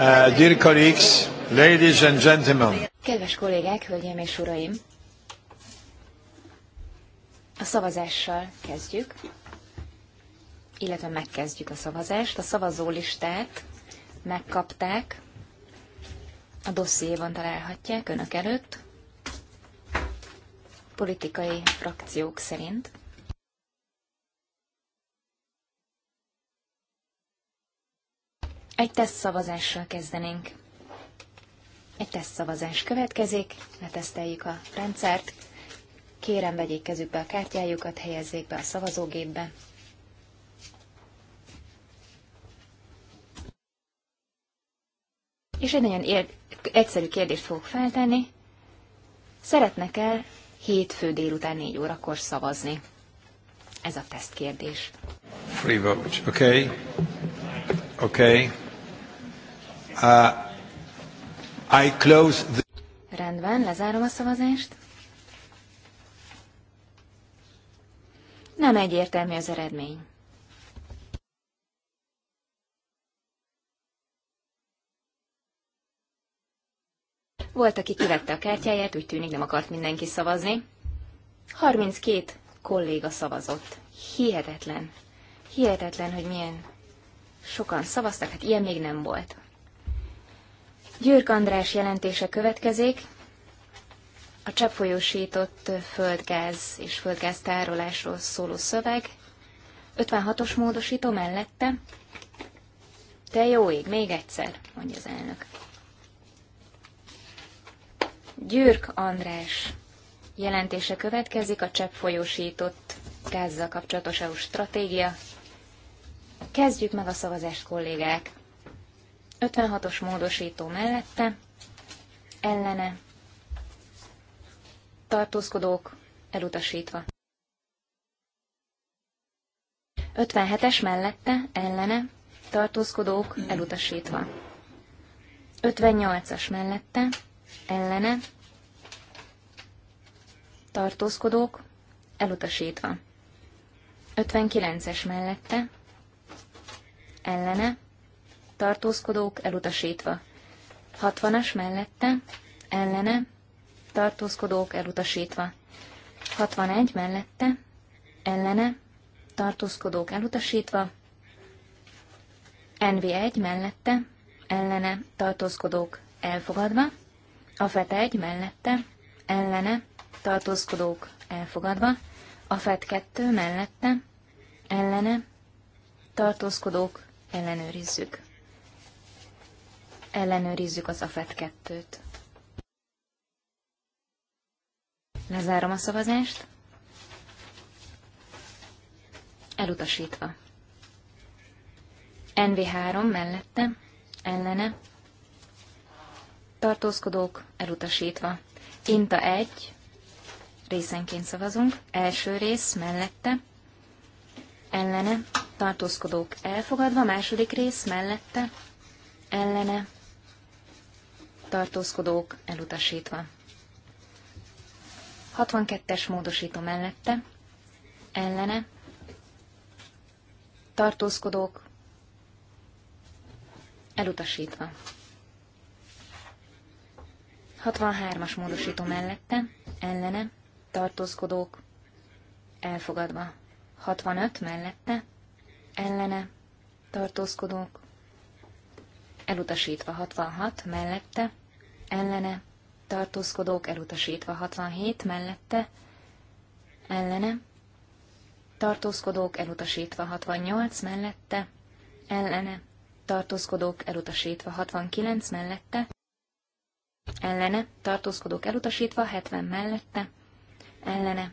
Uh, dear colleagues, ladies and gentlemen. Kedves kollégák, hölgyeim és uraim! A szavazással kezdjük, illetve megkezdjük a szavazást. A szavazólistát megkapták, a dossziéban találhatják önök előtt, politikai frakciók szerint. Egy tesztszavazással kezdenénk. Egy tesztszavazás következik, leteszteljük a rendszert. Kérem, vegyék kezükbe a kártyájukat, helyezzék be a szavazógépbe. És egy nagyon ér- egyszerű kérdést fogok feltenni. szeretnek el hétfő délután négy órakor szavazni? Ez a tesztkérdés. Free vote. Okay. Okay. Uh, I close the... Rendben, lezárom a szavazást. Nem egyértelmű az eredmény. Volt, aki kivette a kártyáját, úgy tűnik nem akart mindenki szavazni. 32 kolléga szavazott. Hihetetlen. Hihetetlen, hogy milyen sokan szavaztak, hát ilyen még nem volt. Győrk András jelentése következik, a cseppfolyósított földgáz és földgáz tárolásról szóló szöveg, 56-os módosító mellette. Te jó ég, még egyszer, mondja az elnök. Győrk András jelentése következik a csapfolyósított gázzal kapcsolatos EU stratégia. Kezdjük meg a szavazást, kollégák. 56-os módosító mellette, ellene, tartózkodók elutasítva. 57-es mellette, ellene, tartózkodók elutasítva. 58-as mellette, ellene, tartózkodók elutasítva. 59-es mellette, ellene, tartózkodók elutasítva. 60-as mellette, ellene, tartózkodók elutasítva. 61 mellette, ellene, tartózkodók elutasítva. NV1 mellette, ellene, tartózkodók elfogadva. A FET 1 mellette, ellene, tartózkodók elfogadva. A FET e 2 mellette, ellene, tartózkodók ellenőrizzük. Ellenőrizzük az AFET e 2-t. Lezárom a szavazást. Elutasítva. NV3 mellette, ellene. Tartózkodók elutasítva. Inta 1, részenként szavazunk. Első rész mellette, ellene. Tartózkodók elfogadva. Második rész mellette, ellene tartózkodók elutasítva. 62-es módosító mellette, ellene, tartózkodók elutasítva. 63-as módosító mellette, ellene, tartózkodók elfogadva. 65 mellette, ellene, tartózkodók elfogadva elutasítva 66 mellette, ellene, tartózkodók elutasítva 67 mellette, ellene, tartózkodók elutasítva 68 mellette, ellene, tartózkodók elutasítva 69 mellette, ellene, tartózkodók elutasítva 70 mellette, ellene,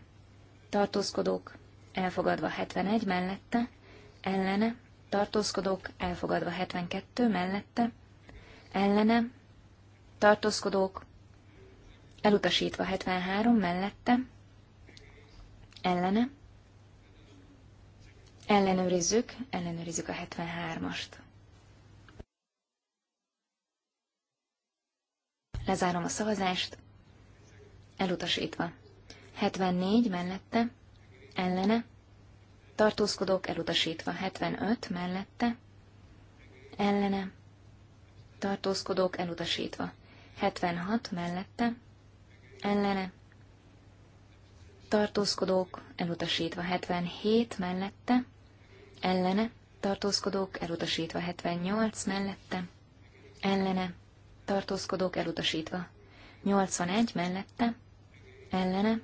tartózkodók elfogadva 71 mellette, ellene, tartózkodók elfogadva 72 mellette, ellene, tartózkodók elutasítva 73 mellette, ellene, ellenőrizzük, ellenőrizzük a 73-ast. Lezárom a szavazást, elutasítva. 74 mellette, ellene, tartózkodók elutasítva 75 mellette, ellene, tartózkodók elutasítva 76 mellette, ellene, tartózkodók elutasítva 77 mellette, ellene, tartózkodók elutasítva 78 mellette, ellene, tartózkodók elutasítva 81 mellette, ellene,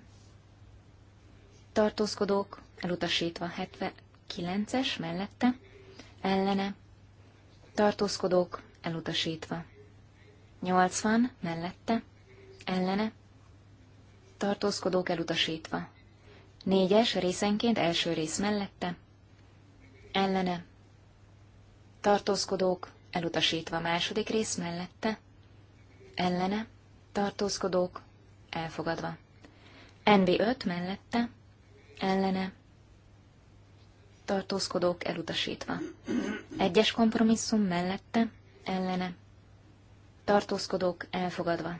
tartózkodók elutasítva 79-es mellette, ellene, tartózkodók elutasítva. 80 mellette, ellene, tartózkodók elutasítva. Négyes részenként első rész mellette, ellene, tartózkodók elutasítva második rész mellette, ellene, tartózkodók elfogadva. NB5 mellette, ellene, tartózkodók elutasítva. Egyes kompromisszum mellette, ellene, tartózkodók elfogadva.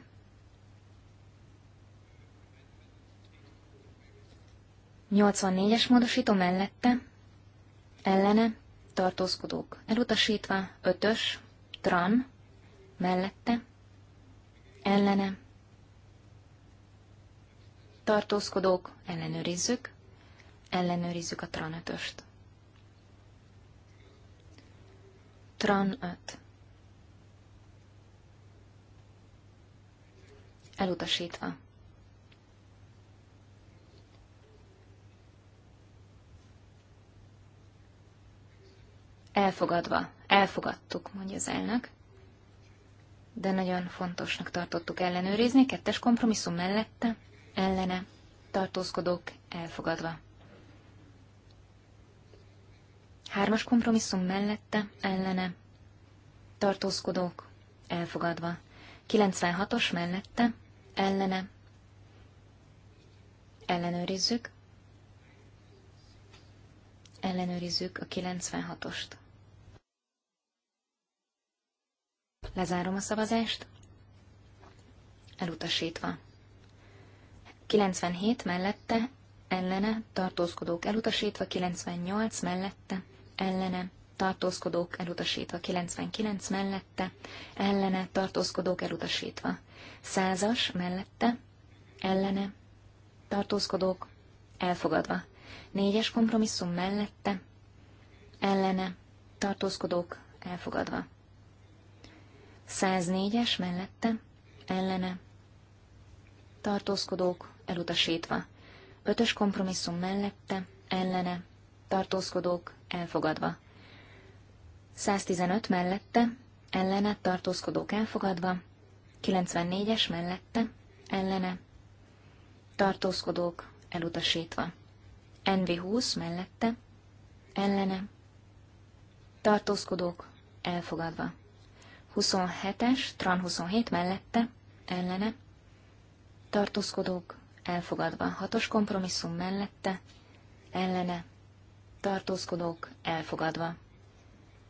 Nyolcvannégyes módosító mellette, ellene, tartózkodók elutasítva, ötös, tran, mellette, ellene, tartózkodók, ellenőrizzük, ellenőrizzük a tranötöst. Tran 5. Elutasítva. Elfogadva. Elfogadtuk, mondja az elnök. De nagyon fontosnak tartottuk ellenőrizni, kettes kompromisszum mellette, ellene, tartózkodók elfogadva. Hármas kompromisszum mellette, ellene, tartózkodók, elfogadva. 96-os mellette, ellene, ellenőrizzük, ellenőrizzük a 96-ost. Lezárom a szavazást, elutasítva. 97 mellette, ellene, tartózkodók elutasítva, 98 mellette, ellene tartózkodók elutasítva, 99 mellette, ellene tartózkodók elutasítva, 100-as mellette, ellene tartózkodók elfogadva, 4-es kompromisszum mellette, ellene tartózkodók elfogadva, 104-es mellette, ellene tartózkodók elutasítva, 5-ös kompromisszum mellette, ellene tartózkodók elfogadva. 115 mellette, ellene tartózkodók elfogadva, 94-es mellette, ellene tartózkodók elutasítva. NV20 mellette, ellene tartózkodók elfogadva. 27-es, Tran 27 mellette, ellene tartózkodók elfogadva. 6-os kompromisszum mellette, ellene tartózkodók elfogadva.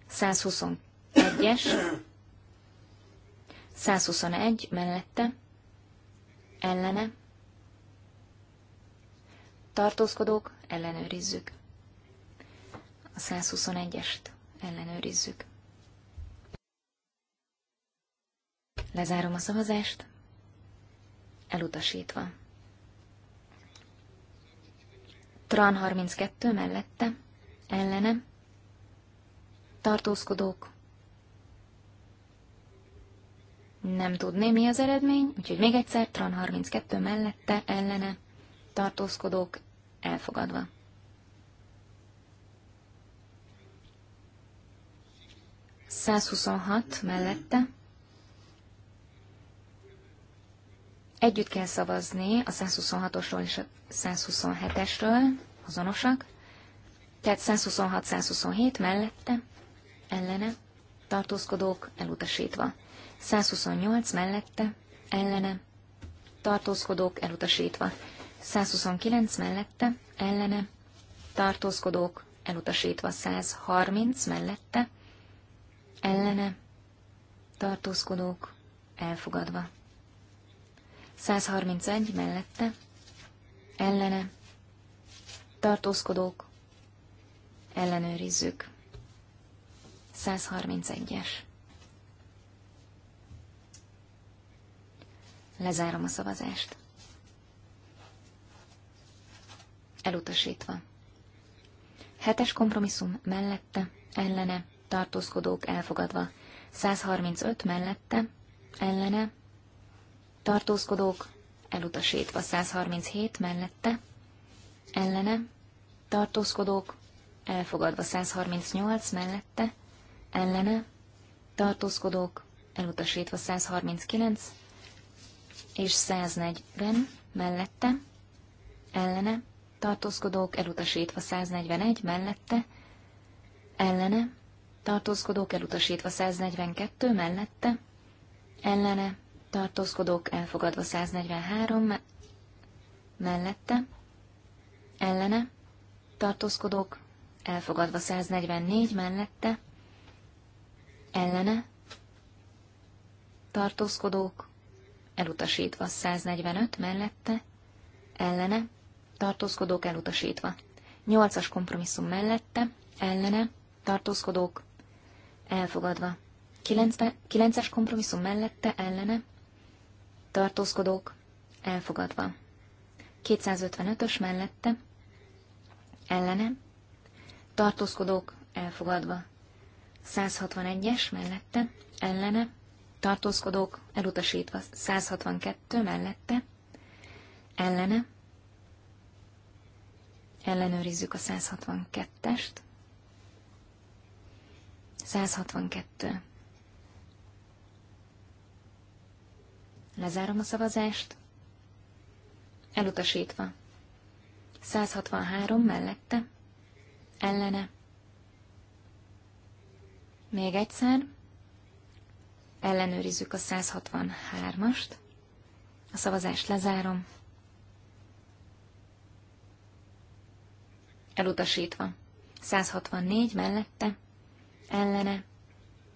121-es, 121 mellette, ellene, tartózkodók, ellenőrizzük. A 121-est ellenőrizzük. Lezárom a szavazást, elutasítva. Tran 32 mellette, ellene, tartózkodók. Nem tudné, mi az eredmény, úgyhogy még egyszer, Tran 32 mellette, ellene, tartózkodók, elfogadva. Százhuszonhat mellette. Együtt kell szavazni a 126-osról és a 127-esről, azonosak. Tehát 126-127 mellette, ellene, tartózkodók elutasítva. 128 mellette, ellene, tartózkodók elutasítva. 129 mellette, ellene, tartózkodók elutasítva. 130 mellette, ellene, tartózkodók elfogadva. 131 mellette, ellene, tartózkodók ellenőrizzük. 131-es. Lezárom a szavazást. Elutasítva. Hetes kompromisszum mellette, ellene, tartózkodók elfogadva. 135 mellette, ellene, tartózkodók elutasítva. 137 mellette, ellene, tartózkodók elfogadva 138 mellette, ellene, tartózkodók, elutasítva 139, és 140 mellette, ellene, tartózkodók, elutasítva 141 mellette, ellene, tartózkodók, elutasítva 142 mellette, ellene, tartózkodók, elfogadva 143 mellette, ellene, tartózkodók, elfogadva 144 mellette, ellene, tartózkodók, elutasítva 145 mellette, ellene, tartózkodók elutasítva. 8-as kompromisszum mellette, ellene, tartózkodók elfogadva. 9-es kompromisszum mellette, ellene, tartózkodók elfogadva. 255-ös mellette, ellene, tartózkodók elfogadva. 161-es mellette, ellene, tartózkodók elutasítva. 162 mellette, ellene, ellenőrizzük a 162-est. 162. Lezárom a szavazást. Elutasítva. 163 mellette, ellene. Még egyszer, ellenőrizzük a 163-ast, a szavazást lezárom, elutasítva. 164 mellette, ellene,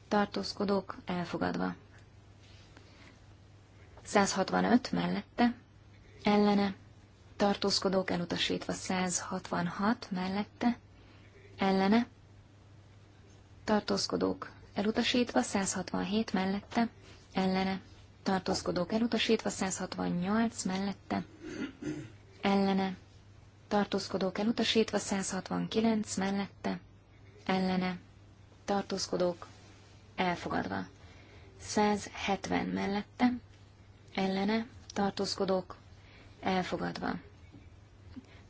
tartózkodók elfogadva. 165 mellette, ellene, tartózkodók elutasítva 166 mellette, ellene, tartózkodók elutasítva 167 mellette, ellene, tartózkodók elutasítva 168 mellette, ellene, tartózkodók elutasítva 169 mellette, ellene, tartózkodók elfogadva 170 mellette, ellene, tartózkodók elfogadva.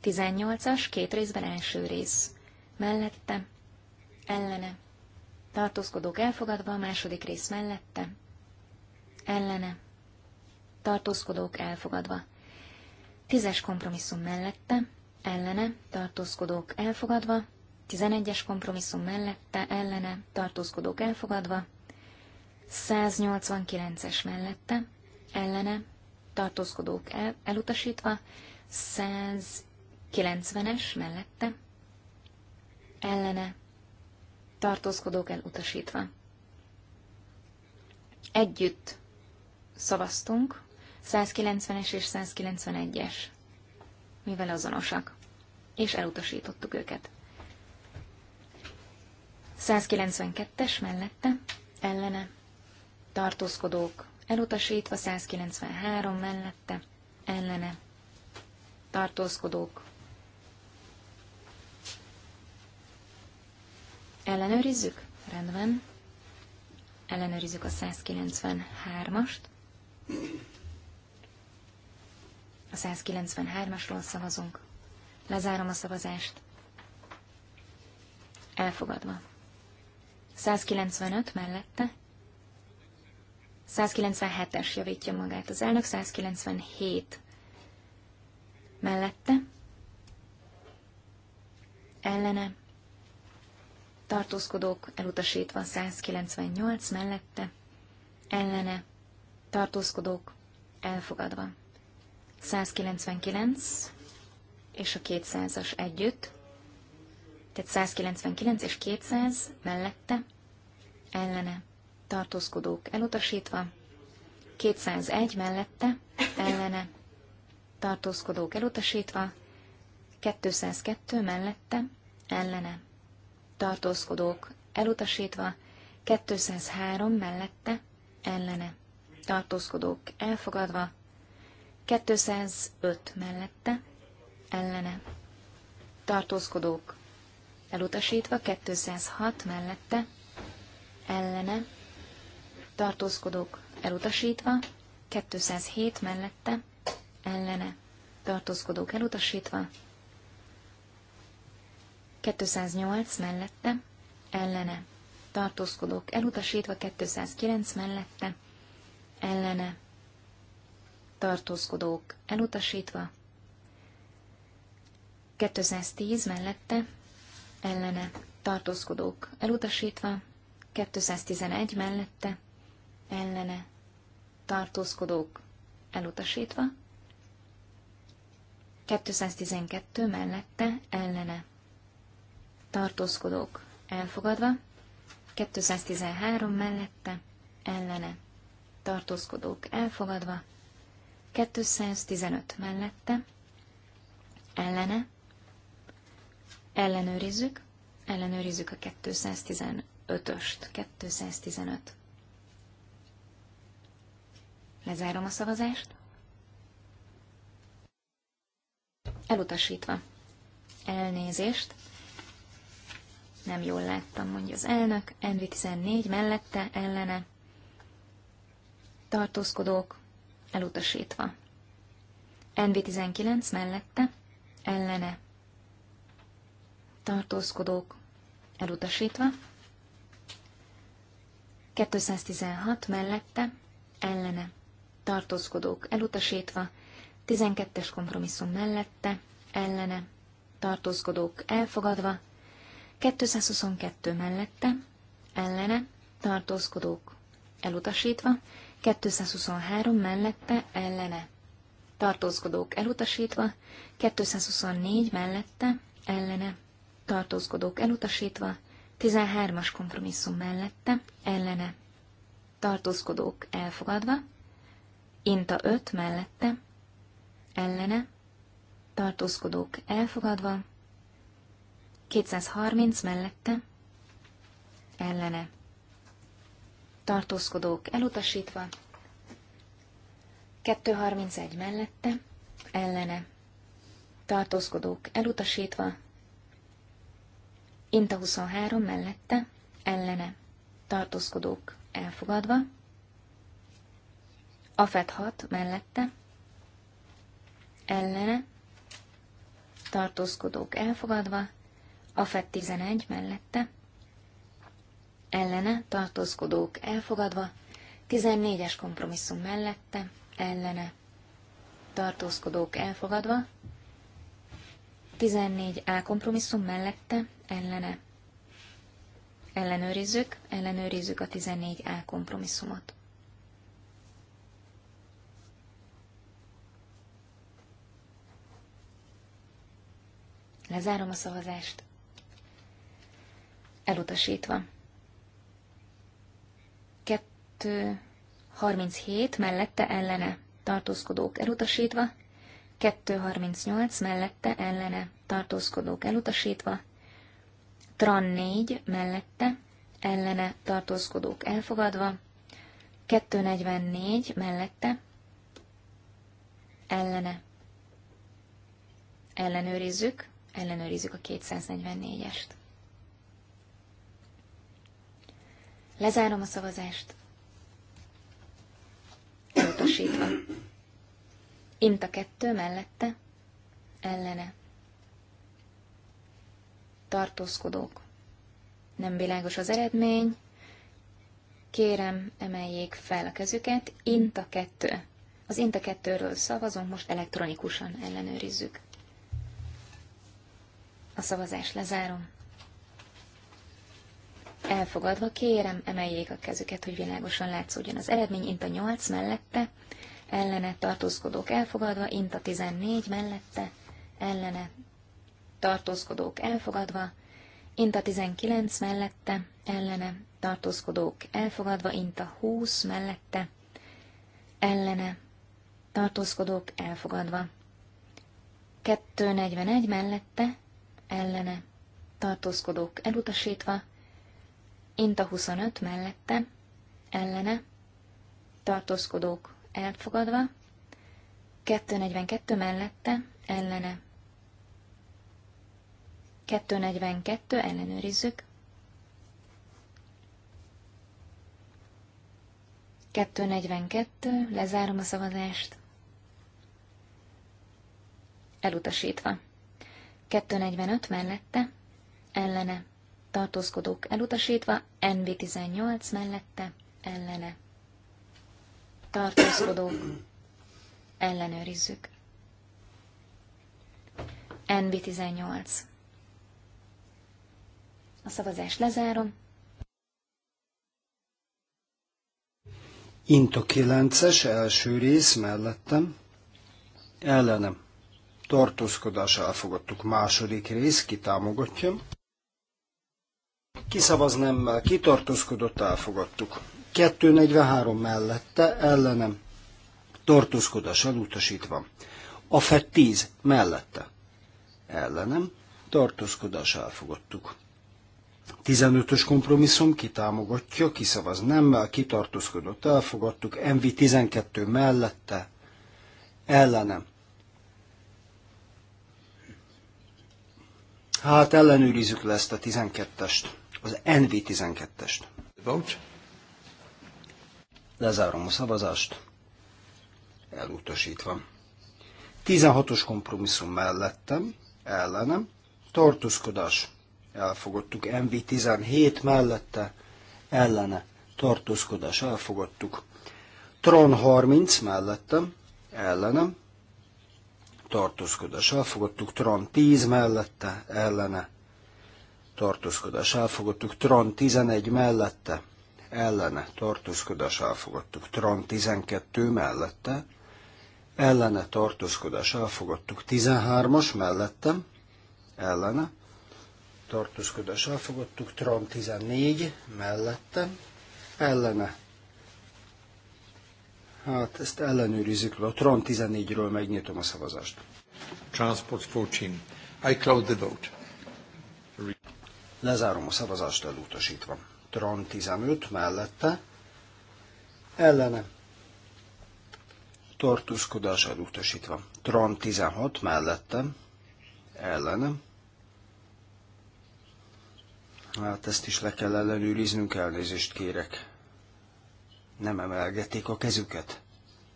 18-as, két részben első rész mellette, ellene, tartózkodók elfogadva, a második rész mellette, ellene, tartózkodók elfogadva. Tízes kompromisszum mellette, ellene, tartózkodók elfogadva, tizenegyes kompromisszum mellette, ellene, tartózkodók elfogadva, 189-es mellette, ellene, tartózkodók el, elutasítva, 190-es mellette, ellene tartózkodók elutasítva. Együtt szavaztunk, 190-es és 191-es, mivel azonosak, és elutasítottuk őket. 192-es mellette, ellene, tartózkodók elutasítva, 193 mellette, ellene, tartózkodók Ellenőrizzük? Rendben. Ellenőrizzük a 193-ast. A 193-asról szavazunk. Lezárom a szavazást. Elfogadva. 195 mellette. 197-es javítja magát az elnök, 197 mellette. Ellene tartózkodók elutasítva 198 mellette, ellene tartózkodók elfogadva. 199 és a 200-as együtt, tehát 199 és 200 mellette, ellene tartózkodók elutasítva, 201 mellette, ellene tartózkodók elutasítva, 202 mellette, ellene tartózkodók elutasítva, 203 mellette, ellene, tartózkodók elfogadva, 205 mellette, ellene, tartózkodók elutasítva, 206 mellette, ellene, tartózkodók elutasítva, 207 mellette, ellene, tartózkodók elutasítva, 208 mellette, ellene, tartózkodók elutasítva 209 mellette, ellene, tartózkodók elutasítva 210 mellette, ellene, tartózkodók elutasítva 211 mellette, ellene, tartózkodók elutasítva 212 mellette, ellene, tartózkodók elfogadva, 213 mellette, ellene, tartózkodók elfogadva, 215 mellette, ellene, ellenőrizzük, ellenőrizzük a 215-öst, 215. Lezárom a szavazást. Elutasítva. Elnézést. Nem jól láttam, mondja az elnök. NV14 mellette, ellene. Tartózkodók elutasítva. Envi 19 mellette, ellene. Tartózkodók elutasítva. 216 mellette, ellene. Tartózkodók elutasítva. 12-es kompromisszum mellette, ellene. Tartózkodók elfogadva. 222 mellette, ellene, tartózkodók elutasítva, 223 mellette, ellene, tartózkodók elutasítva, 224 mellette, ellene, tartózkodók elutasítva, 13-as kompromisszum mellette, ellene, tartózkodók elfogadva, Inta 5 mellette, ellene, tartózkodók elfogadva, 230 mellette, ellene, tartózkodók elutasítva, 231 mellette, ellene, tartózkodók elutasítva, Inta 23 mellette, ellene, tartózkodók elfogadva, Afet 6 mellette, ellene, tartózkodók elfogadva, AFET 11 mellette, ellene tartózkodók elfogadva, 14-es kompromisszum mellette, ellene tartózkodók elfogadva, 14A kompromisszum mellette, ellene. Ellenőrizzük, ellenőrizzük a 14A kompromisszumot. Lezárom a szavazást elutasítva. 237 mellette ellene tartózkodók elutasítva, 238 mellette ellene tartózkodók elutasítva, Tran 4 mellette ellene tartózkodók elfogadva, 244 mellette ellene ellenőrizzük, ellenőrizzük a 244-est. Lezárom a szavazást. Elutasítva. Inta kettő mellette. Ellene. Tartózkodók. Nem világos az eredmény. Kérem, emeljék fel a kezüket. Inta kettő. Az Inta kettőről szavazunk, most elektronikusan ellenőrizzük. A szavazást lezárom elfogadva, kérem emeljék a kezüket, hogy világosan látszódjon az eredmény, int a 8 mellette, ellene tartózkodók elfogadva, int a 14 mellette, ellene tartózkodók elfogadva, int a 19 mellette, ellene tartózkodók elfogadva, int a 20 mellette, ellene tartózkodók elfogadva. 241 mellette, ellene tartózkodók elutasítva, Inta 25 mellette, ellene, tartózkodók elfogadva, 242 mellette, ellene. 242 ellenőrizzük. 242, lezárom a szavazást. Elutasítva. 245 mellette, ellene tartózkodók elutasítva, nb 18 mellette, ellene. Tartózkodók, ellenőrizzük. nb 18 A szavazást lezárom. Inta 9-es első rész mellettem. Ellenem. Tartózkodás elfogadtuk második rész, ki Kiszavaz nemmel, kitartózkodott, elfogadtuk. 243 mellette, ellenem, tartózkodás elutasítva. A FED 10 mellette, ellenem, tartózkodás elfogadtuk. 15-ös kompromisszum kitámogatja, kiszavaz nemmel, kitartózkodott, elfogadtuk, MV 12 mellette, ellenem. Hát ellenőrizzük le ezt a 12-est az NV12-est. Lezárom a szavazást. Elutasítva. 16-os kompromisszum mellettem, ellenem, tartózkodás. Elfogadtuk MV17 mellette, ellene, tartózkodás. Elfogadtuk. Tron 30 mellettem, ellenem, tartózkodás. Elfogadtuk Tron 10 mellette, ellene, tartózkodás elfogadtuk, Tran 11 mellette, ellene tartózkodás elfogadtuk, Tran 12 mellette, ellene tartózkodás elfogadtuk, 13-as mellette, ellene, tartózkodás elfogadtuk, Tran 14 mellette, ellene. Hát ezt ellenőrizzük a Tron 14-ről megnyitom a szavazást. Transport 14. I close the vote. Lezárom a szavazást elutasítva. Tron 15 mellette, ellene, tartózkodás elutasítva. Tron 16 mellette, ellene. Hát ezt is le kell ellenőriznünk, elnézést kérek. Nem emelgették a kezüket.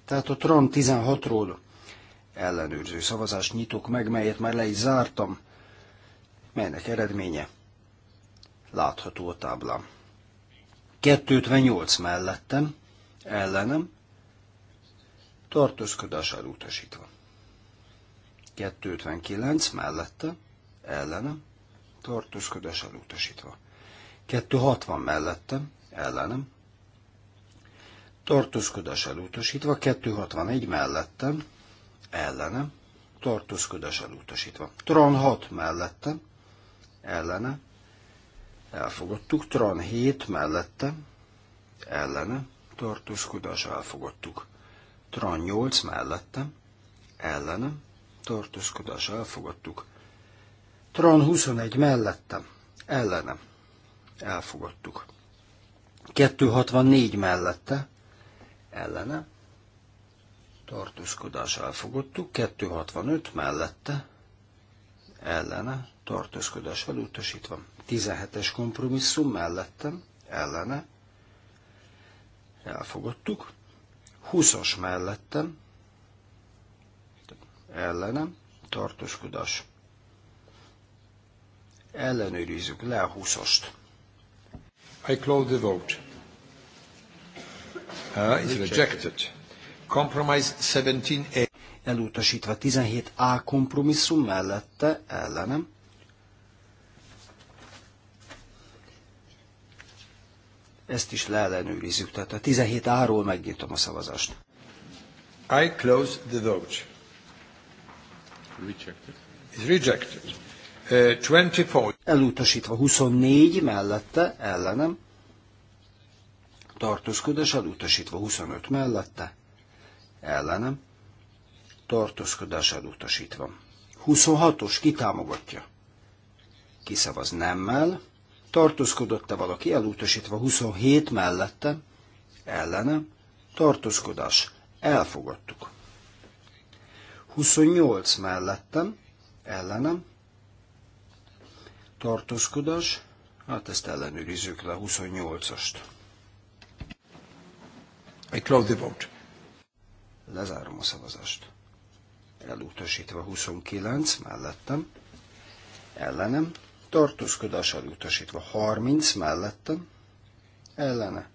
Tehát a Tron 16-ról ellenőrző szavazást nyitok meg, melyet már le is zártam, melynek eredménye látható a táblám. 258 mellettem, ellenem, tartózkodás utasítva. 259 mellette, ellenem, tartózkodás utasítva. 260 mellettem, ellenem, tartózkodás elutasítva, 261 mellettem, ellenem, tartózkodás elutasítva. Tron 6 mellettem, ellenem elfogadtuk, Tron 7 mellette, ellene, tartózkodás, elfogadtuk, Tron 8 mellette, ellene, tartózkodás, elfogadtuk, Tron 21 mellette, ellene, elfogadtuk, 264 mellette, ellene, tartózkodás elfogadtuk, 265 mellette, ellene, tartózkodás elutasítva. 17-es kompromisszum mellettem, ellene, elfogadtuk. 20-as mellettem, ellene, tartózkodás. Ellenőrizzük le a 20-ast. I close the vote. Uh, it's rejected. Compromise 17A. Elutasítva 17A kompromisszum mellette ellenem ezt is leellenőrizzük. Tehát a 17 áról megnyitom a szavazást. I close the vote. Rejected. It's rejected. Uh, 24. Elutasítva 24 mellette, ellenem. Tartózkodás elutasítva 25 mellette, ellenem. Tartózkodás elutasítva. 26-os kitámogatja. Kiszavaz nemmel, tartózkodott-e valaki, elutasítva 27 mellette, ellene, tartózkodás, elfogadtuk. 28 mellettem, ellenem, tartózkodás, hát ezt ellenőrizzük le, 28-ast. I close the vote. Lezárom a szavazást. Elutasítva 29 mellettem, ellenem, tartózkodással utasítva. 30 mellettem, ellene,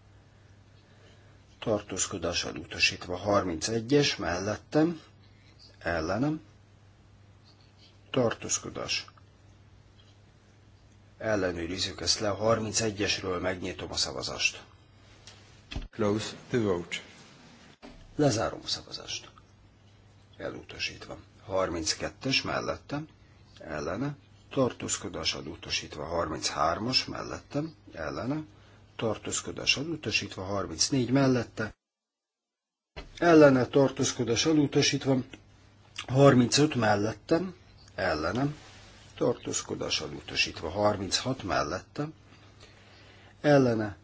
tartózkodással utasítva. 31-es mellettem, ellenem, tartózkodás. Ellenőrizzük ezt le, 31-esről megnyitom a szavazást. Close the vote. Lezárom a szavazást. Elutasítva. 32-es mellettem, ellene, tartózkodás adótosítva 33-as mellettem, ellene, tartózkodás adótosítva 34 mellette, ellene tartózkodás adótosítva 35 mellettem, ellenem, tartózkodás adótosítva 36 mellettem, ellene,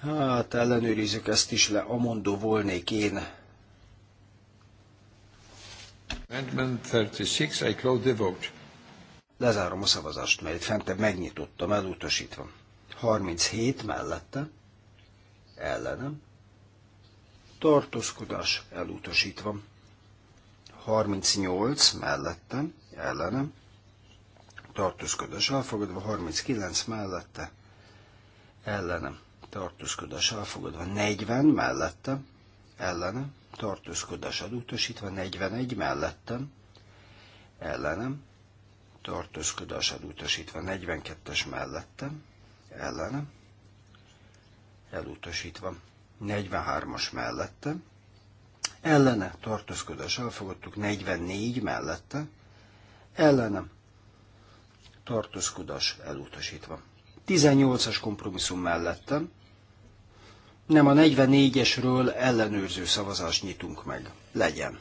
hát ellenőrizzük ezt is le, amondó volnék én, Amendment 36, I close the vote. Lezárom a szavazást, mert fentebb megnyitottam, elutasítva. 37 mellette, ellenem, tartózkodás elutasítva. 38 mellettem, ellenem, tartózkodás elfogadva, 39 mellette, ellenem, tartózkodás elfogadva, 40 mellette, ellenem, tartózkodás elutasítva, 41 mellettem, ellenem, tartózkodás elutasítva 42-es mellettem, ellenem, elutasítva 43-as mellettem, ellene tartózkodás elfogadtuk 44 mellette, ellenem tartózkodás elutasítva. 18-as kompromisszum mellettem, nem a 44-esről ellenőrző szavazást nyitunk meg. Legyen.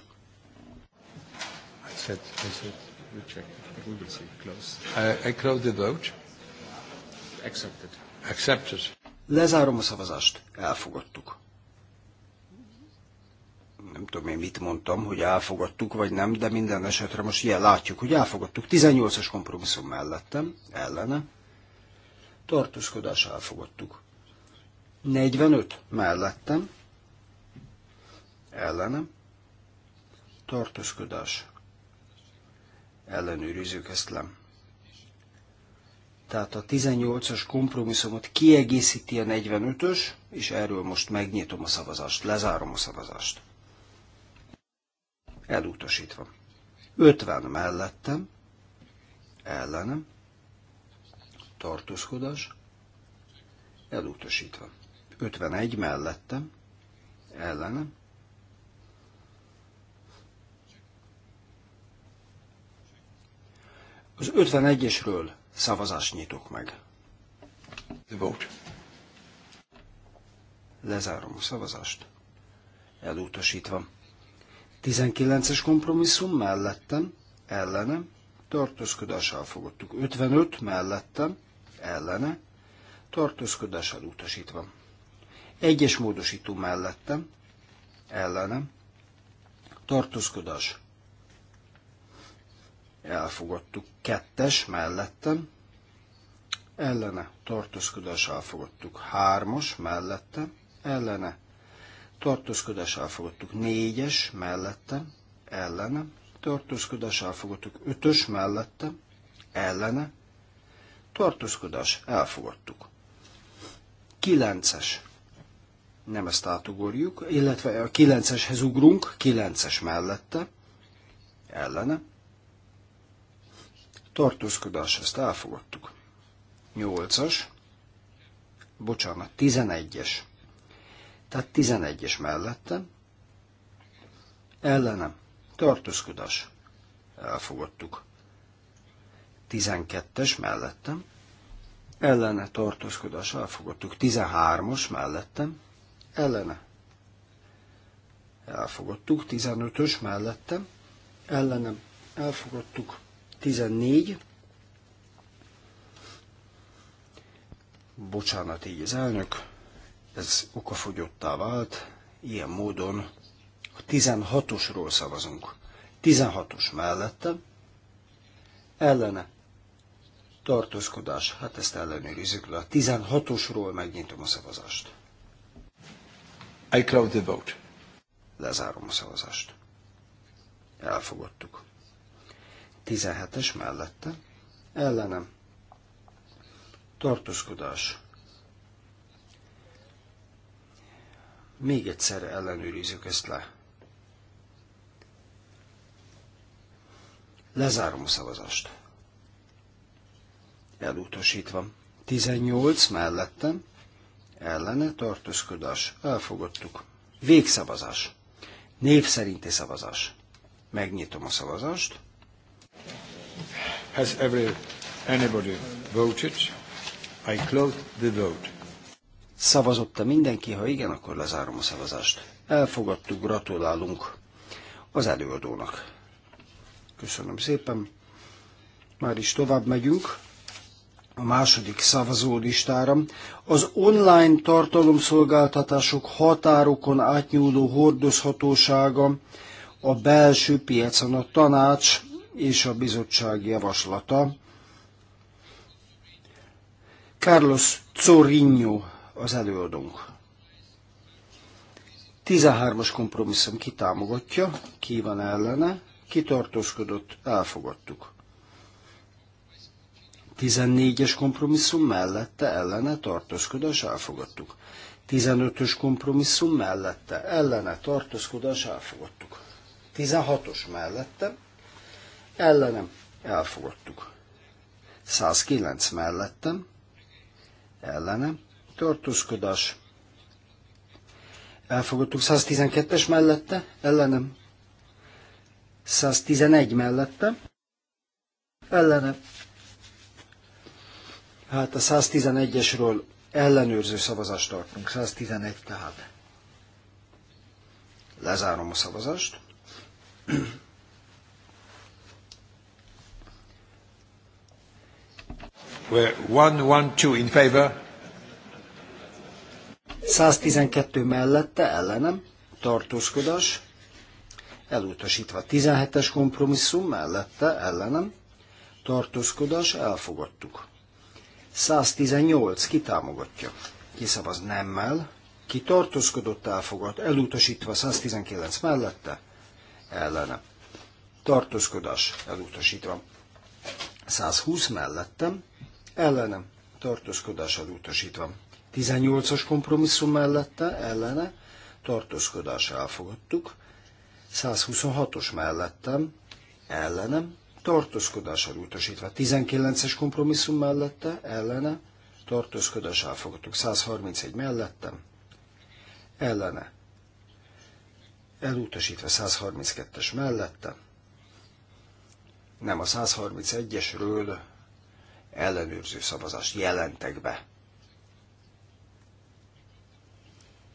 I said, I said, We will see. Close. I, I close the vote. Accepted. Accepted. Lezárom a szavazást. Elfogadtuk. Nem tudom én mit mondtam, hogy elfogadtuk vagy nem, de minden esetre most ilyen látjuk, hogy elfogadtuk. 18-as kompromisszum mellettem, ellene. Tartózkodás elfogadtuk. 45 mellettem, ellenem. Tartózkodás ellenőrizzük ezt le. Tehát a 18-as kompromisszumot kiegészíti a 45-ös, és erről most megnyitom a szavazást, lezárom a szavazást. Elutasítva. 50 mellettem, ellenem, tartózkodás, elutasítva. 51 mellettem, ellenem, Az 51-esről szavazást nyitok meg. The vote. Lezárom a szavazást. Elutasítva. 19-es kompromisszum mellettem, ellenem, tartózkodással fogadtuk. 55 mellettem, ellene, tartózkodással utasítva. Egyes módosító mellettem, ellenem, tartózkodás elfogadtuk. Kettes mellettem, ellene tartózkodás elfogadtuk. Hármas mellettem, ellene tartózkodás elfogadtuk. Négyes mellettem, ellene tartózkodás elfogadtuk. Ötös mellettem, ellene tartózkodás elfogadtuk. Kilences nem ezt átugorjuk, illetve a 9-eshez ugrunk, 9-es mellette, ellene, tartózkodás, ezt elfogadtuk. 8-as, bocsánat, 11-es. Tehát 11-es mellettem, ellenem, tartózkodás, elfogadtuk. 12-es mellettem, ellene tartózkodás, elfogadtuk. 13 mellettem, ellene, elfogadtuk. 15-ös mellettem, ellenem, elfogadtuk. 14. Bocsánat, így az elnök. Ez okafogyottá vált. Ilyen módon a 16-osról szavazunk. 16-os mellette. Ellene. Tartózkodás. Hát ezt ellenőrizzük le. A 16-osról megnyitom a szavazást. I close the vote. Lezárom a szavazást. Elfogadtuk. 17-es mellette, ellenem, tartózkodás. Még egyszer ellenőrizzük ezt le. Lezárom a szavazást. Elutasítva. 18 mellettem, ellene tartózkodás. Elfogadtuk. Végszavazás. Név szerinti szavazás. Megnyitom a szavazást. Has every, anybody voted? I close the vote. Szavazott-e mindenki? Ha igen, akkor lezárom a szavazást. Elfogadtuk, gratulálunk az előadónak. Köszönöm szépen. Már is tovább megyünk a második listára. Az online tartalomszolgáltatások határokon átnyúló hordozhatósága a belső piacon a tanács és a bizottság javaslata. Carlos Zorinho az előadónk. 13-as kompromisszum kitámogatja, ki van ellene, kitartózkodott, elfogadtuk. 14-es kompromisszum mellette ellene tartózkodás elfogadtuk. 15-ös kompromisszum mellette ellene tartózkodás elfogadtuk. 16-os mellette ellenem elfogadtuk. 109 mellettem, ellenem tartózkodás. Elfogadtuk 112-es mellette, ellenem 111 mellette, ellenem. Hát a 111-esről ellenőrző szavazást tartunk, 111 tehát. Lezárom a szavazást. 112 112 mellette ellenem tartózkodás, elutasítva 17-es kompromisszum mellette ellenem tartózkodás, elfogadtuk. 118 kitámogatja, kiszavaz nemmel, ki tartózkodott, elfogad, elutasítva 119 mellette ellene tartózkodás, elutasítva. 120 mellettem, ellenem tartózkodással utasítva. 18-as kompromisszum mellette, ellene tartózkodással elfogadtuk. 126-os mellettem, ellenem tartózkodással utasítva. 19-es kompromisszum mellette, ellene tartózkodás elfogadtuk. 131 mellettem, ellene elutasítva 132-es mellette. Nem a 131-esről ellenőrző szavazást jelentek be.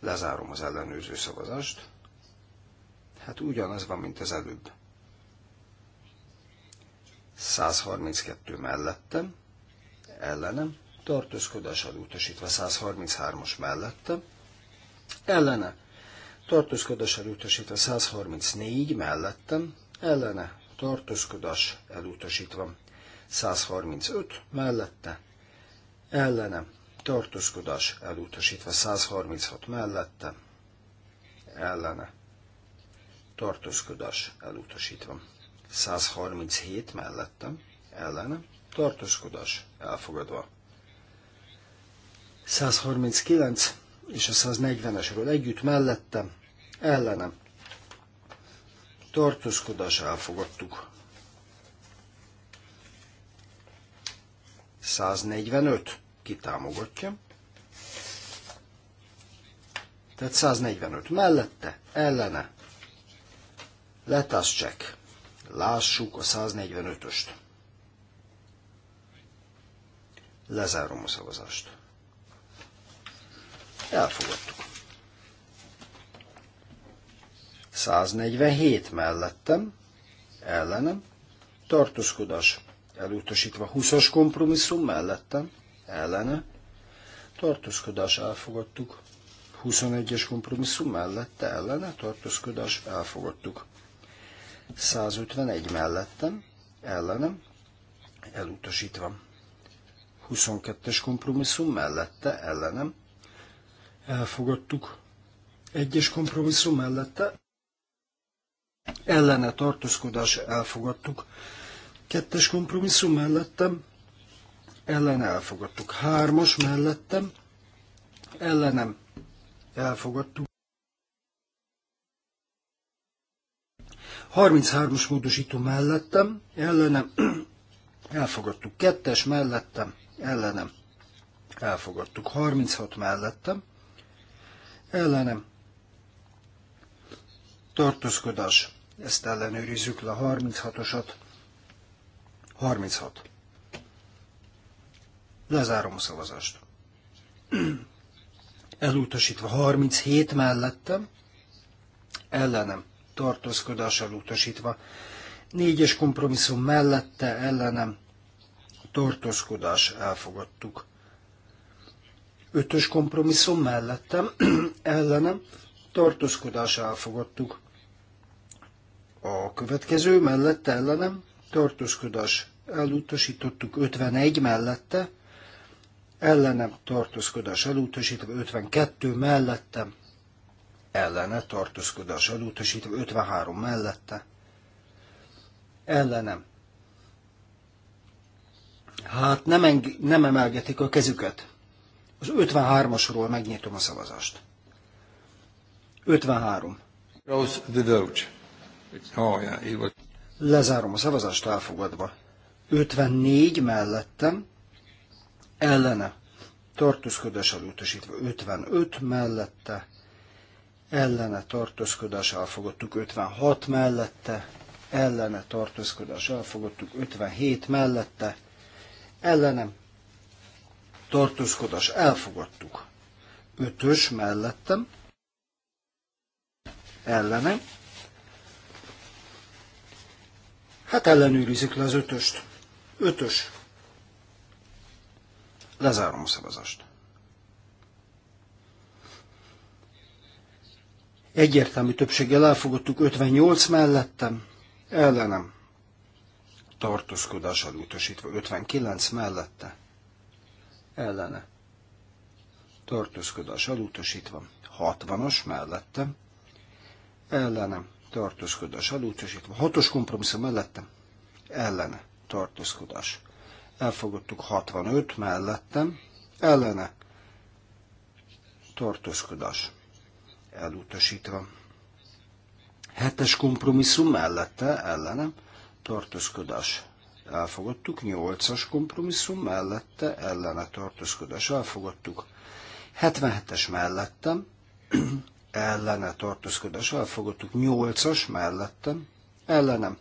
Lezárom az ellenőrző szavazást. Hát ugyanaz van, mint az előbb. 132 mellettem, ellenem, tartózkodás utasítva 133-as mellettem, ellene, tartózkodás utasítva 134 mellettem, ellene, tartózkodás elutasítva 135 mellette, ellenem tartózkodás elutasítva 136 mellette, ellene tartózkodás elutasítva 137 mellettem, ellene tartózkodás elfogadva 139 és a 140-esről együtt mellettem, ellenem tartózkodás elfogadtuk 145 ki támogatja. Tehát 145 mellette, ellene. Let us check. Lássuk a 145-öst. Lezárom a szavazást. Elfogadtuk. 147 mellettem, ellenem, tartózkodás elutasítva 20-as kompromisszum mellettem, ellene, tartózkodás elfogadtuk. 21-es kompromisszum mellette, ellene, tartózkodás elfogadtuk. 151 mellettem, ellenem, elutasítva. 22-es kompromisszum mellette, ellenem, elfogadtuk. 1-es kompromisszum mellette, ellene tartózkodás elfogadtuk. Kettes kompromisszum mellettem, ellen elfogadtuk. Hármas mellettem, ellenem elfogadtuk. 33-as módosító mellettem, ellenem elfogadtuk. Kettes mellettem, ellenem elfogadtuk. 36 mellettem, ellenem tartózkodás. Ezt ellenőrizzük le, 36-osat. 36. Lezárom a szavazást. Elutasítva 37 mellettem, ellenem, tartózkodás elutasítva. Négyes kompromisszum mellette, ellenem, tartózkodás elfogadtuk. Ötös kompromisszum mellettem, ellenem, tartózkodás elfogadtuk. A következő mellette ellenem tartózkodás elutasítottuk 51 mellette, ellenem tartózkodás elutasítva 52 mellette, ellene tartózkodás elutasítva 53 mellette, ellenem. Hát nem, eng- nem emelgetik a kezüket. Az 53-asról megnyitom a szavazást. 53. Close the vote. Oh, yeah, it was... Lezárom a szavazást elfogadva. 54 mellettem, ellene tartózkodás elutasítva 55 mellette, ellene tartózkodás elfogadtuk 56 mellette, ellene tartózkodás elfogadtuk 57 mellette, ellenem tartózkodás elfogadtuk 5-ös mellettem, ellenem Hát ellenőrizik le az ötöst. Ötös. Lezárom a szavazást. Egyértelmű többséggel elfogadtuk 58 mellettem, ellenem. Tartózkodással utasítva 59 mellette, ellene. Tartózkodással utasítva 60-as mellettem, ellenem tartózkodás elutasítva. Hatos kompromisszum mellettem, ellene tartózkodás. Elfogadtuk 65 mellettem, ellene tartózkodás elutasítva. Hetes kompromisszum mellette, ellene tartózkodás elfogadtuk, nyolcas kompromisszum mellette, ellene tartózkodás elfogadtuk, 77-es mellettem, ellene tartózkodás elfogadtuk, 8-as mellettem, ellenem,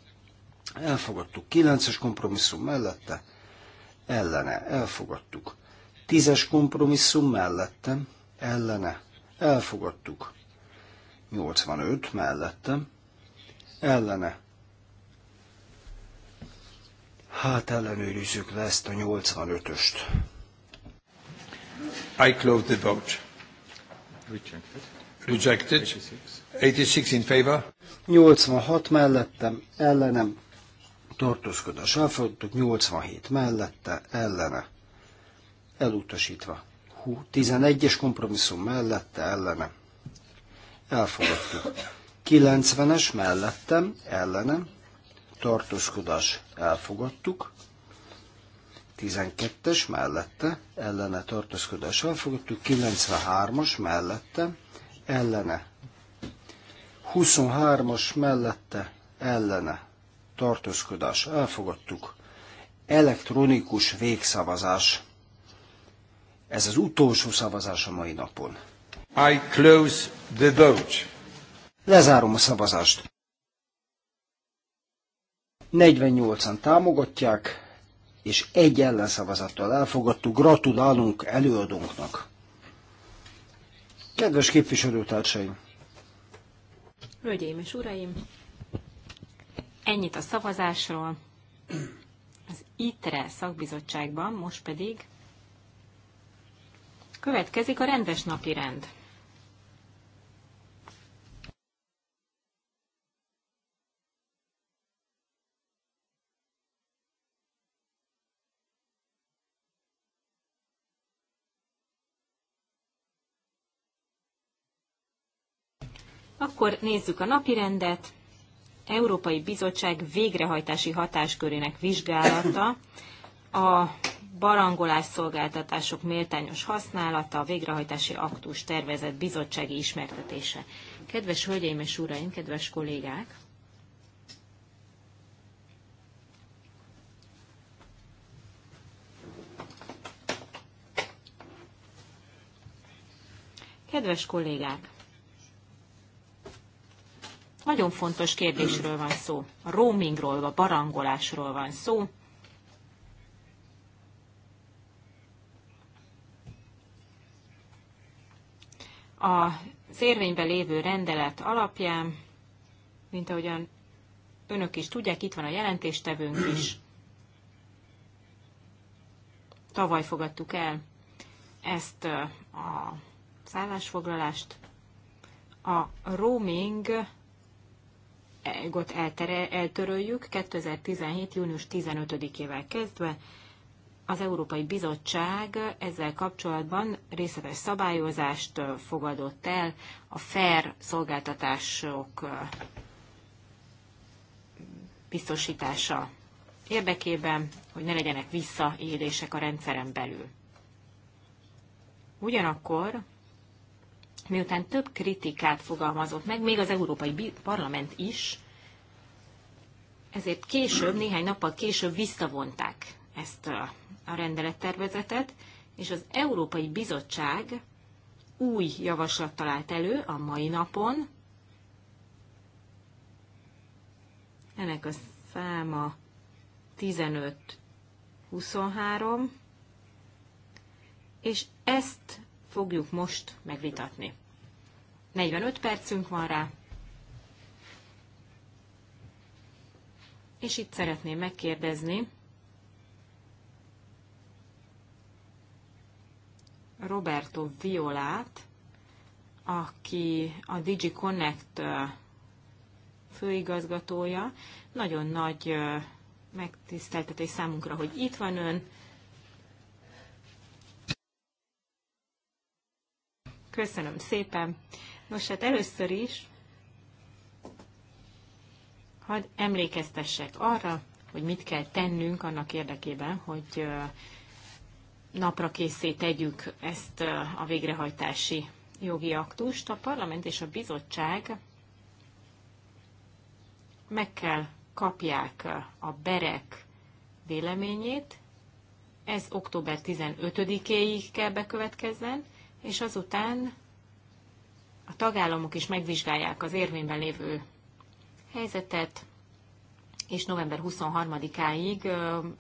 elfogadtuk, 9-es kompromisszum mellette, ellene, elfogadtuk, 10-es kompromisszum mellettem, ellene, elfogadtuk, 85 mellettem, ellene, Hát ellenőrizzük le ezt a 85-öst. I close the vote. Richard. Rejected. 86 in favor. 86 mellettem, ellenem. Tartózkodás elfogadtuk. 87 mellette, ellene. Elutasítva. 11-es kompromisszum mellette, ellene. Elfogadtuk. 90-es mellettem, ellenem. Tartózkodás elfogadtuk. 12-es mellette, ellene tartózkodás elfogadtuk, 93-as mellette, ellene. 23-as mellette ellene. Tartózkodás. Elfogadtuk. Elektronikus végszavazás. Ez az utolsó szavazás a mai napon. I close the vote. Lezárom a szavazást. 48-an támogatják, és egy ellenszavazattal elfogadtuk. Gratulálunk előadónknak! Kedves képviselőtársaim! Hölgyeim és uraim! Ennyit a szavazásról. Az ITRE szakbizottságban most pedig következik a rendes napi rend. Akkor nézzük a napirendet. Európai Bizottság végrehajtási hatáskörének vizsgálata, a barangolás szolgáltatások méltányos használata, a végrehajtási aktus tervezett bizottsági ismertetése. Kedves hölgyeim és uraim, kedves kollégák! Kedves kollégák! Nagyon fontos kérdésről van szó. A roamingról, a barangolásról van szó. A érvényben lévő rendelet alapján, mint ahogyan önök is tudják, itt van a jelentéstevőnk is. Tavaly fogadtuk el ezt uh, a szállásfoglalást. A roaming eltere, eltöröljük 2017. június 15-ével kezdve. Az Európai Bizottság ezzel kapcsolatban részletes szabályozást fogadott el a fair szolgáltatások biztosítása érdekében, hogy ne legyenek visszaélések a rendszeren belül. Ugyanakkor miután több kritikát fogalmazott meg, még az Európai Parlament is, ezért később, néhány nappal később visszavonták ezt a rendelettervezetet, és az Európai Bizottság új javaslat talált elő a mai napon. Ennek a száma 15-23, és ezt fogjuk most megvitatni. 45 percünk van rá, és itt szeretném megkérdezni Roberto Violát, aki a Digiconnect főigazgatója. Nagyon nagy megtiszteltetés számunkra, hogy itt van ön, Köszönöm szépen. Nos, hát először is hadd emlékeztessek arra, hogy mit kell tennünk annak érdekében, hogy napra készé tegyük ezt a végrehajtási jogi aktust. A parlament és a bizottság meg kell kapják a berek véleményét, ez október 15-éig kell bekövetkezzen, és azután a tagállamok is megvizsgálják az érvényben lévő helyzetet, és november 23-áig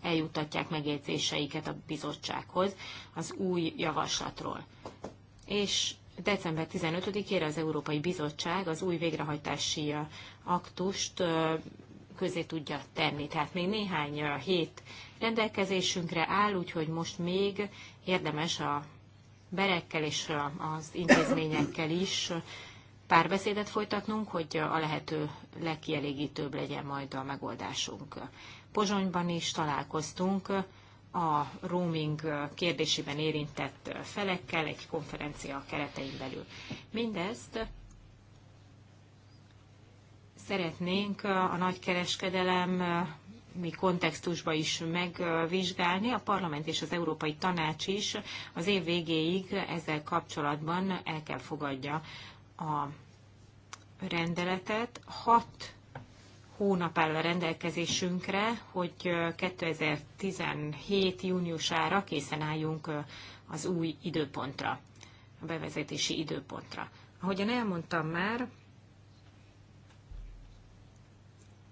eljutatják megjegyzéseiket a bizottsághoz az új javaslatról. És december 15-ére az Európai Bizottság az új végrehajtási aktust közé tudja tenni. Tehát még néhány hét rendelkezésünkre áll, úgyhogy most még érdemes a berekkel és az intézményekkel is párbeszédet folytatnunk, hogy a lehető legkielégítőbb legyen majd a megoldásunk. Pozsonyban is találkoztunk a roaming kérdésében érintett felekkel egy konferencia keretein belül. Mindezt szeretnénk a nagykereskedelem mi kontextusba is megvizsgálni. A parlament és az Európai Tanács is az év végéig ezzel kapcsolatban el kell fogadja a rendeletet. Hat hónap áll a rendelkezésünkre, hogy 2017. júniusára készen álljunk az új időpontra, a bevezetési időpontra. Ahogyan elmondtam már,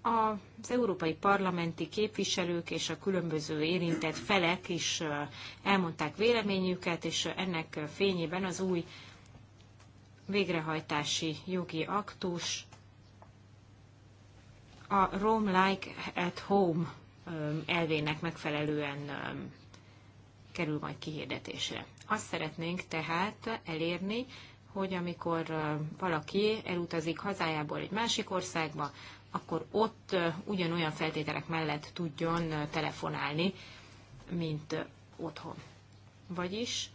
az európai parlamenti képviselők és a különböző érintett felek is elmondták véleményüket, és ennek fényében az új végrehajtási jogi aktus a Rome Like at Home elvének megfelelően kerül majd kihirdetésre. Azt szeretnénk tehát elérni, hogy amikor valaki elutazik hazájából egy másik országba, akkor ott ugyanolyan feltételek mellett tudjon telefonálni, mint otthon. Vagyis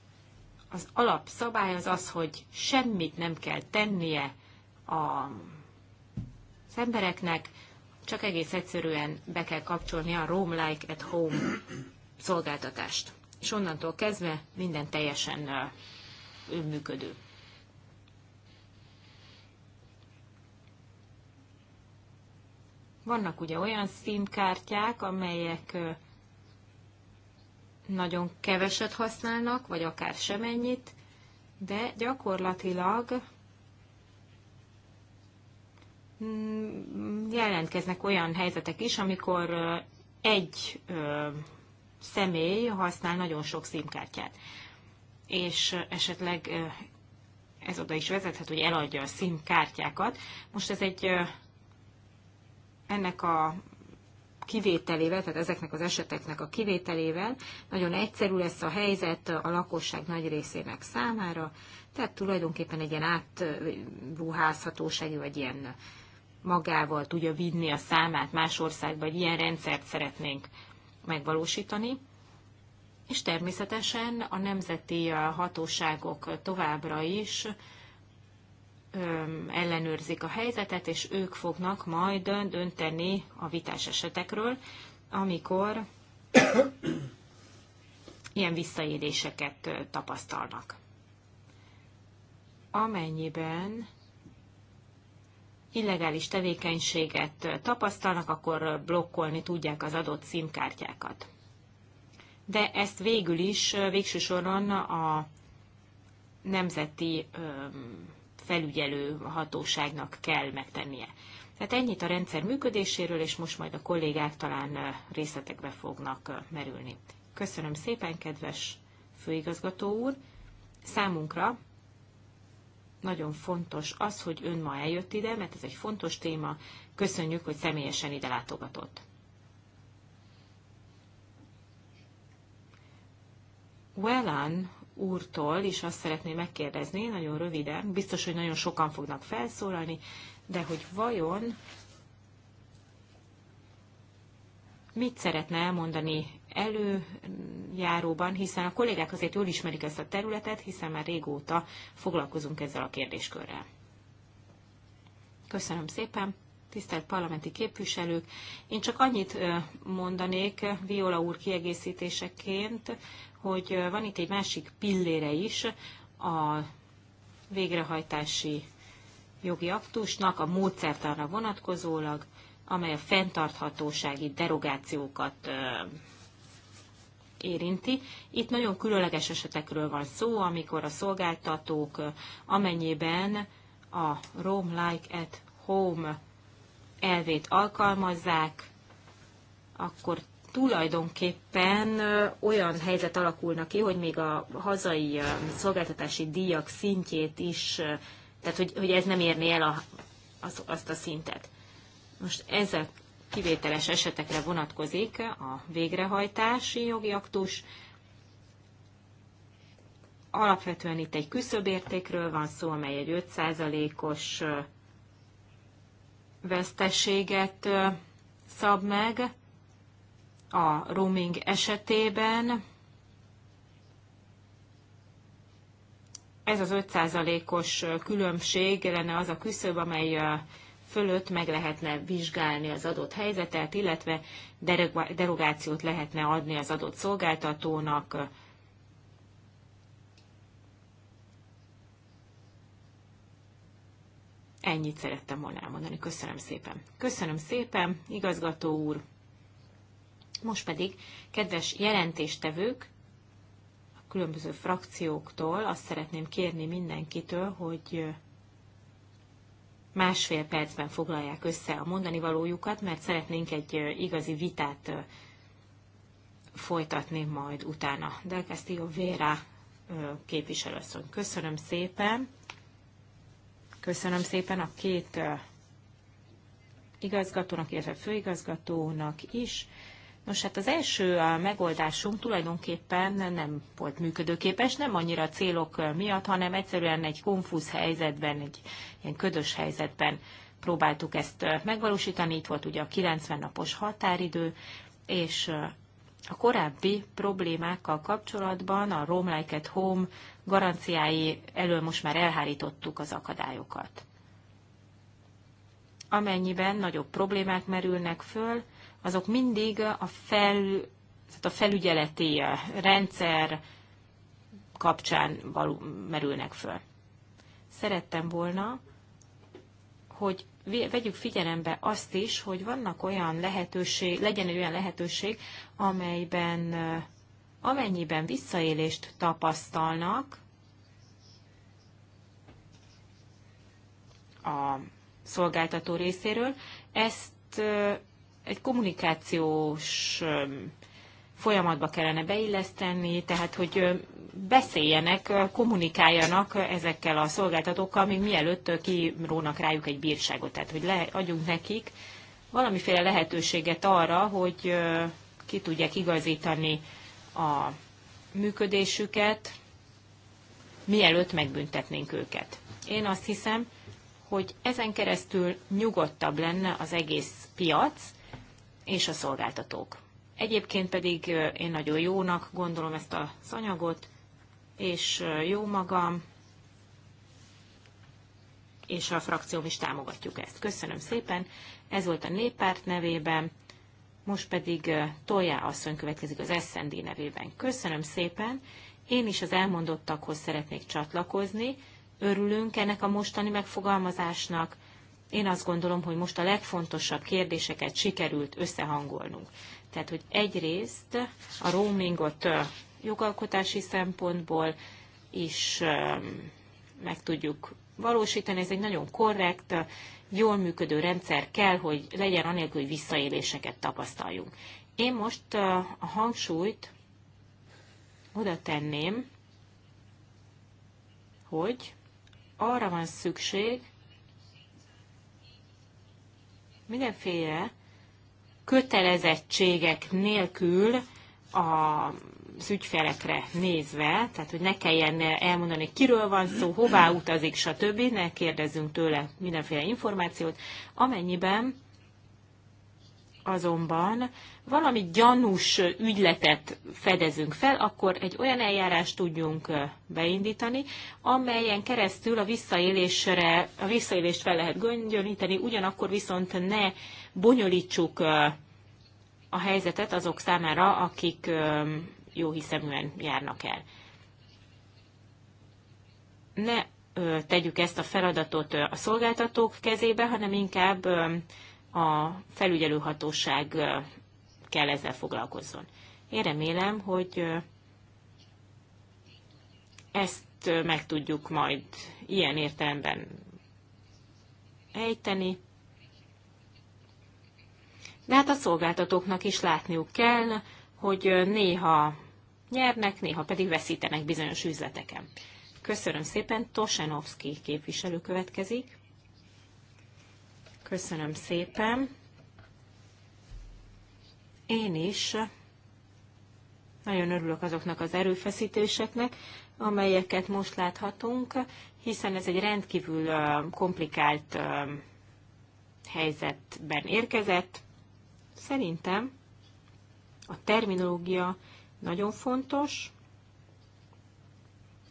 az alapszabály az az, hogy semmit nem kell tennie az embereknek, csak egész egyszerűen be kell kapcsolni a Roam Like at Home szolgáltatást. És onnantól kezdve minden teljesen működő. Vannak ugye olyan színkártyák, amelyek nagyon keveset használnak, vagy akár semennyit, de gyakorlatilag mm, jelentkeznek olyan helyzetek is, amikor egy személy használ nagyon sok színkártyát. és esetleg ez oda is vezethet, hogy eladja a színkártyákat. Most ez egy ennek a kivételével, tehát ezeknek az eseteknek a kivételével nagyon egyszerű lesz a helyzet a lakosság nagy részének számára, tehát tulajdonképpen egy ilyen átruházhatósági, vagy ilyen magával tudja vinni a számát más országba, vagy ilyen rendszert szeretnénk megvalósítani. És természetesen a nemzeti hatóságok továbbra is ellenőrzik a helyzetet, és ők fognak majd dönteni a vitás esetekről, amikor ilyen visszaéléseket tapasztalnak. Amennyiben illegális tevékenységet tapasztalnak, akkor blokkolni tudják az adott szimkártyákat. De ezt végül is végső soron a nemzeti felügyelő hatóságnak kell megtennie. Tehát ennyit a rendszer működéséről, és most majd a kollégák talán részletekbe fognak merülni. Köszönöm szépen, kedves főigazgató úr! Számunkra nagyon fontos az, hogy ön ma eljött ide, mert ez egy fontos téma. Köszönjük, hogy személyesen ide látogatott. Wellan úrtól is azt szeretném megkérdezni, nagyon röviden, biztos, hogy nagyon sokan fognak felszólalni, de hogy vajon mit szeretne elmondani előjáróban, hiszen a kollégák azért jól ismerik ezt a területet, hiszen már régóta foglalkozunk ezzel a kérdéskörrel. Köszönöm szépen, tisztelt parlamenti képviselők! Én csak annyit mondanék Viola úr kiegészítéseként, hogy van itt egy másik pillére is a végrehajtási jogi aktusnak, a módszertanra vonatkozólag, amely a fenntarthatósági derogációkat érinti. Itt nagyon különleges esetekről van szó, amikor a szolgáltatók amennyiben a Roam Like at Home elvét alkalmazzák, akkor tulajdonképpen olyan helyzet alakulna ki, hogy még a hazai szolgáltatási díjak szintjét is, tehát hogy, hogy ez nem érné el a, az, azt a szintet. Most ezek kivételes esetekre vonatkozik a végrehajtási jogi aktus. Alapvetően itt egy küszöbértékről van szó, amely egy 5%-os veszteséget szab meg, a roaming esetében ez az 5%-os különbség lenne az a küszöb, amely fölött meg lehetne vizsgálni az adott helyzetet, illetve derogációt lehetne adni az adott szolgáltatónak. Ennyit szerettem volna elmondani. Köszönöm szépen. Köszönöm szépen, igazgató úr. Most pedig, kedves jelentéstevők, a különböző frakcióktól azt szeretném kérni mindenkitől, hogy másfél percben foglalják össze a mondani valójukat, mert szeretnénk egy igazi vitát folytatni majd utána. Del Castillo Vera képviselőasszony. Köszönöm szépen. Köszönöm szépen a két igazgatónak, illetve főigazgatónak is Nos, hát az első a megoldásunk tulajdonképpen nem volt működőképes, nem annyira a célok miatt, hanem egyszerűen egy konfusz helyzetben, egy ilyen ködös helyzetben próbáltuk ezt megvalósítani. Itt volt ugye a 90 napos határidő, és a korábbi problémákkal kapcsolatban a Rome Like at Home garanciái elől most már elhárítottuk az akadályokat. Amennyiben nagyobb problémák merülnek föl, azok mindig a, fel, tehát a felügyeleti eh, rendszer kapcsán való, merülnek föl. Szerettem volna, hogy vegyük figyelembe azt is, hogy vannak olyan lehetőség, legyen egy olyan lehetőség, amelyben eh, amennyiben visszaélést tapasztalnak a szolgáltató részéről, ezt eh, egy kommunikációs folyamatba kellene beilleszteni, tehát hogy beszéljenek, kommunikáljanak ezekkel a szolgáltatókkal, még mielőtt kirónak rájuk egy bírságot. Tehát, hogy le, adjunk nekik valamiféle lehetőséget arra, hogy ki tudják igazítani a működésüket, mielőtt megbüntetnénk őket. Én azt hiszem, hogy ezen keresztül nyugodtabb lenne az egész piac, és a szolgáltatók. Egyébként pedig én nagyon jónak gondolom ezt a szanyagot és jó magam, és a frakcióm is támogatjuk ezt. Köszönöm szépen, ez volt a néppárt nevében, most pedig Toljá asszony következik az SND nevében. Köszönöm szépen, én is az elmondottakhoz szeretnék csatlakozni, örülünk ennek a mostani megfogalmazásnak, én azt gondolom, hogy most a legfontosabb kérdéseket sikerült összehangolnunk. Tehát, hogy egyrészt a roamingot jogalkotási szempontból is meg tudjuk valósítani. Ez egy nagyon korrekt, jól működő rendszer kell, hogy legyen anélkül, hogy visszaéléseket tapasztaljunk. Én most a hangsúlyt oda tenném, hogy arra van szükség, mindenféle kötelezettségek nélkül a az ügyfelekre nézve, tehát hogy ne kelljen elmondani, kiről van szó, hová utazik, stb. Ne kérdezzünk tőle mindenféle információt, amennyiben azonban valami gyanús ügyletet fedezünk fel, akkor egy olyan eljárást tudjunk beindítani, amelyen keresztül a visszaélésre, a visszaélést fel lehet göngyölíteni, ugyanakkor viszont ne bonyolítsuk a helyzetet azok számára, akik jó hiszeműen járnak el. Ne tegyük ezt a feladatot a szolgáltatók kezébe, hanem inkább a felügyelőhatóság kell ezzel foglalkozzon. Én remélem, hogy ezt meg tudjuk majd ilyen értelemben ejteni. De hát a szolgáltatóknak is látniuk kell, hogy néha nyernek, néha pedig veszítenek bizonyos üzleteken. Köszönöm szépen, Tosenovski képviselő következik. Köszönöm szépen. Én is nagyon örülök azoknak az erőfeszítéseknek, amelyeket most láthatunk, hiszen ez egy rendkívül komplikált helyzetben érkezett. Szerintem a terminológia nagyon fontos.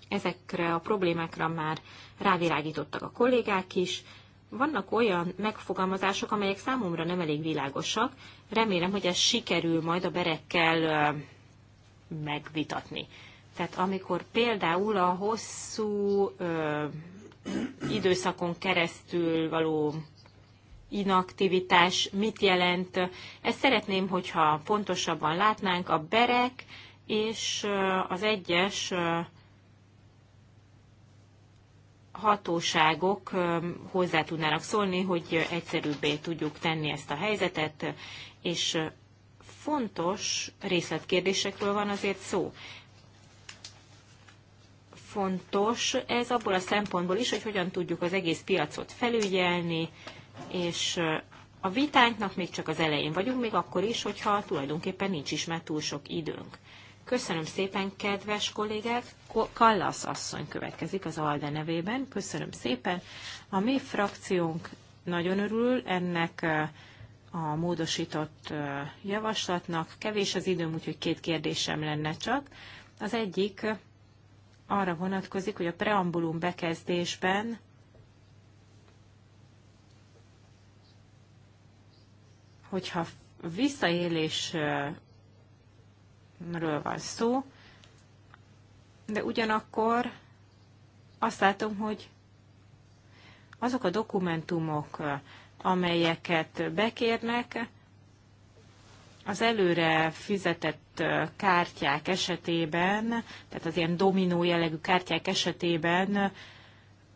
Ezekre a problémákra már rávilágítottak a kollégák is, vannak olyan megfogalmazások, amelyek számomra nem elég világosak. Remélem, hogy ez sikerül majd a berekkel megvitatni. Tehát amikor például a hosszú ö, időszakon keresztül való inaktivitás mit jelent, ezt szeretném, hogyha pontosabban látnánk a berek és az egyes hatóságok hozzá tudnának szólni, hogy egyszerűbbé tudjuk tenni ezt a helyzetet, és fontos részletkérdésekről van azért szó. Fontos ez abból a szempontból is, hogy hogyan tudjuk az egész piacot felügyelni, és a vitánknak még csak az elején vagyunk, még akkor is, hogyha tulajdonképpen nincs is már túl sok időnk. Köszönöm szépen, kedves kollégák! Kallasz asszony következik az ALDE nevében. Köszönöm szépen. A mi frakciónk nagyon örül ennek a módosított javaslatnak. Kevés az időm, úgyhogy két kérdésem lenne csak. Az egyik arra vonatkozik, hogy a preambulum bekezdésben hogyha visszaélés ről van szó, de ugyanakkor azt látom, hogy azok a dokumentumok, amelyeket bekérnek, az előre fizetett kártyák esetében, tehát az ilyen dominó jellegű kártyák esetében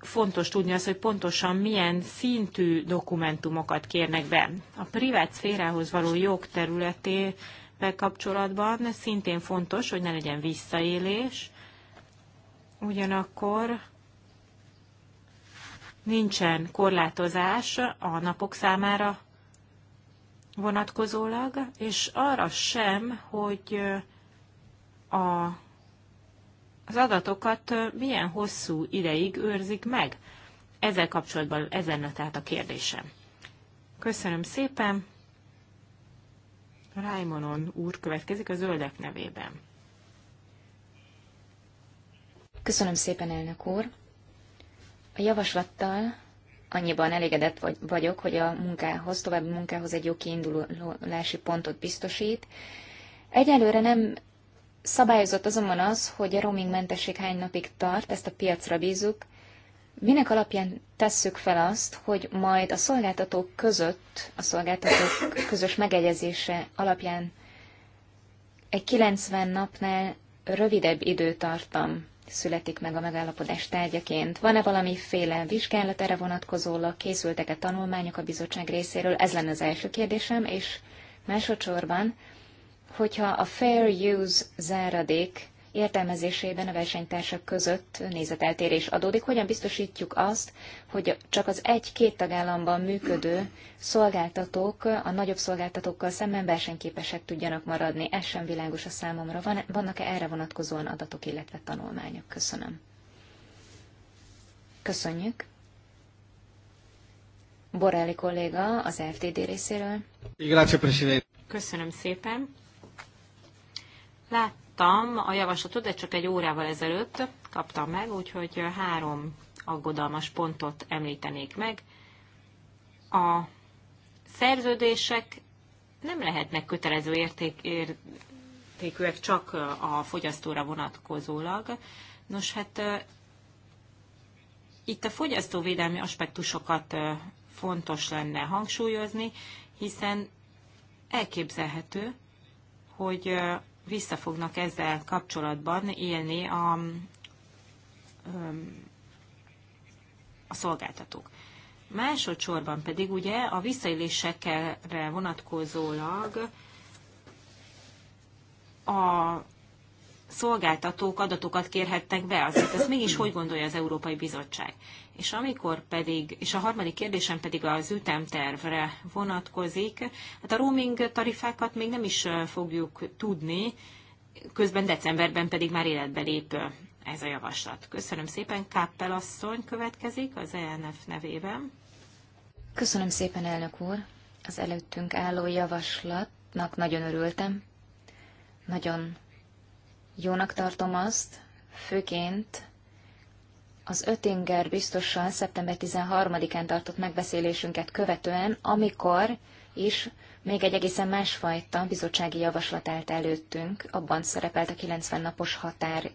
fontos tudni az, hogy pontosan milyen szintű dokumentumokat kérnek be. A privát szférához való jog területén kapcsolatban szintén fontos, hogy ne legyen visszaélés, ugyanakkor nincsen korlátozás a napok számára vonatkozólag, és arra sem, hogy a, az adatokat milyen hosszú ideig őrzik meg. Ezzel kapcsolatban ezen tehát a kérdésem. Köszönöm szépen! Raimonon úr következik a zöldek nevében. Köszönöm szépen, elnök úr. A javaslattal annyiban elégedett vagyok, hogy a munkához, további munkához egy jó kiindulási pontot biztosít. Egyelőre nem szabályozott azonban az, hogy a roaming mentesség hány napig tart, ezt a piacra bízunk, minek alapján tesszük fel azt, hogy majd a szolgáltatók között, a szolgáltatók közös megegyezése alapján egy 90 napnál rövidebb időtartam születik meg a megállapodás tárgyaként. Van-e valamiféle vizsgálat erre vonatkozólag, készültek-e tanulmányok a bizottság részéről? Ez lenne az első kérdésem, és másodszorban, hogyha a fair use záradék értelmezésében a versenytársak között nézeteltérés adódik. Hogyan biztosítjuk azt, hogy csak az egy-két tagállamban működő szolgáltatók a nagyobb szolgáltatókkal szemben versenyképesek tudjanak maradni? Ez sem világos a számomra. Van, vannak-e erre vonatkozóan adatok, illetve tanulmányok? Köszönöm. Köszönjük. Borelli kolléga az FTD részéről. Köszönöm szépen. Lát, kaptam a javaslatot, de csak egy órával ezelőtt kaptam meg, úgyhogy három aggodalmas pontot említenék meg. A szerződések nem lehetnek kötelező érték, értékűek csak a fogyasztóra vonatkozólag. Nos, hát itt a fogyasztóvédelmi aspektusokat fontos lenne hangsúlyozni, hiszen elképzelhető, hogy vissza fognak ezzel kapcsolatban élni a, a szolgáltatók. Másodszorban pedig ugye a visszaélésekre vonatkozólag a szolgáltatók adatokat kérhettek be. Azért ezt mégis hogy gondolja az Európai Bizottság? És amikor pedig, és a harmadik kérdésem pedig az ütemtervre vonatkozik, hát a roaming tarifákat még nem is fogjuk tudni, közben decemberben pedig már életbe lép ez a javaslat. Köszönöm szépen, Kappel asszony következik az ENF nevében. Köszönöm szépen, elnök úr. Az előttünk álló javaslatnak nagyon örültem. Nagyon jónak tartom azt, főként az Ötinger biztosan szeptember 13-án tartott megbeszélésünket követően, amikor is még egy egészen másfajta bizottsági javaslat állt előttünk, abban szerepelt a 90 napos határ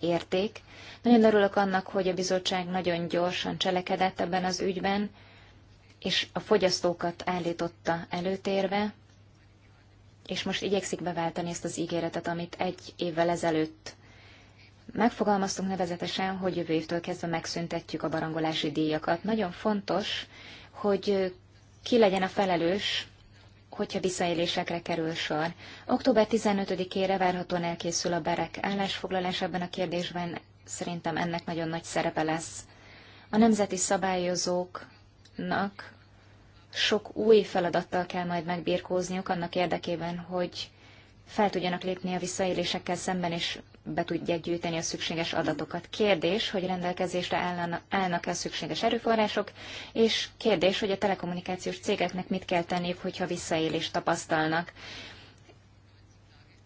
érték. Nagyon örülök annak, hogy a bizottság nagyon gyorsan cselekedett ebben az ügyben, és a fogyasztókat állította előtérbe, és most igyekszik beváltani ezt az ígéretet, amit egy évvel ezelőtt megfogalmaztunk nevezetesen, hogy jövő évtől kezdve megszüntetjük a barangolási díjakat. Nagyon fontos, hogy ki legyen a felelős, hogyha visszaélésekre kerül sor. Október 15-ére várhatóan elkészül a berek állásfoglalás ebben a kérdésben, szerintem ennek nagyon nagy szerepe lesz. A nemzeti szabályozóknak sok új feladattal kell majd megbírkózniuk annak érdekében, hogy fel tudjanak lépni a visszaélésekkel szemben, és be tudják gyűjteni a szükséges adatokat. Kérdés, hogy rendelkezésre állnak-e a szükséges erőforrások, és kérdés, hogy a telekommunikációs cégeknek mit kell tenniük, hogyha visszaélést tapasztalnak.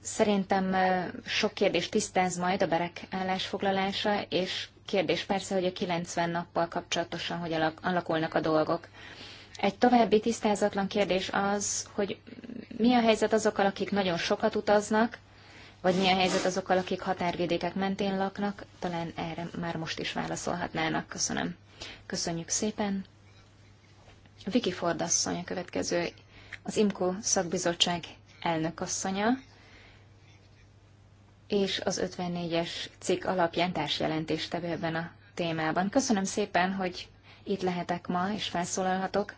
Szerintem sok kérdés tisztáz majd a berek állásfoglalása, és kérdés persze, hogy a 90 nappal kapcsolatosan hogy alakulnak a dolgok. Egy további tisztázatlan kérdés az, hogy mi a helyzet azokkal, akik nagyon sokat utaznak, vagy mi a helyzet azokkal, akik határvidékek mentén laknak, talán erre már most is válaszolhatnának. Köszönöm. Köszönjük szépen. Viki Ford asszony a következő, az IMKO szakbizottság elnökasszonya, és az 54-es cikk alapján társjelentést tevő ebben a témában. Köszönöm szépen, hogy itt lehetek ma, és felszólalhatok.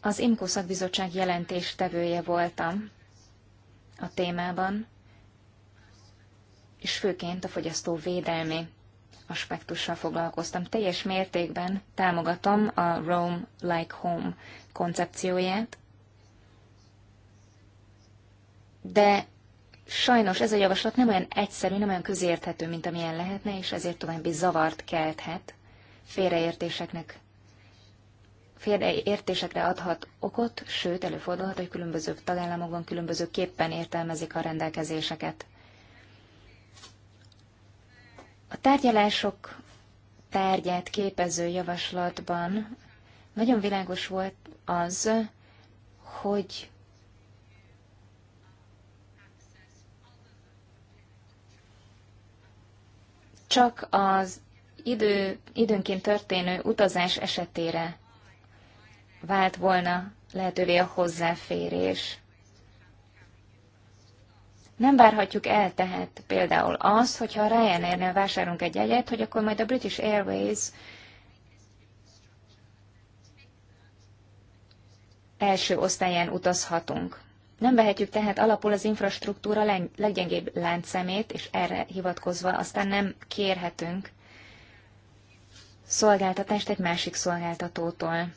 Az IMKO szakbizottság jelentéstevője voltam a témában, és főként a fogyasztó védelmi aspektussal foglalkoztam. Teljes mértékben támogatom a Rome Like Home koncepcióját, de sajnos ez a javaslat nem olyan egyszerű, nem olyan közérthető, mint amilyen lehetne, és ezért további zavart kelthet, félreértéseknek félreértésekre adhat okot, sőt előfordulhat, hogy különböző tagállamokban különbözőképpen értelmezik a rendelkezéseket. A tárgyalások tárgyát képező javaslatban nagyon világos volt az, hogy csak az idő, időnként történő utazás esetére vált volna lehetővé a hozzáférés. Nem várhatjuk el tehát például az, hogyha a Ryanair-nél vásárolunk egy jegyet, hogy akkor majd a British Airways első osztályán utazhatunk. Nem vehetjük tehát alapul az infrastruktúra leggyengébb láncszemét, és erre hivatkozva aztán nem kérhetünk szolgáltatást egy másik szolgáltatótól.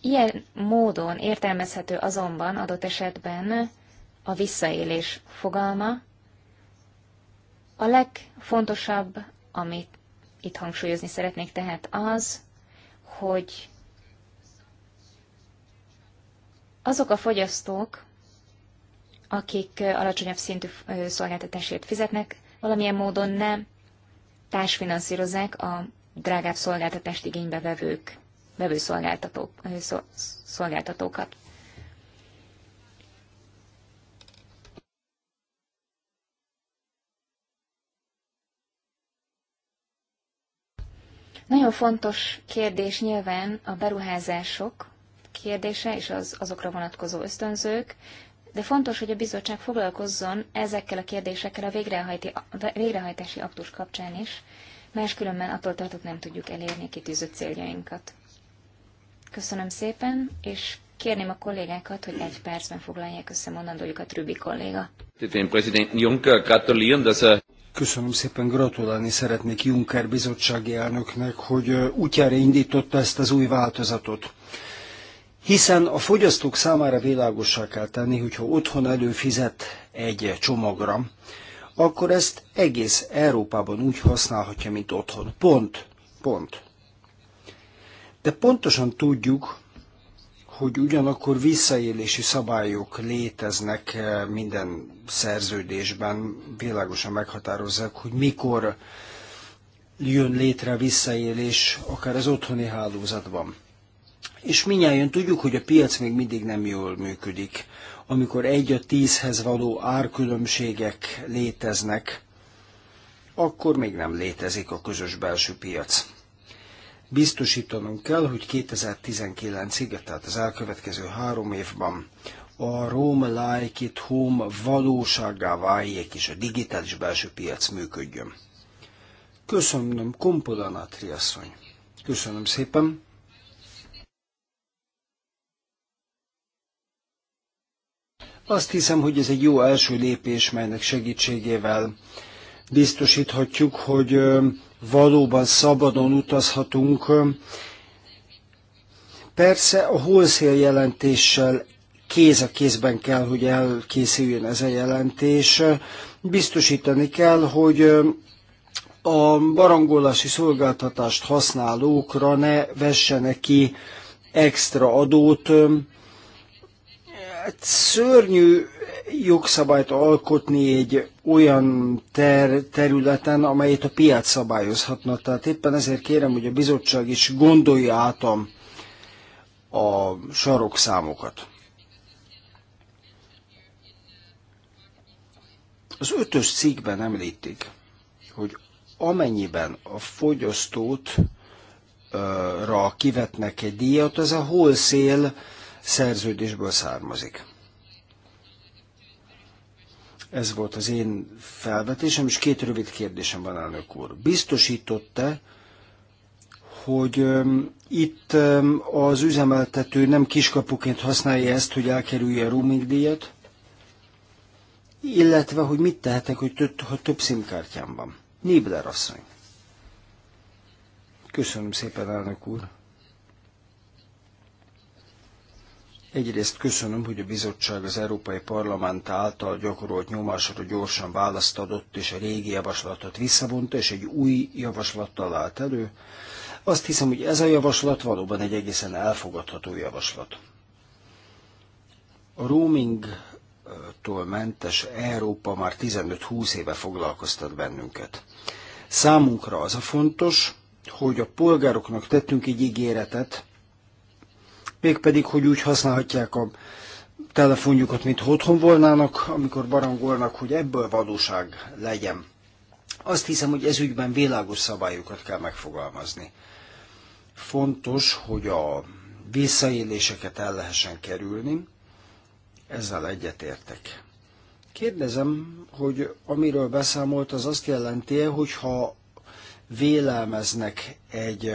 Ilyen módon értelmezhető azonban adott esetben a visszaélés fogalma. A legfontosabb, amit itt hangsúlyozni szeretnék, tehát az, hogy azok a fogyasztók, akik alacsonyabb szintű szolgáltatásért fizetnek, valamilyen módon nem társfinanszírozzák a drágább szolgáltatást igénybe vevők, vevő szolgáltatók, szolgáltatókat. Nagyon fontos kérdés nyilván a beruházások kérdése és az, azokra vonatkozó ösztönzők, de fontos, hogy a bizottság foglalkozzon ezekkel a kérdésekkel a végrehajtási aktus kapcsán is, máskülönben attól tartok nem tudjuk elérni kitűzött céljainkat. Köszönöm szépen, és kérném a kollégákat, hogy egy percben foglalják össze mondandójukat Rübi kolléga. Den Präsidenten Juncker gratulieren, dass er Köszönöm szépen, gratulálni szeretnék Juncker bizottsági elnöknek, hogy útjára indította ezt az új változatot. Hiszen a fogyasztók számára világossá kell tenni, hogyha otthon előfizet egy csomagra, akkor ezt egész Európában úgy használhatja, mint otthon. Pont. Pont. De pontosan tudjuk, hogy ugyanakkor visszaélési szabályok léteznek eh, minden szerződésben, világosan meghatározzák, hogy mikor jön létre visszaélés, akár az otthoni hálózatban. És minnyáján tudjuk, hogy a piac még mindig nem jól működik. Amikor egy a tízhez való árkülönbségek léteznek, akkor még nem létezik a közös belső piac biztosítanunk kell, hogy 2019-ig, tehát az elkövetkező három évben a Rome Like It Home valóságá váljék, és a digitális belső piac működjön. Köszönöm, Kompola Natri asszony. Köszönöm szépen. Azt hiszem, hogy ez egy jó első lépés, melynek segítségével biztosíthatjuk, hogy valóban szabadon utazhatunk. Persze a holszél jelentéssel kéz a kézben kell, hogy elkészüljön ez a jelentés. Biztosítani kell, hogy a barangolási szolgáltatást használókra ne vessenek ki extra adót. Szörnyű jogszabályt alkotni egy olyan ter- területen, amelyet a piac szabályozhatna. Tehát éppen ezért kérem, hogy a bizottság is gondolja át a, a sarokszámokat. Az ötös cikkben említik, hogy amennyiben a fogyasztót ra kivetnek egy díjat, az a holszél szerződésből származik. Ez volt az én felvetésem, és két rövid kérdésem van, elnök úr. Biztosította, hogy itt az üzemeltető nem kiskapuként használja ezt, hogy elkerülje a roaming díjat, illetve hogy mit tehetek, hogy több, ha több szimkártyám van. Nébler asszony. Köszönöm szépen, elnök úr. Egyrészt köszönöm, hogy a bizottság az Európai Parlament által gyakorolt nyomásra gyorsan választ adott, és a régi javaslatot visszavonta, és egy új javaslattal állt elő. Azt hiszem, hogy ez a javaslat valóban egy egészen elfogadható javaslat. A roamingtól mentes Európa már 15-20 éve foglalkoztat bennünket. Számunkra az a fontos, hogy a polgároknak tettünk egy ígéretet, mégpedig, hogy úgy használhatják a telefonjukat, mint otthon volnának, amikor barangolnak, hogy ebből valóság legyen. Azt hiszem, hogy ez ügyben világos szabályokat kell megfogalmazni. Fontos, hogy a visszaéléseket el lehessen kerülni, ezzel egyetértek. Kérdezem, hogy amiről beszámolt, az azt jelenti, hogy ha vélelmeznek egy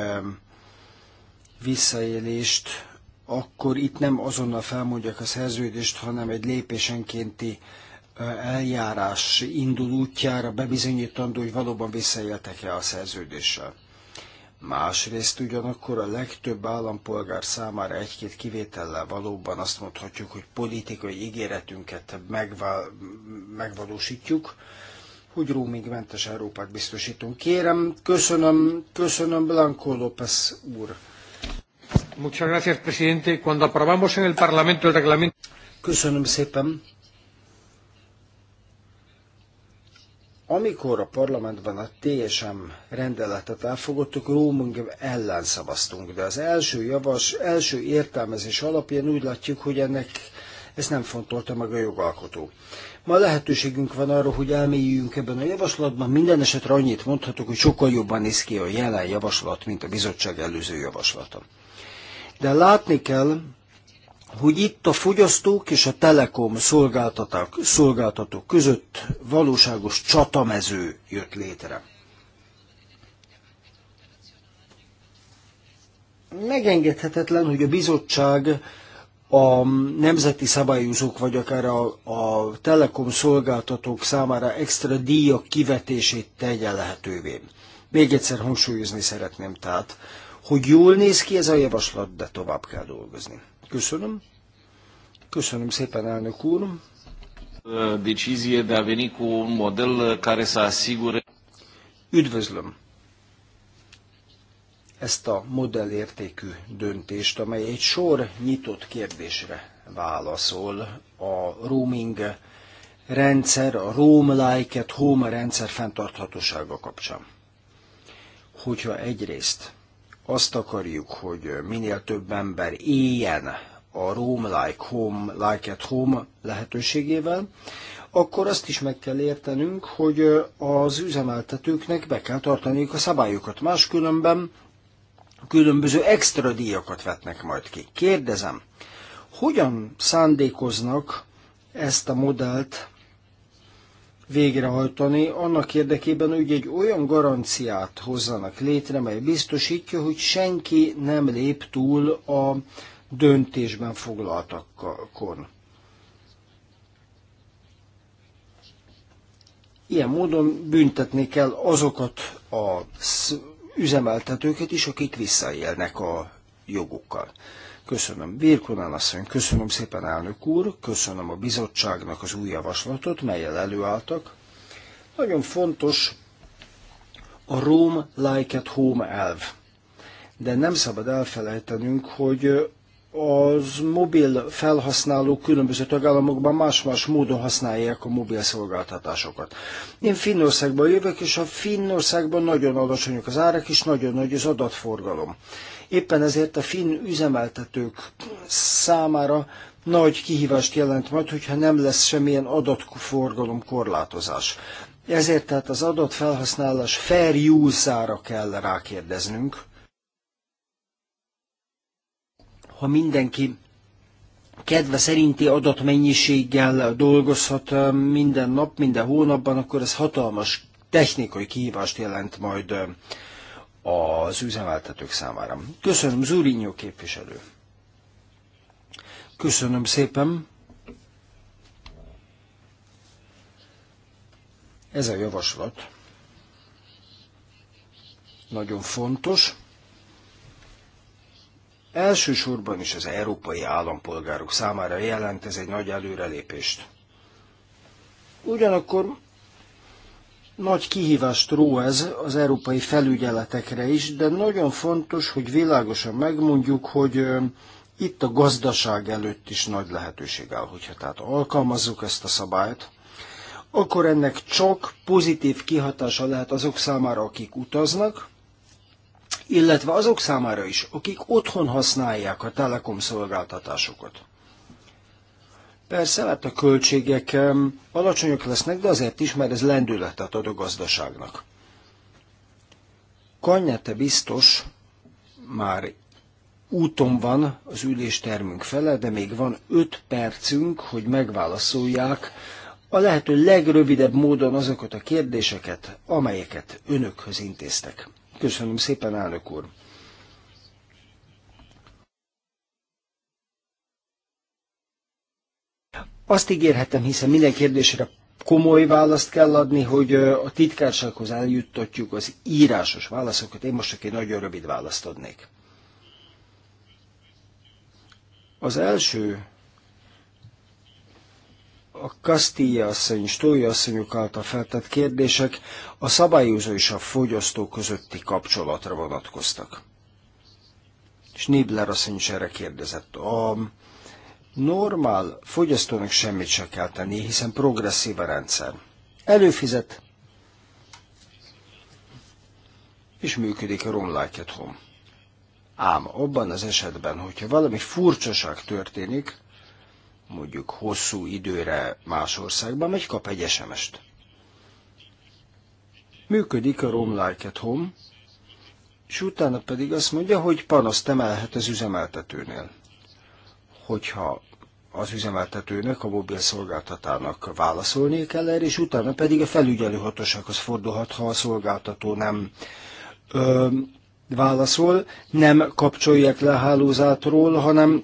visszaélést, akkor itt nem azonnal felmondják a szerződést, hanem egy lépésenkénti eljárás indul útjára bebizonyítandó, hogy valóban visszaéltek-e a szerződéssel. Másrészt ugyanakkor a legtöbb állampolgár számára egy-két kivétellel valóban azt mondhatjuk, hogy politikai ígéretünket megvál, megvalósítjuk, hogy roamingmentes Európát biztosítunk. Kérem, köszönöm, köszönöm Blanco López úr Muchas gracias, presidente. Cuando aprobamos en el Parlamento el reglamento... Köszönöm szépen. Amikor a parlamentben a TSM rendeletet elfogadtuk, roaming ellen szavaztunk, de az első javas, első értelmezés alapján úgy látjuk, hogy ennek ezt nem fontolta meg a jogalkotó. Ma lehetőségünk van arra, hogy elmélyüljünk ebben a javaslatban, minden esetre annyit mondhatok, hogy sokkal jobban néz ki a jelen javaslat, mint a bizottság előző javaslata de látni kell, hogy itt a fogyasztók és a telekom szolgáltatók, szolgáltatók között valóságos csatamező jött létre. Megengedhetetlen, hogy a bizottság a nemzeti szabályozók, vagy akár a, a telekom szolgáltatók számára extra díjak kivetését tegye lehetővé. Még egyszer hangsúlyozni szeretném tehát, hogy jól néz ki ez a javaslat, de tovább kell dolgozni. Köszönöm. Köszönöm szépen, elnök úr. a Üdvözlöm ezt a modellértékű döntést, amely egy sor nyitott kérdésre válaszol a roaming rendszer, a Roam Like at Home rendszer fenntarthatósága kapcsán. Hogyha egyrészt azt akarjuk, hogy minél több ember éljen a room Like Home, Like at Home lehetőségével, akkor azt is meg kell értenünk, hogy az üzemeltetőknek be kell tartaniuk a szabályokat. Máskülönben különböző extra díjakat vetnek majd ki. Kérdezem, hogyan szándékoznak ezt a modellt végrehajtani, annak érdekében, hogy egy olyan garanciát hozzanak létre, mely biztosítja, hogy senki nem lép túl a döntésben foglaltakon. Ilyen módon büntetni kell azokat a üzemeltetőket is, akik visszaélnek a jogukkal. Köszönöm. Virkonán asszony, köszönöm szépen elnök úr, köszönöm a bizottságnak az új javaslatot, melyel előálltak. Nagyon fontos a Rome like at home elv. De nem szabad elfelejtenünk, hogy az mobil felhasználók különböző tagállamokban más-más módon használják a mobil szolgáltatásokat. Én Finnországban jövök, és a Finnországban nagyon alacsonyak az árak, és nagyon nagy az adatforgalom. Éppen ezért a finn üzemeltetők számára nagy kihívást jelent majd, hogyha nem lesz semmilyen adatforgalom korlátozás. Ezért tehát az adatfelhasználás fair use-ára kell rákérdeznünk, ha mindenki kedve szerinti adatmennyiséggel dolgozhat minden nap, minden hónapban, akkor ez hatalmas technikai kihívást jelent majd az üzemeltetők számára. Köszönöm, Zurinyó képviselő. Köszönöm szépen. Ez a javaslat nagyon fontos. Elsősorban is az európai állampolgárok számára jelent ez egy nagy előrelépést. Ugyanakkor nagy kihívást ró ez az európai felügyeletekre is, de nagyon fontos, hogy világosan megmondjuk, hogy itt a gazdaság előtt is nagy lehetőség áll, hogyha tehát alkalmazzuk ezt a szabályt, akkor ennek csak pozitív kihatása lehet azok számára, akik utaznak, illetve azok számára is, akik otthon használják a telekom szolgáltatásokat. Persze, hát a költségek alacsonyak lesznek, de azért is, mert ez lendületet ad a gazdaságnak. Kanyete biztos már úton van az üléstermünk fele, de még van 5 percünk, hogy megválaszolják a lehető legrövidebb módon azokat a kérdéseket, amelyeket önökhöz intéztek. Köszönöm szépen, elnök úr. Azt ígérhetem, hiszen minden kérdésre komoly választ kell adni, hogy a titkársághoz eljuttatjuk az írásos válaszokat. Én most csak egy nagyon rövid választ adnék. Az első a Castilla asszony, Stója asszonyok által feltett kérdések a szabályozó és a fogyasztó közötti kapcsolatra vonatkoztak. Nibler asszony is erre kérdezett. A normál fogyasztónak semmit se kell tenni, hiszen progresszív a rendszer. Előfizet, és működik a Room Like at Home. Ám abban az esetben, hogyha valami furcsaság történik, mondjuk hosszú időre más országban megy, kap egy SMS-t. Működik a Roam Like at Home, és utána pedig azt mondja, hogy panaszt emelhet az üzemeltetőnél. Hogyha az üzemeltetőnek, a mobil szolgáltatának válaszolni kell erre, és utána pedig a hatósághoz fordulhat, ha a szolgáltató nem ö, válaszol, nem kapcsolják le a hálózátról, hanem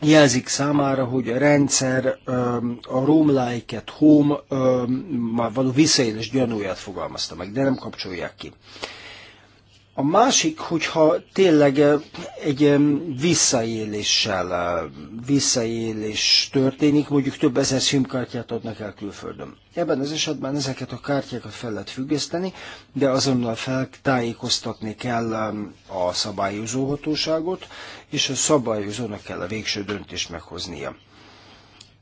jelzik számára, hogy a rendszer a Rome Like at Home már való visszaélés gyanúját fogalmazta meg, de nem kapcsolják ki. A másik, hogyha tényleg egy visszaéléssel, visszaélés történik, mondjuk több ezer simkártyát adnak el külföldön. Ebben az esetben ezeket a kártyákat fel lehet függeszteni, de azonnal feltájékoztatni kell a szabályozó hatóságot, és a szabályozónak kell a végső döntést meghoznia.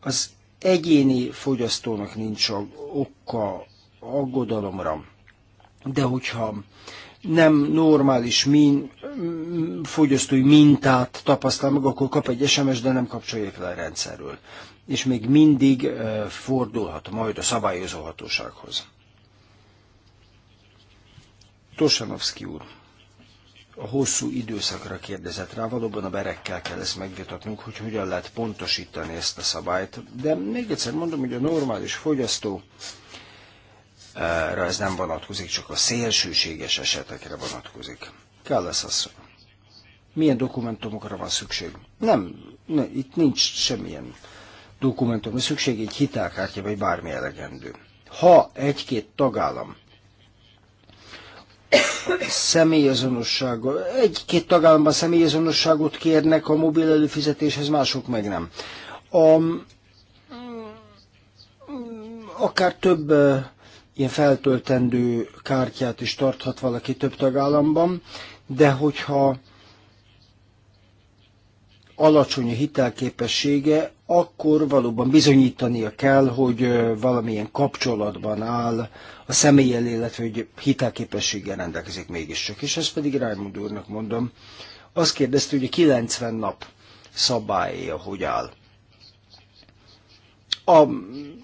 Az egyéni fogyasztónak nincs oka aggodalomra, de hogyha nem normális min, fogyasztói mintát tapasztal meg, akkor kap egy SMS, de nem kapcsolják le a rendszerről. És még mindig fordulhat majd a szabályozó hatósághoz. Tosanovszki úr a hosszú időszakra kérdezett rá, valóban a berekkel kell ezt megvitatnunk, hogy hogyan lehet pontosítani ezt a szabályt. De még egyszer mondom, hogy a normális fogyasztó ez nem vonatkozik, csak a szélsőséges esetekre vonatkozik. Kell lesz asszony. Milyen dokumentumokra van szükség? Nem, ne, itt nincs semmilyen dokumentum, szükség, egy hitelkártya vagy bármi elegendő. Ha egy-két tagállam személyazonossággal. Egy-két tagállamban személyazonosságot kérnek a mobil előfizetéshez, mások meg nem. A, akár több ilyen feltöltendő kártyát is tarthat valaki több tagállamban, de hogyha alacsony a hitelképessége, akkor valóban bizonyítania kell, hogy valamilyen kapcsolatban áll a személyel, illetve hogy hitelképességgel rendelkezik mégiscsak. És ezt pedig Raimund úrnak mondom. Azt kérdezte, hogy a 90 nap szabálya hogy áll. A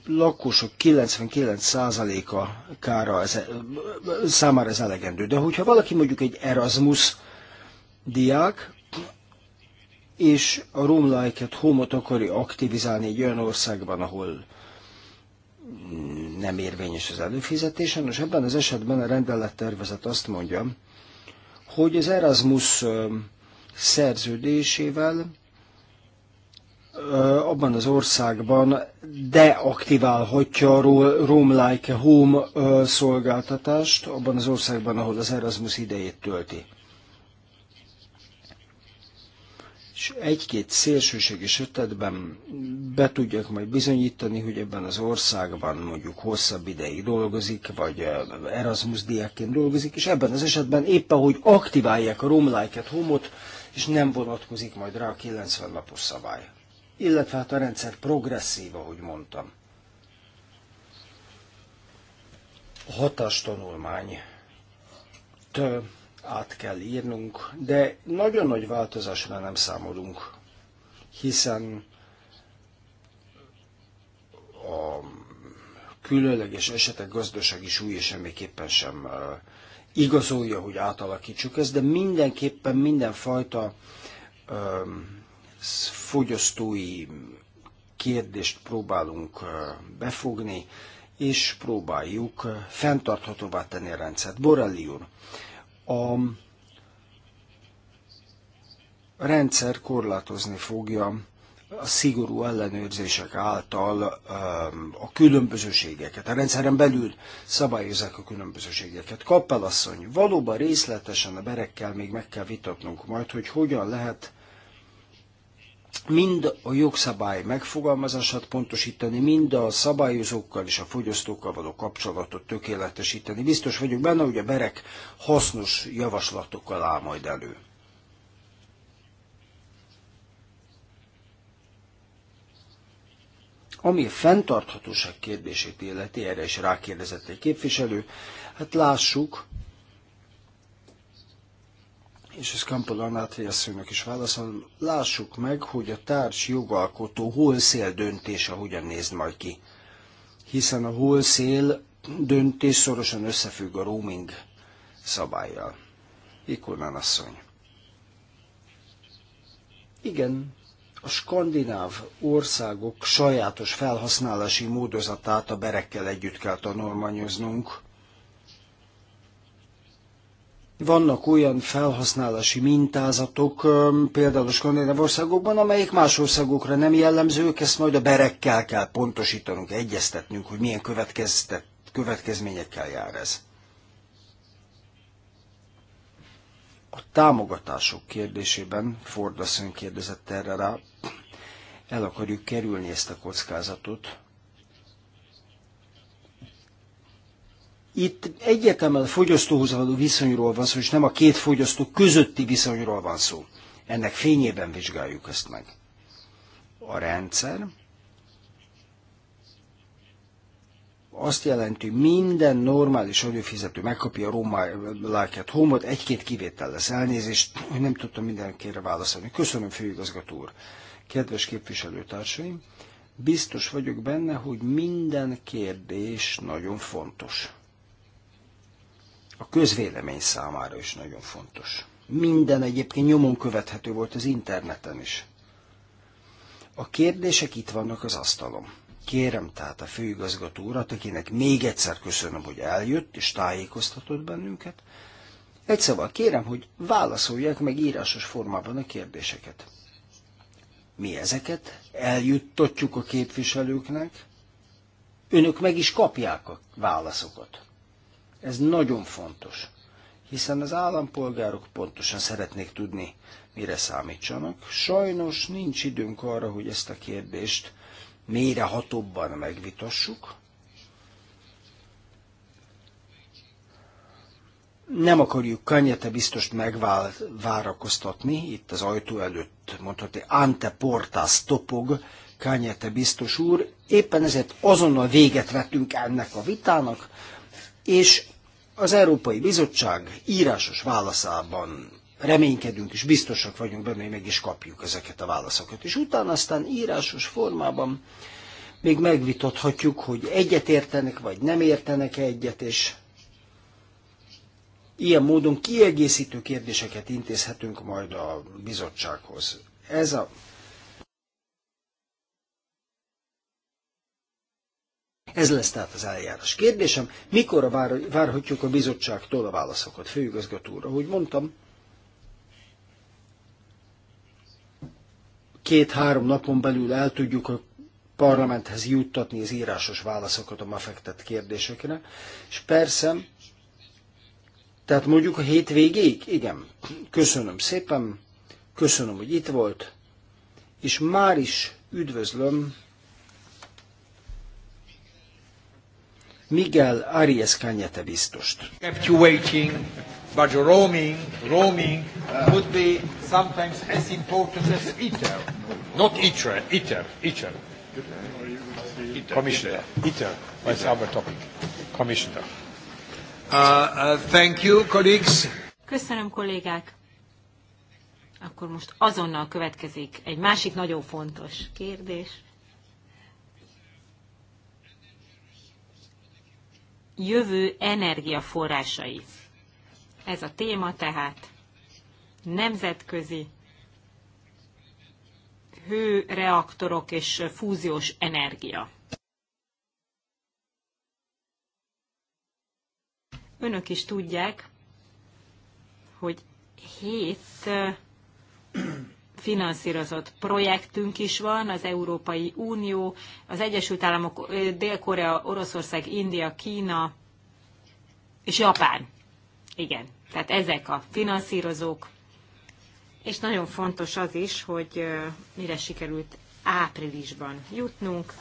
lakosok 99%-a kára ez, számára ez elegendő. De hogyha valaki mondjuk egy Erasmus diák, és a Room Like at home akarja aktivizálni egy olyan országban, ahol nem érvényes az előfizetésen, és ebben az esetben a rendelettervezet azt mondja, hogy az Erasmus szerződésével abban az országban deaktiválhatja a Rome Like a Home szolgáltatást, abban az országban, ahol az Erasmus idejét tölti. és egy-két szélsőséges ötletben be tudjak majd bizonyítani, hogy ebben az országban mondjuk hosszabb ideig dolgozik, vagy eh, Erasmus diákként dolgozik, és ebben az esetben éppen, hogy aktiválják a Roam Like at Home-ot, és nem vonatkozik majd rá a 90 napos szabály. Illetve hát a rendszer progresszív, ahogy mondtam. A hatástanulmány át kell írnunk, de nagyon nagy változásra nem számolunk, hiszen a különleges esetek gazdasági súlya semmiképpen sem igazolja, hogy átalakítsuk ezt, de mindenképpen mindenfajta fogyasztói kérdést próbálunk befogni, és próbáljuk fenntarthatóvá tenni a rendszert. Borelli úr, a rendszer korlátozni fogja a szigorú ellenőrzések által a különbözőségeket, a rendszeren belül szabályozzák a különbözőségeket. Kappelasszony, valóban részletesen a berekkel még meg kell vitatnunk majd, hogy hogyan lehet mind a jogszabály megfogalmazását pontosítani, mind a szabályozókkal és a fogyasztókkal való kapcsolatot tökéletesíteni. Biztos vagyok benne, hogy a berek hasznos javaslatokkal áll majd elő. Ami a fenntarthatóság kérdését illeti, erre is rákérdezett egy képviselő, hát lássuk, és ez Kampala Nátriasszonynak is válaszol, lássuk meg, hogy a társ jogalkotó holszél döntése hogyan néz majd ki. Hiszen a holszél döntés szorosan összefügg a roaming szabályjal. Ikonán asszony. Igen, a skandináv országok sajátos felhasználási módozatát a berekkel együtt kell tanulmányoznunk, vannak olyan felhasználási mintázatok, például a skandináv országokban, amelyek más országokra nem jellemzők, ezt majd a berekkel kell pontosítanunk, egyeztetnünk, hogy milyen következményekkel jár ez. A támogatások kérdésében, Ford asszony kérdezett erre rá, el akarjuk kerülni ezt a kockázatot, Itt egyetemen a fogyasztóhoz való viszonyról van szó, és nem a két fogyasztó közötti viszonyról van szó. Ennek fényében vizsgáljuk ezt meg. A rendszer azt jelenti, hogy minden normális adófizető megkapja a Róma Like Homot, egy-két kivétel lesz elnézést, hogy nem tudtam mindenkire válaszolni. Köszönöm, főigazgató úr. Kedves képviselőtársaim, biztos vagyok benne, hogy minden kérdés nagyon fontos a közvélemény számára is nagyon fontos. Minden egyébként nyomon követhető volt az interneten is. A kérdések itt vannak az asztalom. Kérem tehát a főigazgató urat, akinek még egyszer köszönöm, hogy eljött és tájékoztatott bennünket. Egy szóval kérem, hogy válaszolják meg írásos formában a kérdéseket. Mi ezeket eljuttatjuk a képviselőknek, önök meg is kapják a válaszokat. Ez nagyon fontos, hiszen az állampolgárok pontosan szeretnék tudni, mire számítsanak. Sajnos nincs időnk arra, hogy ezt a kérdést mélyre hatóbban megvitassuk. Nem akarjuk könnyete biztos megvárakoztatni, itt az ajtó előtt mondhatni, ante portas topog, Kányete biztos úr, éppen ezért azonnal véget vettünk ennek a vitának, és az Európai Bizottság írásos válaszában reménykedünk és biztosak vagyunk benne, hogy meg is kapjuk ezeket a válaszokat. És utána aztán írásos formában még megvitathatjuk, hogy egyet értenek, vagy nem értenek -e egyet, és ilyen módon kiegészítő kérdéseket intézhetünk majd a bizottsághoz. Ez a Ez lesz tehát az eljárás. Kérdésem, mikor vár, várhatjuk a bizottságtól a válaszokat, főigazgató úr? Ahogy mondtam, két-három napon belül el tudjuk a parlamenthez juttatni az írásos válaszokat a ma fektett kérdésekre, és persze, tehát mondjuk a hét végéig? Igen. Köszönöm szépen, köszönöm, hogy itt volt, és már is üdvözlöm Miguel Arias Kanyete biztost. Kept you waiting, but roaming, roaming would be sometimes as important as ITER. Not ITER, ITER, ITER. Commissioner, ITER, that's our topic. Commissioner. Uh, uh, thank you, colleagues. Köszönöm, kollégák. Akkor most azonnal következik egy másik nagyon fontos kérdés. jövő energiaforrásai. Ez a téma tehát nemzetközi hőreaktorok és fúziós energia. Önök is tudják, hogy hét finanszírozott projektünk is van, az Európai Unió, az Egyesült Államok, Dél-Korea, Oroszország, India, Kína és Japán. Igen, tehát ezek a finanszírozók. És nagyon fontos az is, hogy mire sikerült áprilisban jutnunk.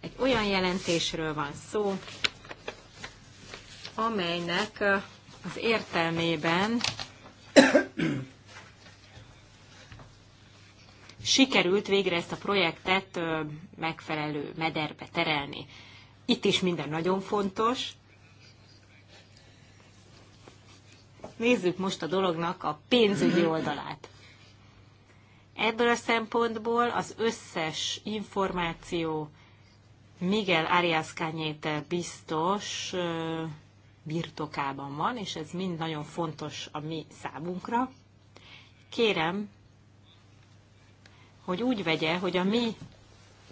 Egy olyan jelentésről van szó, amelynek az értelmében sikerült végre ezt a projektet megfelelő mederbe terelni. Itt is minden nagyon fontos. Nézzük most a dolognak a pénzügyi oldalát. Ebből a szempontból az összes információ Miguel Arias Kányéte biztos birtokában van, és ez mind nagyon fontos a mi számunkra. Kérem, hogy úgy vegye, hogy a mi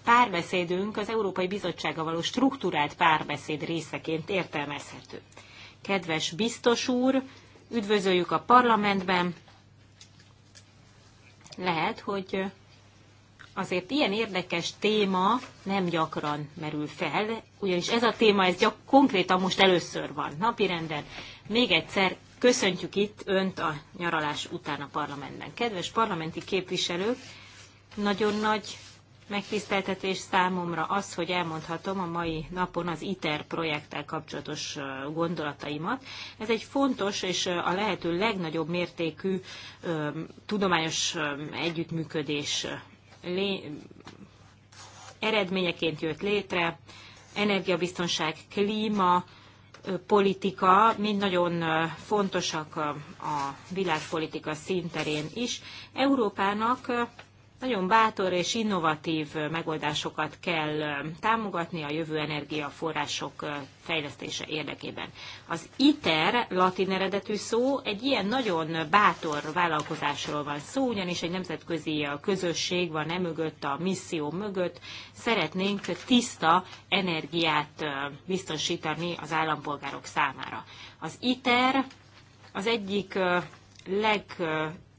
párbeszédünk az Európai Bizottsága való struktúrált párbeszéd részeként értelmezhető. Kedves biztos úr, üdvözöljük a parlamentben. Lehet, hogy azért ilyen érdekes téma nem gyakran merül fel, ugyanis ez a téma ez gyak, konkrétan most először van napirenden. Még egyszer köszöntjük itt Önt a nyaralás után a parlamentben. Kedves parlamenti képviselők, nagyon nagy megtiszteltetés számomra az, hogy elmondhatom a mai napon az ITER projekttel kapcsolatos gondolataimat. Ez egy fontos és a lehető legnagyobb mértékű tudományos együttműködés eredményeként jött létre. Energiabiztonság, klíma, politika mind nagyon fontosak a világpolitika szinterén is. Európának nagyon bátor és innovatív megoldásokat kell támogatni a jövő energiaforrások fejlesztése érdekében. Az ITER, latin eredetű szó, egy ilyen nagyon bátor vállalkozásról van szó, ugyanis egy nemzetközi közösség van e mögött, a misszió mögött. Szeretnénk tiszta energiát biztosítani az állampolgárok számára. Az ITER az egyik leg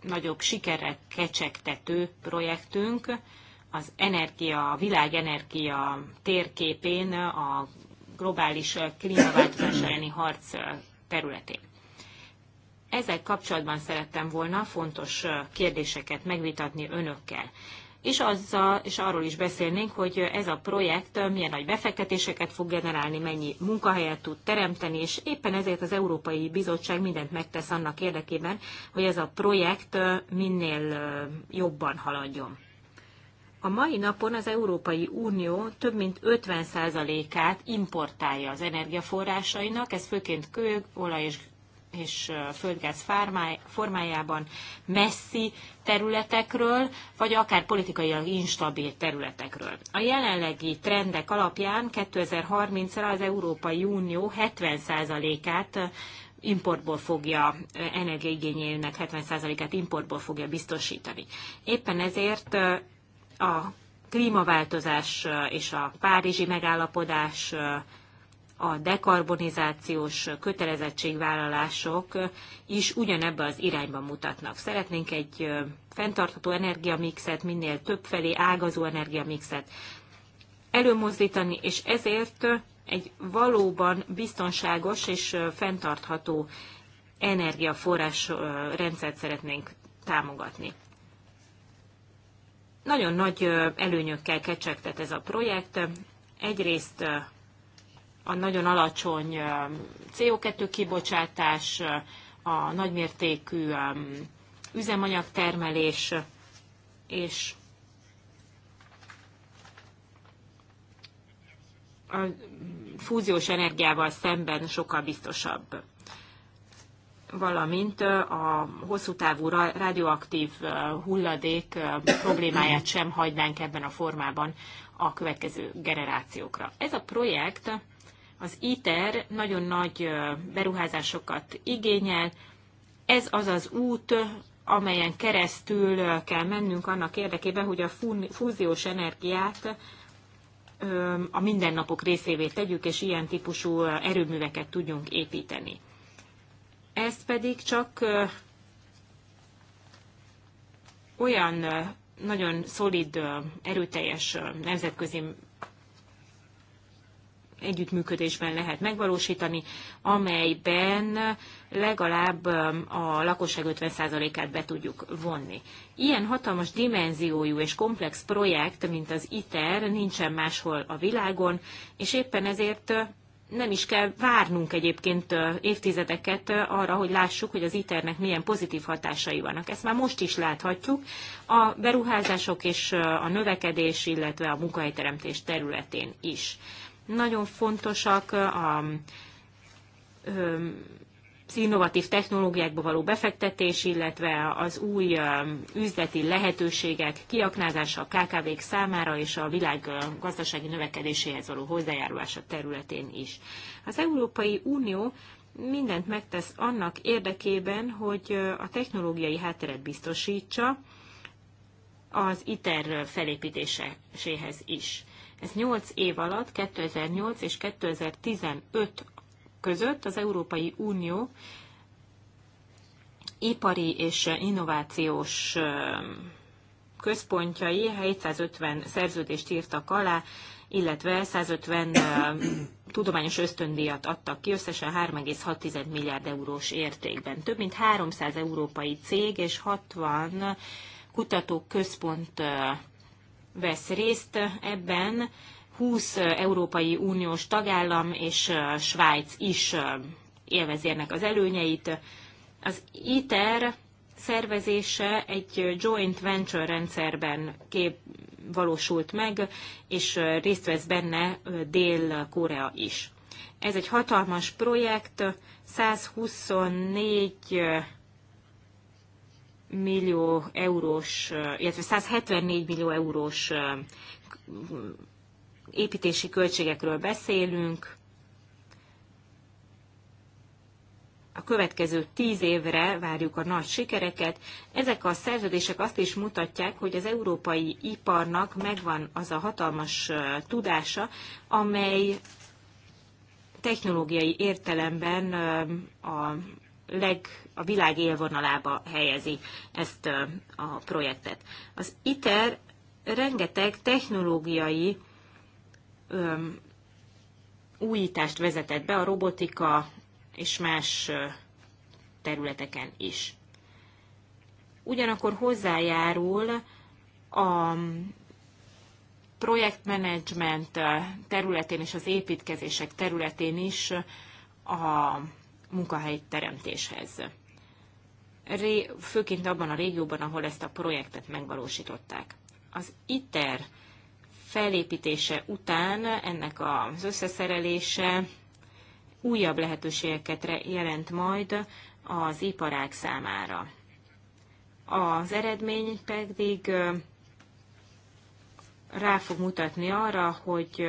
legnagyobb sikerre kecsegtető projektünk az energia, a világenergia térképén a globális klímaváltozás elleni harc területén. Ezzel kapcsolatban szerettem volna fontos kérdéseket megvitatni önökkel és, azzal, és arról is beszélnénk, hogy ez a projekt milyen nagy befektetéseket fog generálni, mennyi munkahelyet tud teremteni, és éppen ezért az Európai Bizottság mindent megtesz annak érdekében, hogy ez a projekt minél jobban haladjon. A mai napon az Európai Unió több mint 50%-át importálja az energiaforrásainak, ez főként kőolaj és és földgáz formájában messzi területekről, vagy akár politikailag instabil területekről. A jelenlegi trendek alapján 2030-ra az Európai Unió 70%-át importból fogja, energiaigényének 70%-át importból fogja biztosítani. Éppen ezért a klímaváltozás és a párizsi megállapodás a dekarbonizációs kötelezettségvállalások is ugyanebbe az irányba mutatnak. Szeretnénk egy fenntartható energiamixet, minél többfelé ágazó energiamixet előmozdítani, és ezért egy valóban biztonságos és fenntartható energiaforrás rendszert szeretnénk támogatni. Nagyon nagy előnyökkel kecsegtet ez a projekt. Egyrészt a nagyon alacsony um, CO2 kibocsátás, a nagymértékű um, üzemanyagtermelés, és a fúziós energiával szemben sokkal biztosabb valamint uh, a hosszú távú radioaktív uh, hulladék uh, problémáját sem hagynánk ebben a formában a következő generációkra. Ez a projekt az ITER nagyon nagy beruházásokat igényel. Ez az az út, amelyen keresztül kell mennünk annak érdekében, hogy a fúziós energiát a mindennapok részévé tegyük, és ilyen típusú erőműveket tudjunk építeni. Ezt pedig csak olyan nagyon szolid, erőteljes nemzetközi együttműködésben lehet megvalósítani, amelyben legalább um, a lakosság 50%-át be tudjuk vonni. Ilyen hatalmas dimenziójú és komplex projekt, mint az ITER, nincsen máshol a világon, és éppen ezért uh, nem is kell várnunk egyébként uh, évtizedeket uh, arra, hogy lássuk, hogy az ITER-nek milyen pozitív hatásai vannak. Ezt már most is láthatjuk a beruházások és a növekedés, illetve a munkahelyteremtés területén is. Nagyon fontosak a az innovatív technológiákba való befektetés, illetve az új üzleti lehetőségek kiaknázása a KKV-k számára és a világ gazdasági növekedéséhez való hozzájárulása területén is. Az Európai Unió mindent megtesz annak érdekében, hogy a technológiai hátteret biztosítsa az ITER felépítéséhez is. Ez 8 év alatt, 2008 és 2015 között az Európai Unió ipari és innovációs központjai 750 szerződést írtak alá, illetve 150 tudományos ösztöndíjat adtak ki, összesen 3,6 milliárd eurós értékben. Több mint 300 európai cég és 60 kutatóközpont vesz részt ebben, 20 Európai Uniós tagállam és Svájc is élvezérnek az előnyeit. Az ITER szervezése egy joint venture rendszerben kép valósult meg, és részt vesz benne Dél-Korea is. Ez egy hatalmas projekt, 124 millió eurós, illetve 174 millió eurós építési költségekről beszélünk. A következő tíz évre várjuk a nagy sikereket. Ezek a szerződések azt is mutatják, hogy az európai iparnak megvan az a hatalmas tudása, amely technológiai értelemben a leg, a világ élvonalába helyezi ezt a projektet. Az ITER rengeteg technológiai öm, újítást vezetett be a robotika és más területeken is. Ugyanakkor hozzájárul a projektmenedzsment területén és az építkezések területén is a munkahelyi teremtéshez. Ré, főként abban a régióban, ahol ezt a projektet megvalósították. Az ITER felépítése után ennek az összeszerelése újabb lehetőségeket jelent majd az iparák számára. Az eredmény pedig rá fog mutatni arra, hogy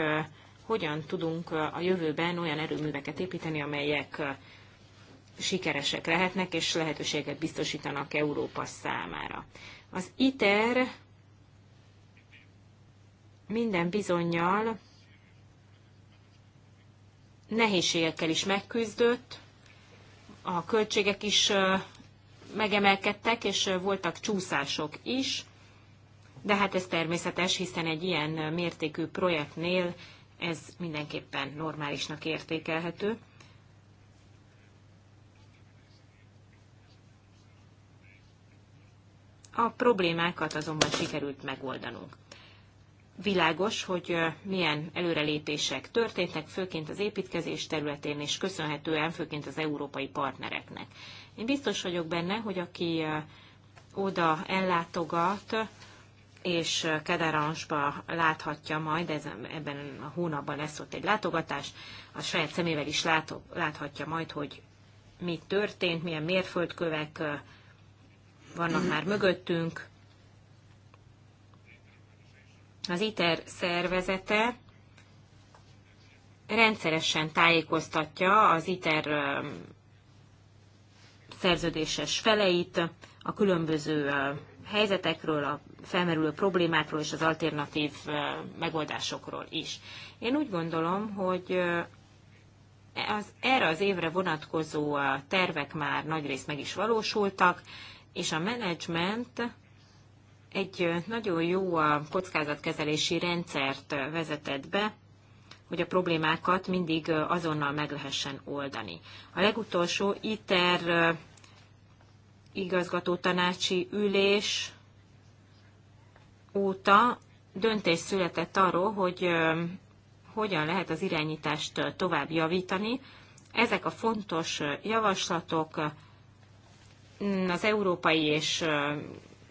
hogyan tudunk a jövőben olyan erőműveket építeni, amelyek sikeresek lehetnek, és lehetőséget biztosítanak Európa számára. Az ITER minden bizonyal nehézségekkel is megküzdött, a költségek is megemelkedtek, és voltak csúszások is, de hát ez természetes, hiszen egy ilyen mértékű projektnél ez mindenképpen normálisnak értékelhető. A problémákat azonban sikerült megoldanunk. Világos, hogy milyen előrelépések történtek, főként az építkezés területén, és köszönhetően főként az európai partnereknek. Én biztos vagyok benne, hogy aki oda ellátogat, és Kedaransba láthatja majd, ez, ebben a hónapban lesz ott egy látogatás, a saját szemével is látó, láthatja majd, hogy mi történt, milyen mérföldkövek vannak már mögöttünk. Az ITER szervezete rendszeresen tájékoztatja az ITER szerződéses feleit a különböző helyzetekről, a felmerülő problémákról és az alternatív megoldásokról is. Én úgy gondolom, hogy az erre az évre vonatkozó tervek már nagyrészt meg is valósultak, és a menedzsment egy nagyon jó a kockázatkezelési rendszert vezetett be, hogy a problémákat mindig azonnal meg lehessen oldani. A legutolsó ITER igazgató tanácsi ülés óta döntés született arról, hogy hogyan lehet az irányítást tovább javítani. Ezek a fontos javaslatok az európai és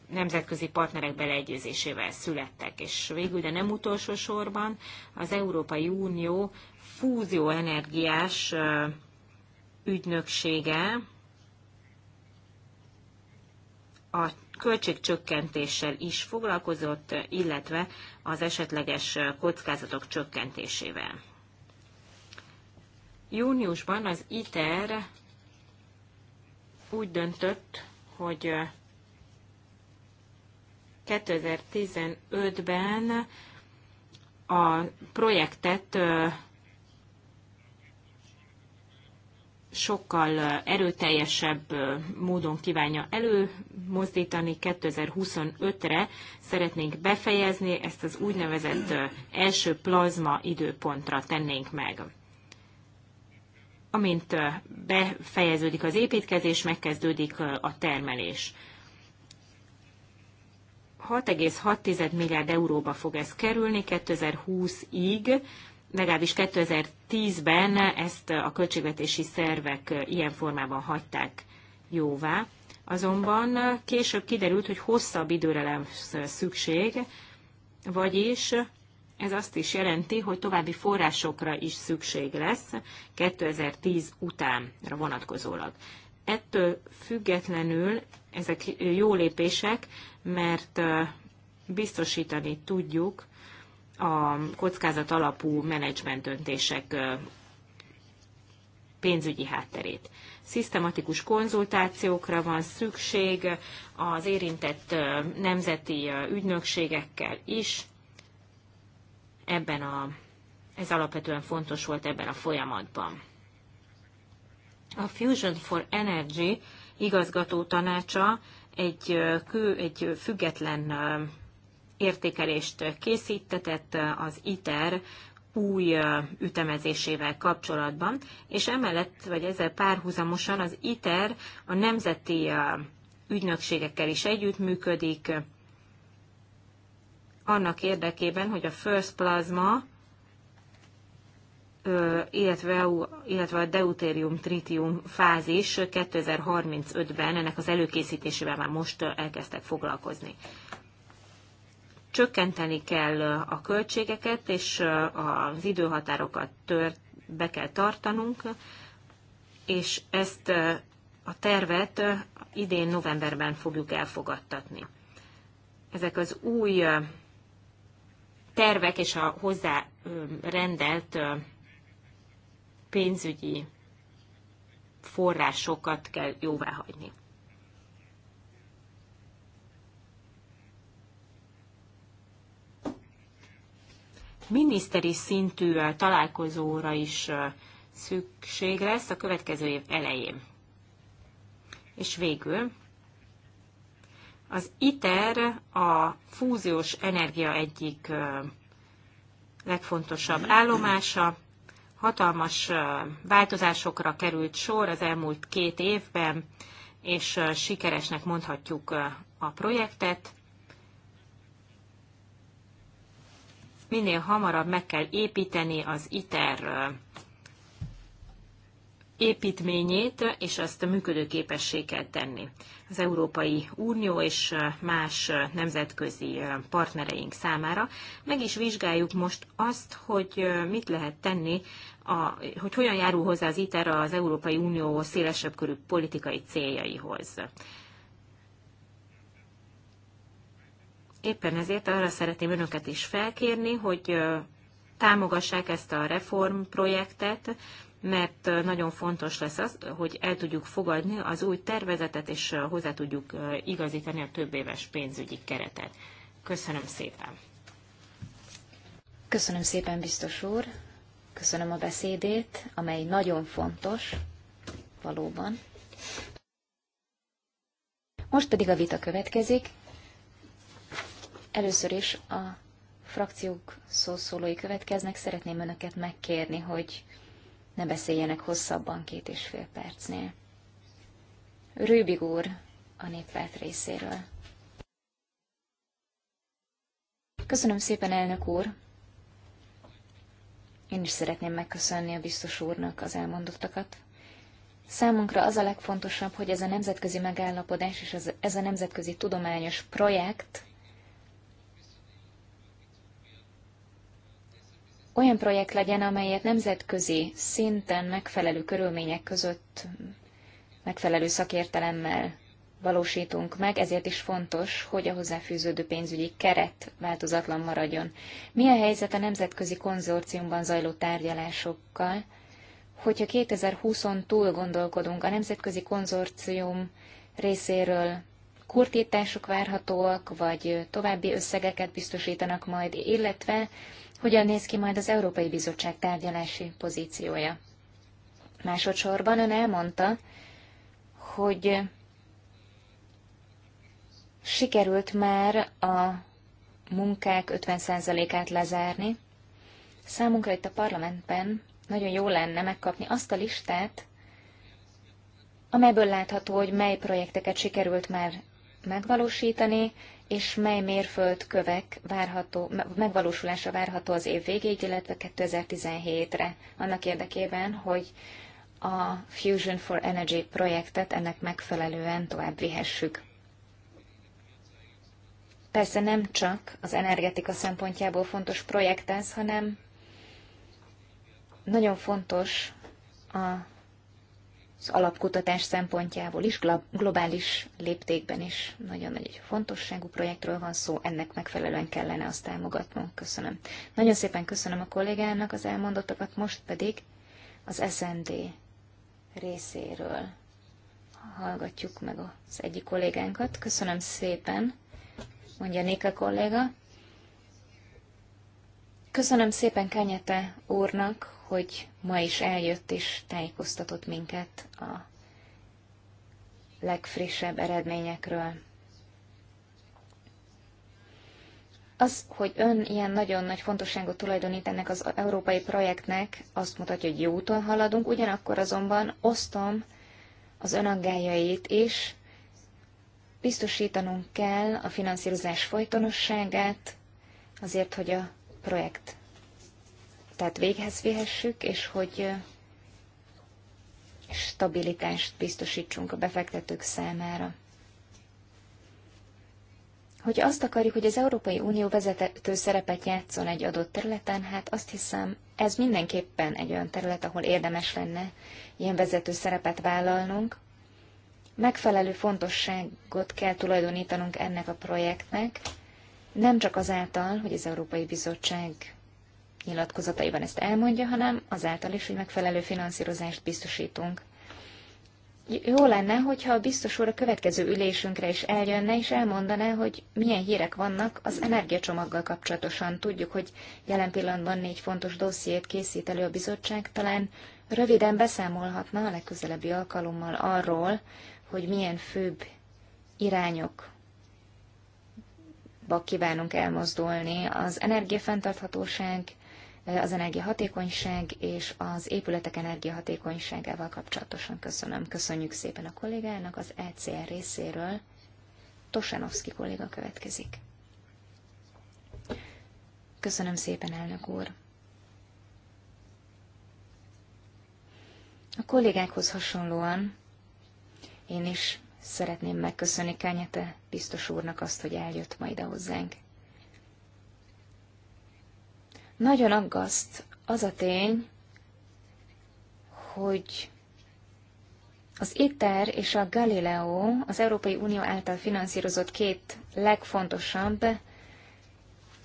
nemzetközi partnerek beleegyezésével születtek. És végül, de nem utolsó sorban, az Európai Unió fúzióenergiás ügynöksége a költségcsökkentéssel is foglalkozott, illetve az esetleges kockázatok csökkentésével. Júniusban az ITER úgy döntött, hogy 2015-ben a projektet sokkal erőteljesebb módon kívánja előmozdítani. 2025-re szeretnénk befejezni, ezt az úgynevezett első plazma időpontra tennénk meg amint befejeződik az építkezés, megkezdődik a termelés. 6,6 milliárd euróba fog ez kerülni 2020-ig, legalábbis 2010-ben ezt a költségvetési szervek ilyen formában hagyták jóvá. Azonban később kiderült, hogy hosszabb időre lesz szükség, vagyis ez azt is jelenti, hogy további forrásokra is szükség lesz 2010 utánra vonatkozólag. Ettől függetlenül ezek jó lépések, mert biztosítani tudjuk a kockázat alapú menedzsment döntések pénzügyi hátterét. Szisztematikus konzultációkra van szükség az érintett nemzeti ügynökségekkel is, ebben a, ez alapvetően fontos volt ebben a folyamatban. A Fusion for Energy igazgató tanácsa egy, kő, egy független értékelést készítetett az ITER új ütemezésével kapcsolatban, és emellett, vagy ezzel párhuzamosan az ITER a nemzeti ügynökségekkel is együttműködik, annak érdekében, hogy a First Plasma, illetve, illetve a deutérium tritium fázis 2035-ben ennek az előkészítésével már most elkezdtek foglalkozni. Csökkenteni kell a költségeket, és az időhatárokat tört, be kell tartanunk, és ezt a tervet idén novemberben fogjuk elfogadtatni. Ezek az új tervek és a hozzá rendelt pénzügyi forrásokat kell jóváhagyni. Miniszteri szintű találkozóra is szükség lesz a következő év elején. És végül az ITER a fúziós energia egyik legfontosabb állomása. Hatalmas változásokra került sor az elmúlt két évben, és sikeresnek mondhatjuk a projektet. Minél hamarabb meg kell építeni az ITER építményét, és azt működőképessé kell tenni. Az Európai Unió és más nemzetközi partnereink számára meg is vizsgáljuk most azt, hogy mit lehet tenni, a, hogy hogyan járul hozzá az ITER az Európai Unió szélesebb körű politikai céljaihoz. Éppen ezért arra szeretném önöket is felkérni, hogy támogassák ezt a reformprojektet, mert nagyon fontos lesz az, hogy el tudjuk fogadni az új tervezetet, és hozzá tudjuk igazítani a több éves pénzügyi keretet. Köszönöm szépen! Köszönöm szépen, biztos úr! Köszönöm a beszédét, amely nagyon fontos, valóban. Most pedig a vita következik. Először is a frakciók szószólói következnek. Szeretném önöket megkérni, hogy ne beszéljenek hosszabban két és fél percnél. Rőbig úr a néppárt részéről. Köszönöm szépen, elnök úr! Én is szeretném megköszönni a biztos úrnak az elmondottakat. Számunkra az a legfontosabb, hogy ez a nemzetközi megállapodás és ez a nemzetközi tudományos projekt olyan projekt legyen, amelyet nemzetközi szinten megfelelő körülmények között megfelelő szakértelemmel valósítunk meg, ezért is fontos, hogy a hozzáfűződő pénzügyi keret változatlan maradjon. Mi a helyzet a nemzetközi konzorciumban zajló tárgyalásokkal? Hogyha 2020-on túl gondolkodunk, a nemzetközi konzorcium részéről kurtítások várhatóak, vagy további összegeket biztosítanak majd, illetve hogyan néz ki majd az Európai Bizottság tárgyalási pozíciója. Másodszorban ön elmondta, hogy sikerült már a munkák 50%-át lezárni. Számunkra itt a parlamentben nagyon jó lenne megkapni azt a listát, amelyből látható, hogy mely projekteket sikerült már megvalósítani, és mely mérföldkövek várható, megvalósulása várható az év végéig, illetve 2017-re, annak érdekében, hogy a Fusion for Energy projektet ennek megfelelően tovább vihessük. Persze nem csak az energetika szempontjából fontos projekt ez, hanem nagyon fontos a az alapkutatás szempontjából is, globális léptékben is nagyon nagy fontosságú projektről van szó, ennek megfelelően kellene azt támogatnunk. Köszönöm. Nagyon szépen köszönöm a kollégának az elmondottakat, most pedig az SND részéről hallgatjuk meg az egyik kollégánkat. Köszönöm szépen, mondja Néka kolléga. Köszönöm szépen Kenyete úrnak, hogy ma is eljött és tájékoztatott minket a legfrissebb eredményekről. Az, hogy ön ilyen nagyon nagy fontosságot tulajdonít ennek az európai projektnek, azt mutatja, hogy jó úton haladunk, ugyanakkor azonban osztom az ön aggájait is, biztosítanunk kell a finanszírozás folytonosságát, azért, hogy a projekt tehát véghez vihessük, és hogy stabilitást biztosítsunk a befektetők számára. Hogy azt akarjuk, hogy az Európai Unió vezető szerepet játszon egy adott területen, hát azt hiszem, ez mindenképpen egy olyan terület, ahol érdemes lenne ilyen vezető szerepet vállalnunk. Megfelelő fontosságot kell tulajdonítanunk ennek a projektnek, nem csak azáltal, hogy az Európai Bizottság nyilatkozataiban ezt elmondja, hanem azáltal is, hogy megfelelő finanszírozást biztosítunk. Jó lenne, hogyha a biztos úr a következő ülésünkre is eljönne, és elmondaná, hogy milyen hírek vannak az energiacsomaggal kapcsolatosan. Tudjuk, hogy jelen pillanatban négy fontos dossziét készít elő a bizottság, talán röviden beszámolhatna a legközelebbi alkalommal arról, hogy milyen főbb irányok kívánunk elmozdulni az energiafenntarthatóság, az energiahatékonyság és az épületek energiahatékonyságával kapcsolatosan köszönöm. Köszönjük szépen a kollégának az ECR részéről. Tosanovszki kolléga következik. Köszönöm szépen, elnök úr. A kollégákhoz hasonlóan én is szeretném megköszönni Kenyete biztos úrnak azt, hogy eljött ma ide hozzánk. Nagyon aggaszt az a tény, hogy az ITER és a Galileo az Európai Unió által finanszírozott két legfontosabb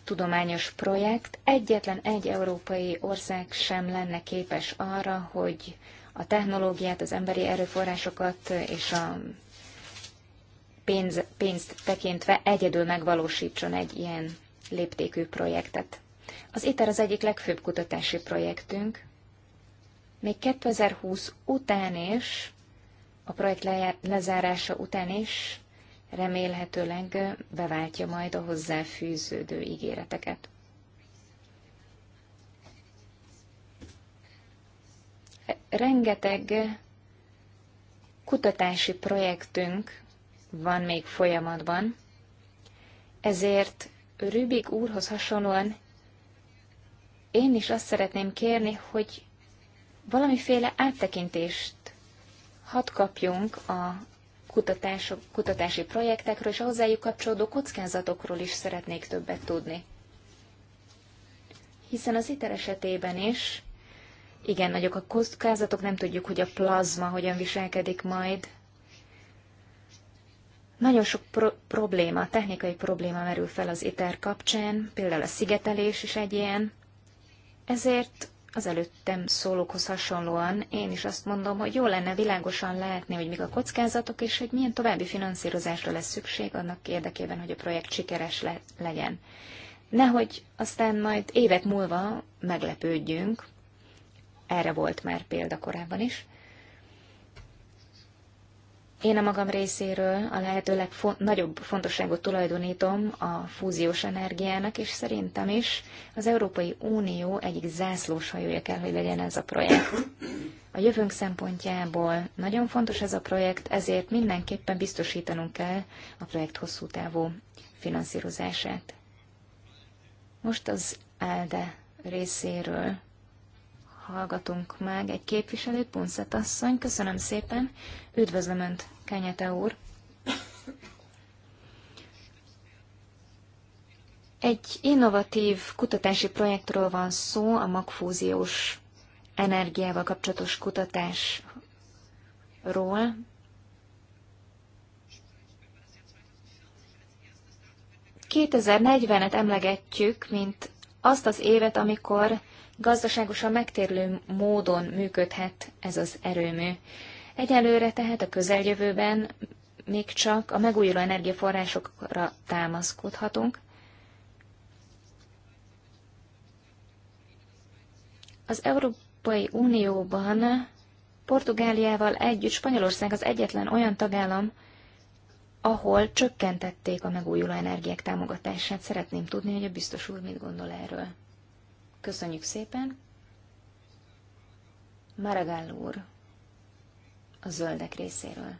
tudományos projekt. Egyetlen egy európai ország sem lenne képes arra, hogy a technológiát, az emberi erőforrásokat és a pénz, pénzt tekintve egyedül megvalósítson egy ilyen léptékű projektet. Az ITER az egyik legfőbb kutatási projektünk. Még 2020 után is, a projekt lezárása után is remélhetőleg beváltja majd a hozzáfűződő ígéreteket. Rengeteg kutatási projektünk van még folyamatban, ezért Rübik úrhoz hasonlóan én is azt szeretném kérni, hogy valamiféle áttekintést hadd kapjunk a kutatások, kutatási projektekről és a hozzájuk kapcsolódó kockázatokról is szeretnék többet tudni. Hiszen az ITER esetében is igen nagyok a kockázatok, nem tudjuk, hogy a plazma hogyan viselkedik majd. Nagyon sok pro- probléma, technikai probléma merül fel az ITER kapcsán, például a szigetelés is egy ilyen, ezért az előttem szólókhoz hasonlóan én is azt mondom, hogy jó lenne világosan látni, hogy mik a kockázatok, és hogy milyen további finanszírozásra lesz szükség annak érdekében, hogy a projekt sikeres le- legyen. Nehogy aztán majd évek múlva meglepődjünk, erre volt már példa korábban is, én a magam részéről a lehető legnagyobb fontosságot tulajdonítom a fúziós energiának, és szerintem is az Európai Unió egyik zászlós hajója kell, hogy legyen ez a projekt. A jövőnk szempontjából nagyon fontos ez a projekt, ezért mindenképpen biztosítanunk kell a projekt hosszú távú finanszírozását. Most az elde részéről hallgatunk meg egy képviselőt, Ponszet asszony. Köszönöm szépen. Üdvözlöm Önt, Kenyete úr. Egy innovatív kutatási projektről van szó, a magfúziós energiával kapcsolatos kutatásról. ...2040-et emlegetjük, mint azt az évet, amikor gazdaságosan megtérlő módon működhet ez az erőmű. Egyelőre tehát a közeljövőben még csak a megújuló energiaforrásokra támaszkodhatunk. Az Európai Unióban Portugáliával együtt Spanyolország az egyetlen olyan tagállam, ahol csökkentették a megújuló energiák támogatását. Szeretném tudni, hogy a biztos úr mit gondol erről. Köszönjük szépen. Maragall úr a zöldek részéről.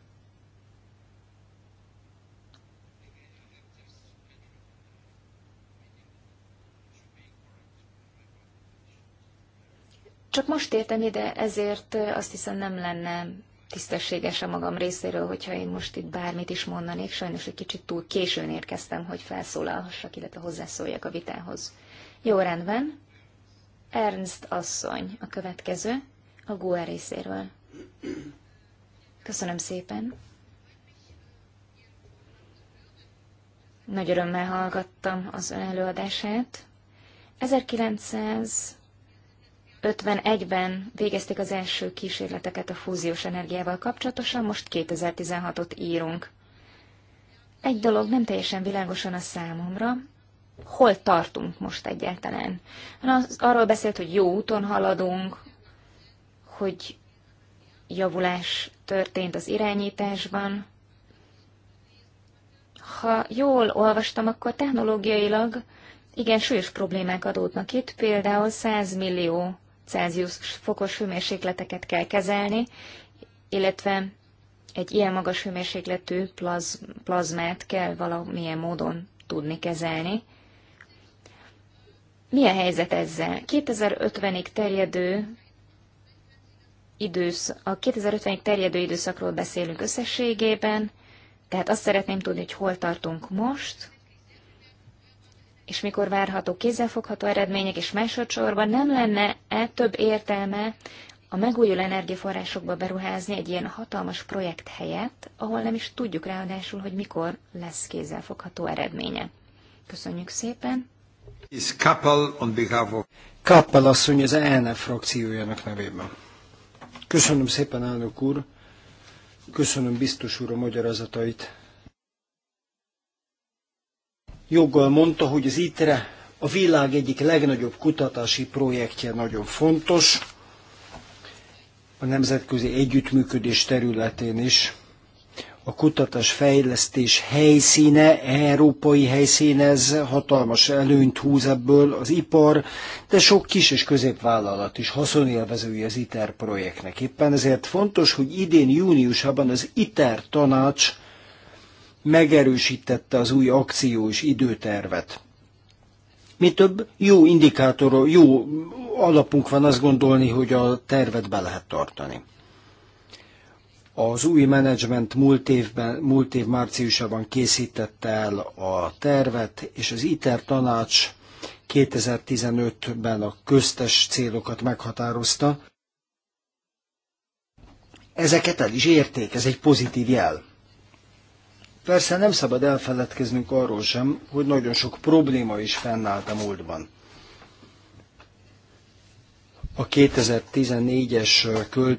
Csak most értem ide, ezért azt hiszem nem lenne tisztességes a magam részéről, hogyha én most itt bármit is mondanék. Sajnos egy kicsit túl későn érkeztem, hogy felszólalhassak, illetve hozzászóljak a vitához. Jó, rendben. Ernst asszony a következő, a Gua részéről. Köszönöm szépen. Nagy örömmel hallgattam az ön előadását. 1951-ben végezték az első kísérleteket a fúziós energiával kapcsolatosan, most 2016-ot írunk. Egy dolog nem teljesen világosan a számomra, hol tartunk most egyáltalán. Az, arról beszélt, hogy jó úton haladunk, hogy javulás történt az irányításban. Ha jól olvastam, akkor technológiailag igen súlyos problémák adódnak itt, például 100 millió Celsius fokos hőmérsékleteket kell kezelni, illetve egy ilyen magas hőmérsékletű plaz, plazmát kell valamilyen módon tudni kezelni. Mi a helyzet ezzel? 2050-ig terjedő idősz, a 2050-ig terjedő időszakról beszélünk összességében, tehát azt szeretném tudni, hogy hol tartunk most, és mikor várható kézzelfogható eredmények, és másodszorban nem lenne-e több értelme a megújuló energiaforrásokba beruházni egy ilyen hatalmas projekt helyett, ahol nem is tudjuk ráadásul, hogy mikor lesz kézzelfogható eredménye. Köszönjük szépen! Kappel on behalf of... Kappel asszony az e frakciójának nevében. Köszönöm szépen, elnök úr. Köszönöm biztos úr a magyarázatait. Joggal mondta, hogy az ITRE a világ egyik legnagyobb kutatási projektje nagyon fontos, a nemzetközi együttműködés területén is a kutatás fejlesztés helyszíne, európai helyszíne, ez hatalmas előnyt húz ebből az ipar, de sok kis és középvállalat is haszonélvezői az ITER projektnek. Éppen ezért fontos, hogy idén júniusában az ITER tanács megerősítette az új akció és időtervet. Mi több, jó indikátor, jó alapunk van azt gondolni, hogy a tervet be lehet tartani. Az új menedzsment múlt, évben, múlt év márciusában készítette el a tervet, és az ITER tanács 2015-ben a köztes célokat meghatározta. Ezeket el is érték, ez egy pozitív jel. Persze nem szabad elfeledkeznünk arról sem, hogy nagyon sok probléma is fennállt a múltban a 2014-es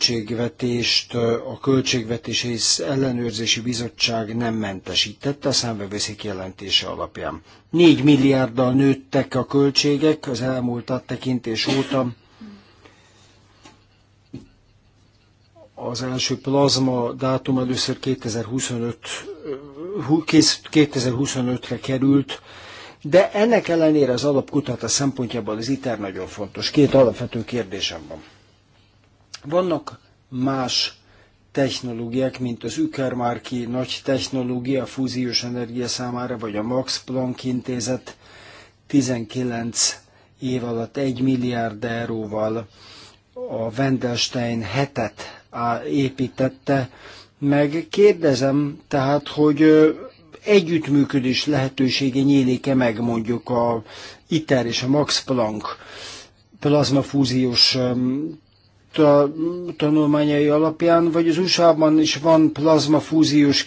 költségvetést a Költségvetés és Ellenőrzési Bizottság nem mentesítette a számvevőszék jelentése alapján. 4 milliárddal nőttek a költségek az elmúlt tekintés óta. Az első plazma dátum először 2025, 2025-re került, de ennek ellenére az alapkutatás szempontjából az ITER nagyon fontos. Két alapvető kérdésem van. Vannak más technológiák, mint az Ükermárki nagy technológia a fúziós energia számára, vagy a Max Planck intézet 19 év alatt 1 milliárd euróval a Wendelstein hetet építette, meg kérdezem tehát, hogy együttműködés lehetősége nyílik-e meg mondjuk a ITER és a Max Planck plazmafúziós tanulmányai alapján, vagy az USA-ban is van plazmafúziós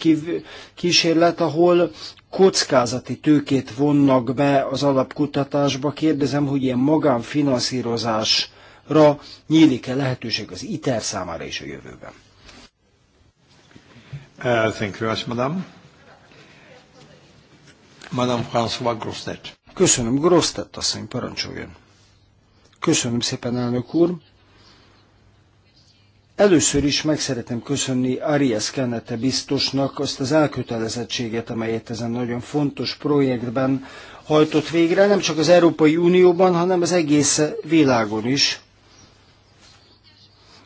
kísérlet, ahol kockázati tőkét vonnak be az alapkutatásba. Kérdezem, hogy ilyen magánfinanszírozásra nyílik-e lehetőség az ITER számára is a jövőben? Uh, thank you very much, madam. Madame François Grosztet. Köszönöm, Grosztet asszony, parancsoljon. Köszönöm szépen, elnök úr. Először is meg szeretném köszönni Arias Kennete biztosnak azt az elkötelezettséget, amelyet ezen nagyon fontos projektben hajtott végre, nem csak az Európai Unióban, hanem az egész világon is.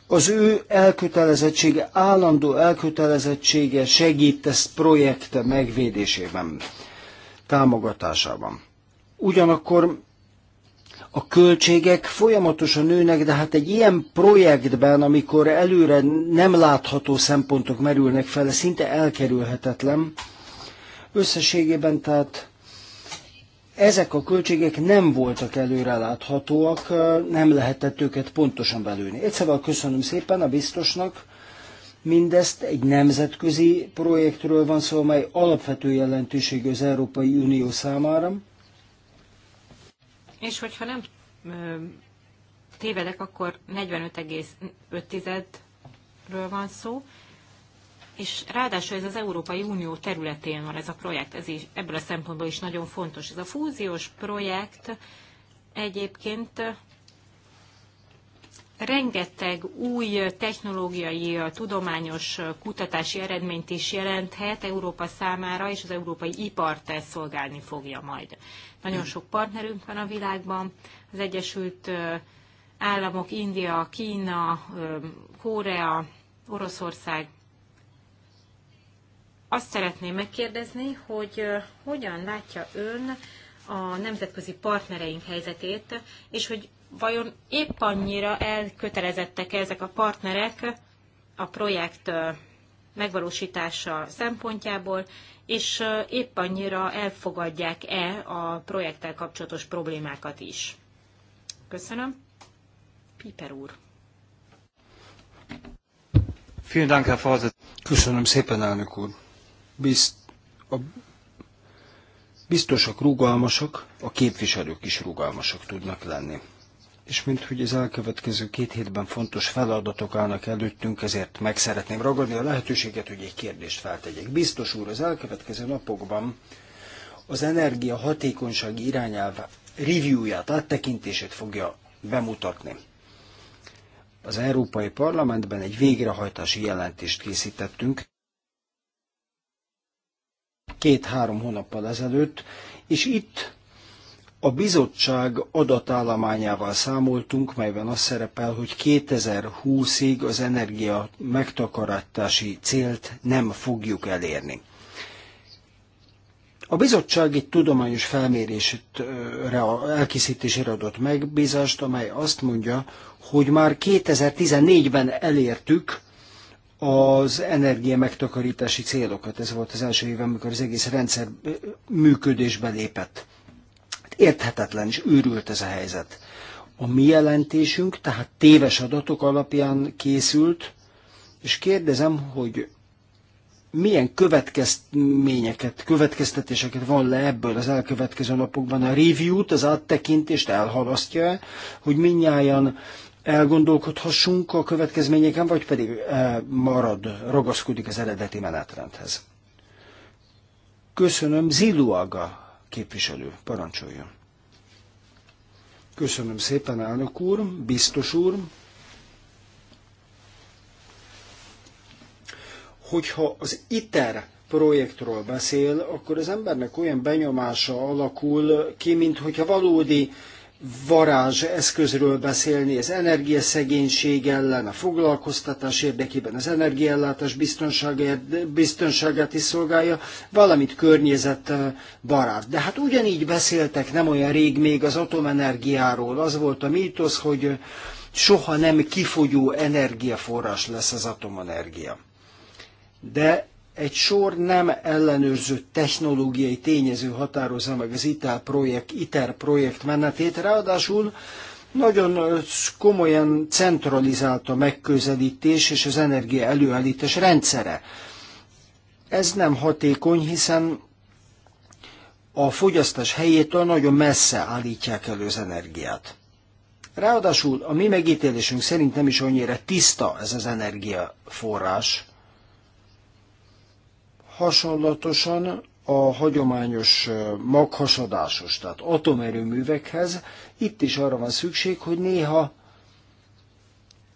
Az ő elkötelezettsége, állandó elkötelezettsége segít ezt projekt megvédésében támogatásában. Ugyanakkor a költségek folyamatosan nőnek, de hát egy ilyen projektben, amikor előre nem látható szempontok merülnek fel, szinte elkerülhetetlen. Összességében tehát ezek a költségek nem voltak előre láthatóak, nem lehetett őket pontosan belőni. Egyszerűen köszönöm szépen a biztosnak, Mindezt egy nemzetközi projektről van szó, amely alapvető jelentőség az Európai Unió számára. És hogyha nem tévedek, akkor 45,5-ről van szó, és ráadásul ez az Európai Unió területén van ez a projekt, ez is, ebből a szempontból is nagyon fontos. Ez a fúziós projekt egyébként rengeteg új technológiai, tudományos kutatási eredményt is jelenthet Európa számára, és az európai ipart ezt szolgálni fogja majd. Nagyon sok partnerünk van a világban, az Egyesült Államok, India, Kína, Korea, Oroszország. Azt szeretném megkérdezni, hogy hogyan látja ön a nemzetközi partnereink helyzetét, és hogy vajon épp annyira elkötelezettek -e ezek a partnerek a projekt megvalósítása szempontjából, és épp annyira elfogadják-e a projekttel kapcsolatos problémákat is. Köszönöm. Piper úr. Köszönöm szépen, elnök úr. Bizt, a biztosak rugalmasak, a képviselők is rugalmasak tudnak lenni és mint hogy az elkövetkező két hétben fontos feladatok állnak előttünk, ezért meg szeretném ragadni a lehetőséget, hogy egy kérdést feltegyek. Biztos úr, az elkövetkező napokban az energia hatékonyság irányelv reviewját, áttekintését fogja bemutatni. Az Európai Parlamentben egy végrehajtási jelentést készítettünk két-három hónappal ezelőtt, és itt a bizottság adatállományával számoltunk, melyben az szerepel, hogy 2020-ig az energia megtakarítási célt nem fogjuk elérni. A bizottság egy tudományos felmérésre, elkészítésére adott megbízást, amely azt mondja, hogy már 2014-ben elértük az energia megtakarítási célokat. Ez volt az első év, amikor az egész rendszer működésbe lépett. Hát érthetetlen és őrült ez a helyzet. A mi jelentésünk tehát téves adatok alapján készült, és kérdezem, hogy milyen következményeket, következtetéseket van le ebből az elkövetkező napokban a review-t, az áttekintést elhalasztja, hogy minnyáján elgondolkodhassunk a következményeken, vagy pedig e, marad, ragaszkodik az eredeti menetrendhez. Köszönöm, Ziluaga képviselő. Parancsoljon. Köszönöm szépen, elnök úr, biztos úr. Hogyha az ITER projektről beszél, akkor az embernek olyan benyomása alakul ki, hogyha valódi varázs eszközről beszélni, az energiaszegénység ellen, a foglalkoztatás érdekében, az energiaellátás biztonságát is szolgálja, valamint környezetbarát. De hát ugyanígy beszéltek nem olyan rég még az atomenergiáról. Az volt a mítosz, hogy soha nem kifogyó energiaforrás lesz az atomenergia. De egy sor nem ellenőrzött technológiai tényező határozza meg az ITER projekt, ITER projekt menetét. Ráadásul nagyon komolyan centralizált a megközelítés és az energia előállítás rendszere. Ez nem hatékony, hiszen a fogyasztás helyétől nagyon messze állítják elő az energiát. Ráadásul a mi megítélésünk szerint nem is annyira tiszta ez az energiaforrás, hasonlatosan a hagyományos maghasadásos, tehát atomerőművekhez, itt is arra van szükség, hogy néha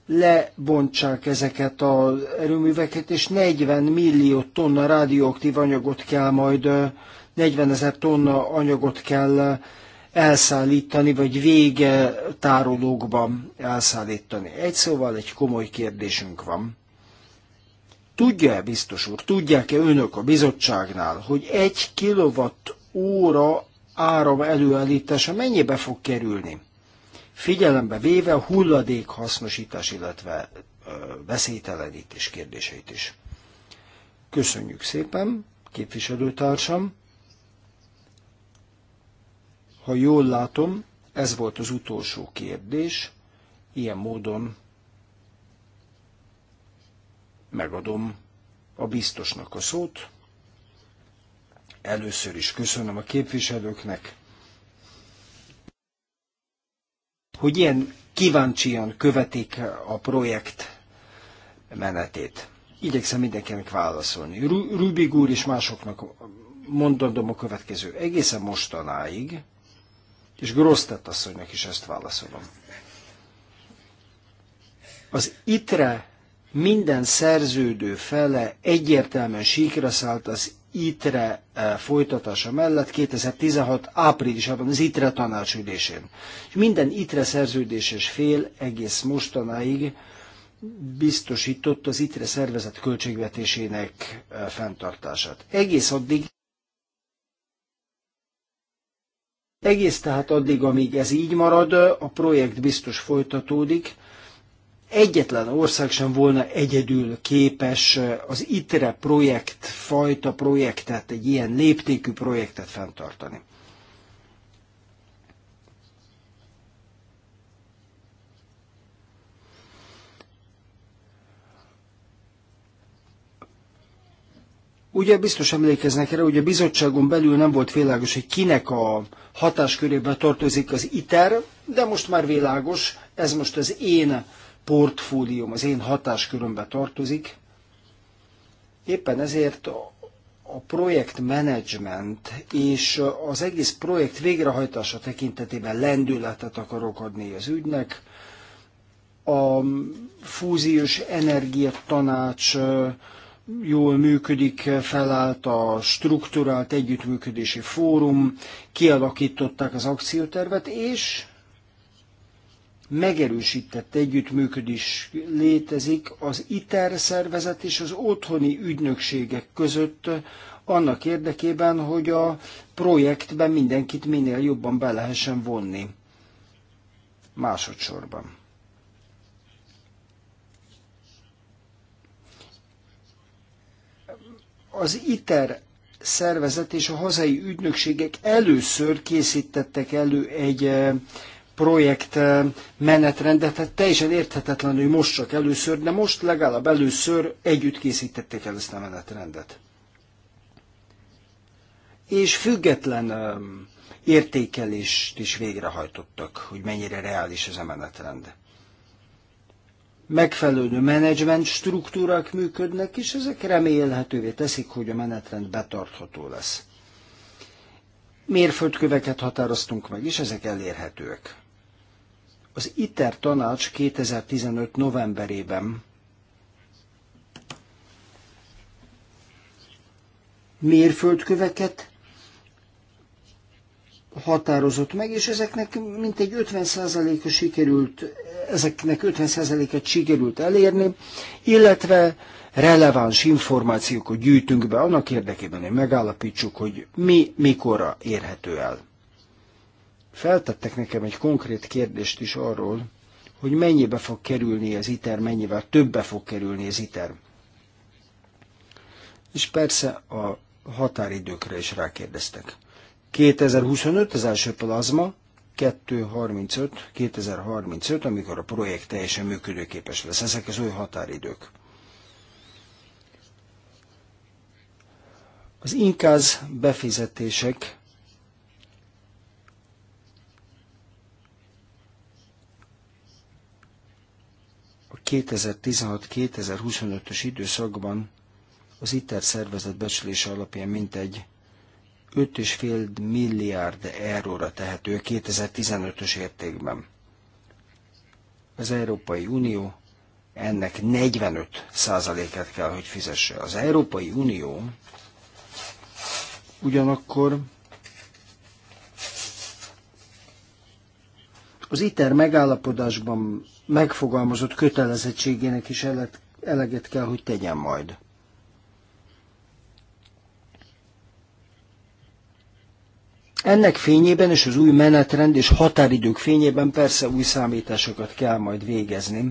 lebontsák ezeket az erőműveket, és 40 millió tonna radioaktív anyagot kell majd, 40 ezer tonna anyagot kell elszállítani, vagy vége tárolókban elszállítani. Egy szóval egy komoly kérdésünk van. Tudja-e, biztos úr, tudják-e önök a bizottságnál, hogy egy kilowatt óra áram előállítása mennyibe fog kerülni? Figyelembe véve a hulladék hasznosítás, illetve veszélytelenítés kérdéseit is. Köszönjük szépen, képviselőtársam. Ha jól látom, ez volt az utolsó kérdés. Ilyen módon megadom a biztosnak a szót. Először is köszönöm a képviselőknek, hogy ilyen kíváncsian követik a projekt menetét. Igyekszem mindenkinek válaszolni. Rubik úr és másoknak mondandom a következő. Egészen mostanáig, és Grosztett asszonynak is ezt válaszolom. Az ITRE minden szerződő fele egyértelműen síkra szállt az ITRE eh, folytatása mellett 2016. áprilisában az ITRE tanácsülésén. És minden ITRE szerződéses fél egész mostanáig biztosított az ITRE szervezet költségvetésének eh, fenntartását. Egész addig Egész tehát addig, amíg ez így marad, a projekt biztos folytatódik, egyetlen ország sem volna egyedül képes eh, az ITRE projekt, fajta projektet, egy ilyen léptékű projektet fenntartani. Ugye biztos emlékeznek erre, hogy a bizottságon belül nem volt világos, hogy kinek a hatáskörébe tartozik az ITER, de most már világos, ez most az én portfólióm, az én hatáskörömbe tartozik. Éppen ezért a, a projektmenedzsment és az egész projekt végrehajtása tekintetében lendületet akarok adni az ügynek. A fúziós energiatanács jól működik, felállt a strukturált együttműködési fórum, kialakították az akciótervet, és megerősített együttműködés létezik az ITER szervezet és az otthoni ügynökségek között annak érdekében, hogy a projektben mindenkit minél jobban be lehessen vonni. Másodszorban. Az ITER szervezet és a hazai ügynökségek először készítettek elő egy eh, projekt eh, menetrendet, tehát teljesen hogy most csak először, de most legalább először együtt készítették el ezt a menetrendet. És független eh, értékelést is végrehajtottak, hogy mennyire reális ez a menetrend. Megfelelő menedzsment struktúrák működnek, és ezek remélhetővé teszik, hogy a menetrend betartható lesz mérföldköveket határoztunk meg, és ezek elérhetőek. Az ITER tanács 2015 novemberében mérföldköveket határozott meg, és ezeknek mintegy 50%-a sikerült, ezeknek 50%-et sikerült elérni, illetve releváns információkat gyűjtünk be annak érdekében, hogy megállapítsuk, hogy mi mikorra érhető el. Feltettek nekem egy konkrét kérdést is arról, hogy mennyibe fog kerülni az ITER, mennyivel többe fog kerülni az ITER. És persze a határidőkre is rákérdeztek. 2025 az első plazma, 235, 2035, amikor a projekt teljesen működőképes lesz. Ezek az új határidők. Az inkáz befizetések 2016-2025-ös időszakban az ITER szervezet becslése alapján mintegy 5,5 milliárd euróra tehető 2015-ös értékben. Az Európai Unió ennek 45 százalékát kell, hogy fizesse. Az Európai Unió ugyanakkor az ITER megállapodásban megfogalmazott kötelezettségének is eleget kell, hogy tegyen majd. Ennek fényében és az új menetrend és határidők fényében persze új számításokat kell majd végezni.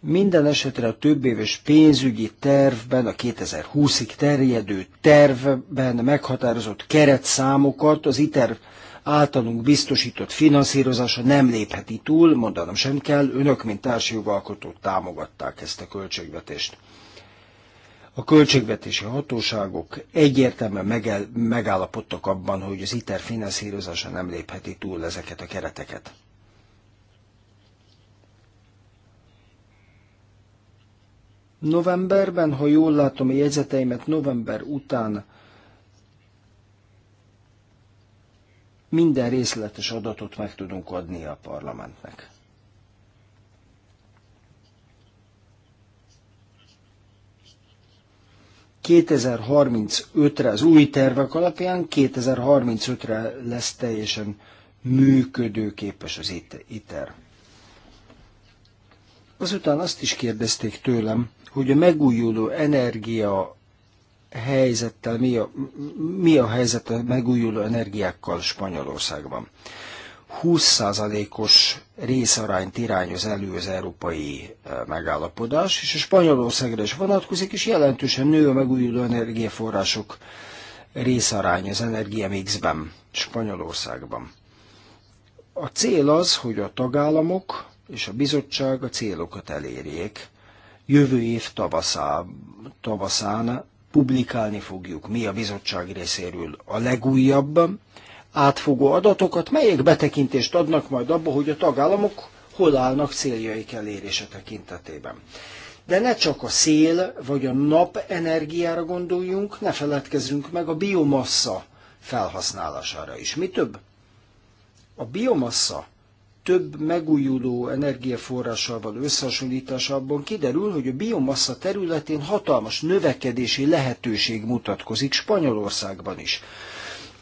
Minden esetre a több éves pénzügyi tervben, a 2020-ig terjedő tervben meghatározott keretszámokat az ITER általunk biztosított finanszírozása nem lépheti túl, mondanom sem kell, önök, mint társjogalkotók támogatták ezt a költségvetést. A költségvetési hatóságok egyértelműen megel, megállapodtak abban, hogy az ITER finanszírozása nem lépheti túl ezeket a kereteket. Novemberben, ha jól látom a jegyzeteimet, november után minden részletes adatot meg tudunk adni a parlamentnek. ...2035-re, az új tervek alapján 2035-re lesz teljesen működőképes az ITER. E Azután azt is kérdezték tőlem, hogy a megújuló energia helyzettel, mi a, mi a helyzet a megújuló energiákkal Spanyolországban. 20%-os részarányt irányoz elő az európai e, megállapodás, és a Spanyolországra is vonatkozik, és jelentősen nő a megújuló energiaforrások részarány az energiamixben Spanyolországban. A cél az, hogy a tagállamok és a bizottság a célokat elérjék jövő év tavaszán, tavaszán publikálni fogjuk mi a bizottság részéről a legújabb átfogó adatokat, melyek betekintést adnak majd abba, hogy a tagállamok hol állnak céljaik elérése tekintetében. De ne csak a szél vagy a nap energiára gondoljunk, ne feledkezzünk meg a biomassa felhasználására is. Mi több? A biomassa több megújuló energiaforrással való összehasonlításában kiderül, hogy a biomassa területén hatalmas növekedési lehetőség mutatkozik Spanyolországban is.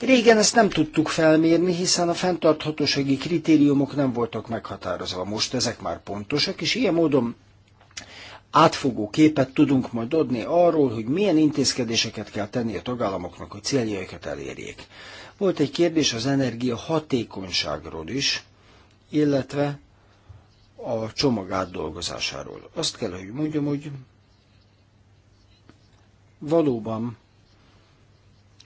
Régen ezt nem tudtuk felmérni, hiszen a fenntarthatósági kritériumok nem voltak meghatározva. Most ezek már pontosak, és ilyen módon átfogó képet tudunk majd adni arról, hogy milyen intézkedéseket kell tenni a tagállamoknak, hogy céljaikat elérjék. Volt egy kérdés az energia hatékonyságról is illetve a csomag átdolgozásáról. Azt kell, hogy mondjam, hogy valóban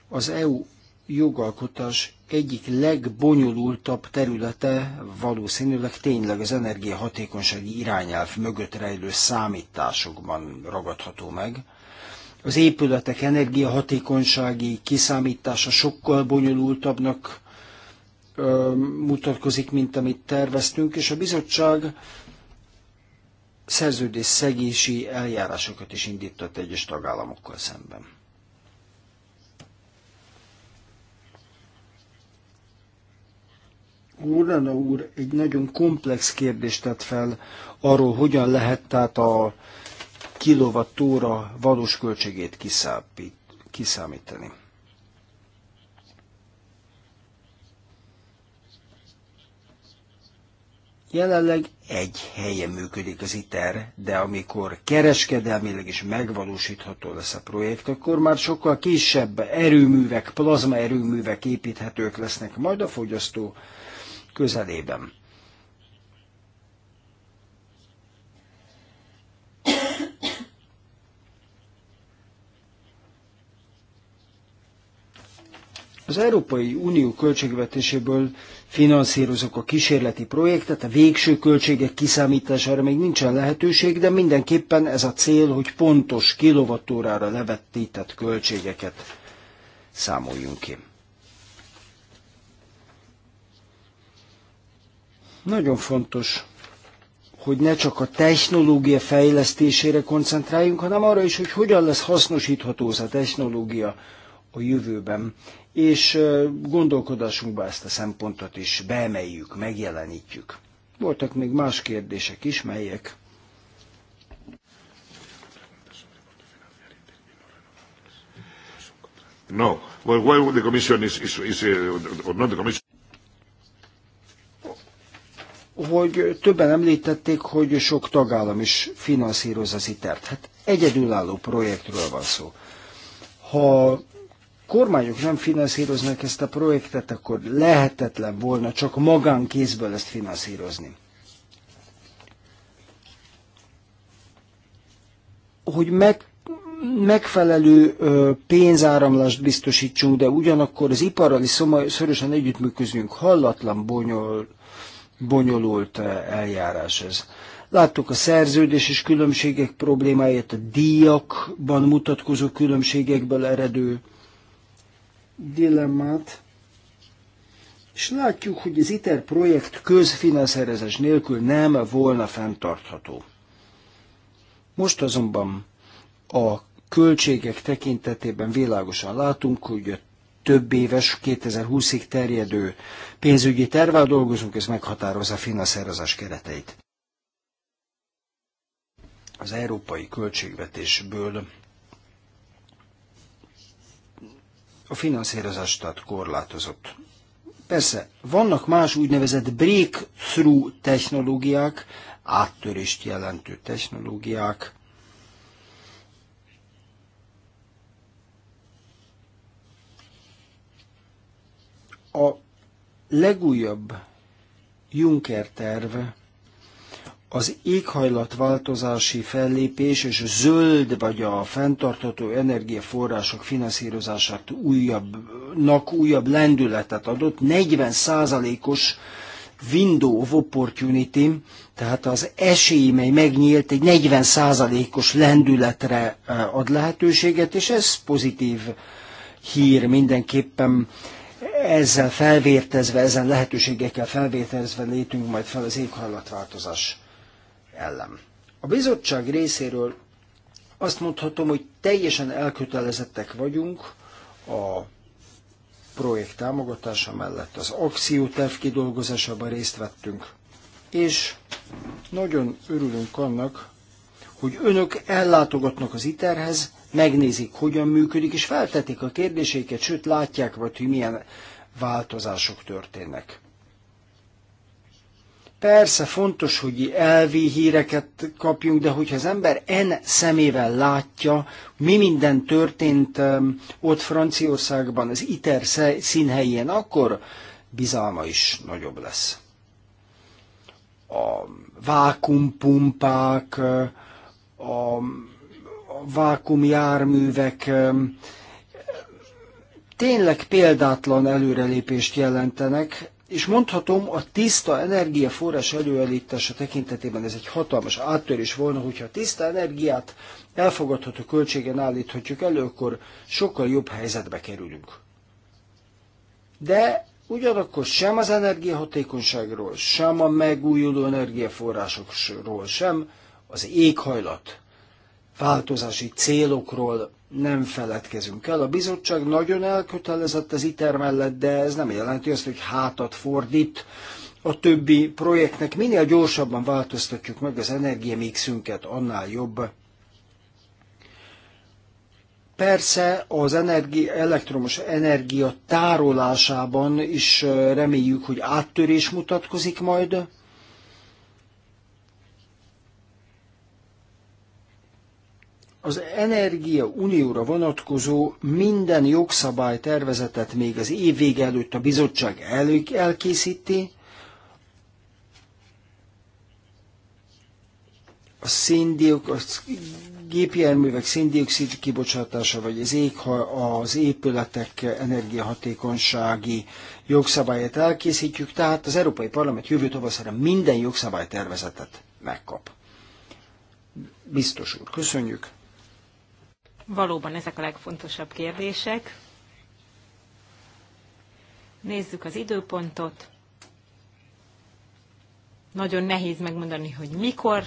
az EU jogalkotás egyik legbonyolultabb területe valószínűleg tényleg az energiahatékonysági irányelv mögött rejlő számításokban ragadható meg. Az épületek energiahatékonysági kiszámítása sokkal bonyolultabbnak mutatkozik, mint amit terveztünk, és a bizottság szerződés szegési eljárásokat is indított egyes tagállamokkal szemben. Úrana úr egy nagyon komplex kérdést tett fel arról, hogyan lehet tehát a kilovattóra valós költségét kiszámítani. Jelenleg egy helyen működik az ITER, de amikor kereskedelmileg is megvalósítható lesz a projekt, akkor már sokkal kisebb erőművek, plazma erőművek építhetők lesznek majd a fogyasztó közelében. Az Európai Unió költségvetéséből finanszírozok a kísérleti projektet, a végső költségek kiszámítására még nincsen lehetőség, de mindenképpen ez a cél, hogy pontos kilovattórára levettített költségeket számoljunk ki. Nagyon fontos, hogy ne csak a technológia fejlesztésére koncentráljunk, hanem arra is, hogy hogyan lesz hasznosítható az a technológia a jövőben és gondolkodásunkba ezt a szempontot is beemeljük, megjelenítjük. Voltak még más kérdések is, melyek No. Well, why the commission is, is, is uh, or not the commission? hogy többen említették, hogy sok tagállam is finanszíroz az ITER-t. Hát egyedülálló projektről van szó. Ha kormányok nem finanszíroznak ezt a projektet, akkor lehetetlen volna csak magánkézből ezt finanszírozni. Hogy meg, megfelelő pénzáramlást biztosítsunk, de ugyanakkor az iparral is szorosan együttműködünk. Hallatlan bonyol, bonyolult eljárás ez. Láttuk a szerződés és különbségek problémáját, a díjakban mutatkozó különbségekből eredő dilemmát, és látjuk, hogy az ITER projekt közfinanszerezés nélkül nem volna fenntartható. Most azonban a költségek tekintetében világosan látunk, hogy a több éves, 2020-ig terjedő pénzügyi tervvel dolgozunk, ez meghatározza a finanszírozás kereteit. Az európai költségvetésből a finanszírozás korlátozott. Persze, vannak más úgynevezett breakthrough technológiák, áttörést jelentő technológiák, A legújabb Juncker terv az éghajlatváltozási fellépés és a zöld vagy a fenntartható energiaforrások finanszírozását újabbnak újabb lendületet adott, 40%-os window of opportunity, tehát az esély, mely megnyílt, egy 40%-os lendületre e, ad lehetőséget, és ez pozitív hír mindenképpen ezzel felvértezve, ezen lehetőségekkel felvértezve létünk majd fel az éghajlatváltozás ellen. A bizottság részéről azt mondhatom, hogy teljesen elkötelezettek vagyunk a projekt támogatása mellett, az akcióterv kidolgozásában részt vettünk, és nagyon örülünk annak, hogy önök ellátogatnak az iterhez, megnézik, hogyan működik, és feltetik a kérdéseiket, sőt látják, vagy hogy milyen változások történnek. Persze fontos, hogy elvi híreket kapjunk, de hogyha az ember en szemével látja, mi minden történt ott Franciaországban, az ITER színhelyén, akkor bizalma is nagyobb lesz. A vákumpumpák, a vákumjárművek tényleg példátlan előrelépést jelentenek, és mondhatom, a tiszta energiaforrás előállítása tekintetében ez egy hatalmas áttörés volna, hogyha a tiszta energiát elfogadható költségen állíthatjuk elő, akkor sokkal jobb helyzetbe kerülünk. De ugyanakkor sem az energiahatékonyságról, sem a megújuló energiaforrásokról, sem az éghajlat változási célokról nem feledkezünk el. A bizottság nagyon elkötelezett az ITER mellett, de ez nem jelenti azt, hogy hátat fordít a többi projektnek. Minél gyorsabban változtatjuk meg az energiamixünket, annál jobb. Persze az energi, elektromos energia tárolásában is reméljük, hogy áttörés mutatkozik majd, az Energia Unióra vonatkozó minden jogszabálytervezetet még az év vége előtt a bizottság elő elkészíti, a széndiokszid, a gépjárművek széndiokszid kibocsátása, vagy az, ég, az épületek energiahatékonysági jogszabályát elkészítjük, tehát az Európai Parlament jövő tavaszára minden jogszabálytervezetet megkap. Biztos úr, köszönjük. Valóban ezek a legfontosabb kérdések. Nézzük az időpontot. Nagyon nehéz megmondani, hogy mikor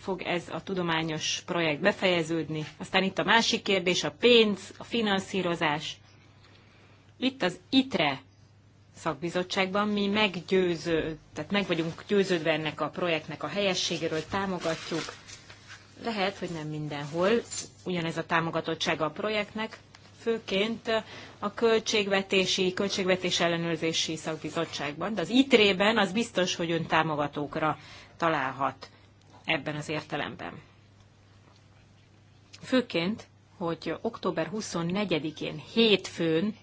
fog ez a tudományos projekt befejeződni. Aztán itt a másik kérdés, a pénz, a finanszírozás. Itt az ITRE szakbizottságban mi meggyőző, tehát meg vagyunk győződve ennek a projektnek a helyességéről, támogatjuk, lehet, hogy nem mindenhol ugyanez a támogatottsága a projektnek, főként a költségvetési, költségvetés ellenőrzési szakbizottságban, de az ITRE-ben az biztos, hogy ön támogatókra találhat ebben az értelemben. Főként, hogy október 24-én, hétfőn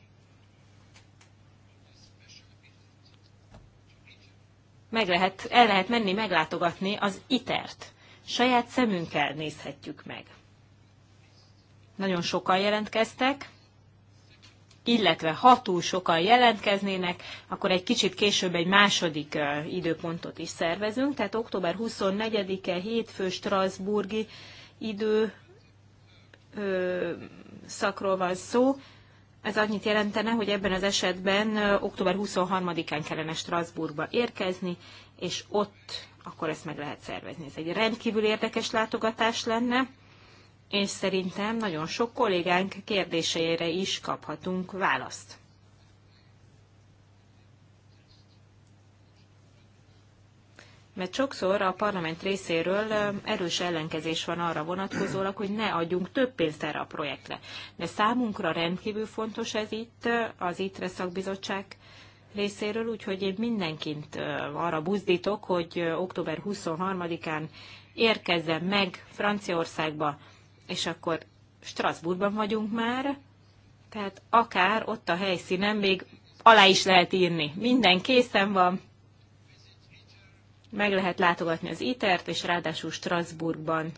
meg lehet, el lehet menni meglátogatni az ITER-t. E saját szemünkkel nézhetjük meg. Nagyon sokan jelentkeztek, illetve ha túl sokan jelentkeznének, akkor egy kicsit később egy második időpontot is szervezünk, tehát október 24-e hétfő Strasburgi idő ö, szakról van szó. Ez annyit jelentene, hogy ebben az esetben október 23-án kellene Strasbourgba érkezni, és ott akkor ezt meg lehet szervezni. Ez egy rendkívül érdekes látogatás lenne, és szerintem nagyon sok kollégánk kérdéseire is kaphatunk választ. Mert sokszor a parlament részéről erős ellenkezés van arra vonatkozólag, hogy ne adjunk több pénzt erre a projektre. De számunkra rendkívül fontos ez itt, az ITRE szakbizottság részéről, úgyhogy én mindenkint arra buzdítok, hogy október 23-án érkezzen meg Franciaországba, és akkor Strasbourgban vagyunk már, tehát akár ott a helyszínen még alá is lehet írni. Minden készen van, meg lehet látogatni az ITER-t, e és ráadásul Strasbourgban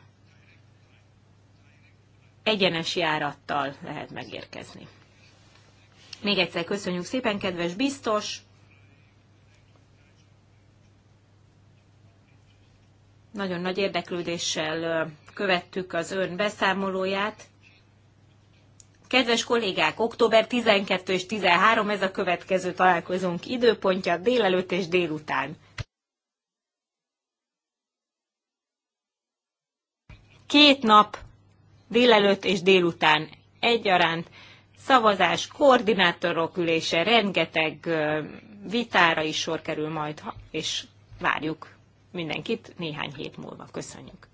egyenes járattal lehet megérkezni. Még egyszer köszönjük szépen, kedves biztos! Nagyon nagy érdeklődéssel követtük az ön beszámolóját. Kedves kollégák, október 12 és 13 ez a következő találkozónk időpontja délelőtt és délután. Két nap délelőtt és délután egyaránt szavazás, koordinátorok ülése, rengeteg vitára is sor kerül majd, és várjuk mindenkit néhány hét múlva. Köszönjük!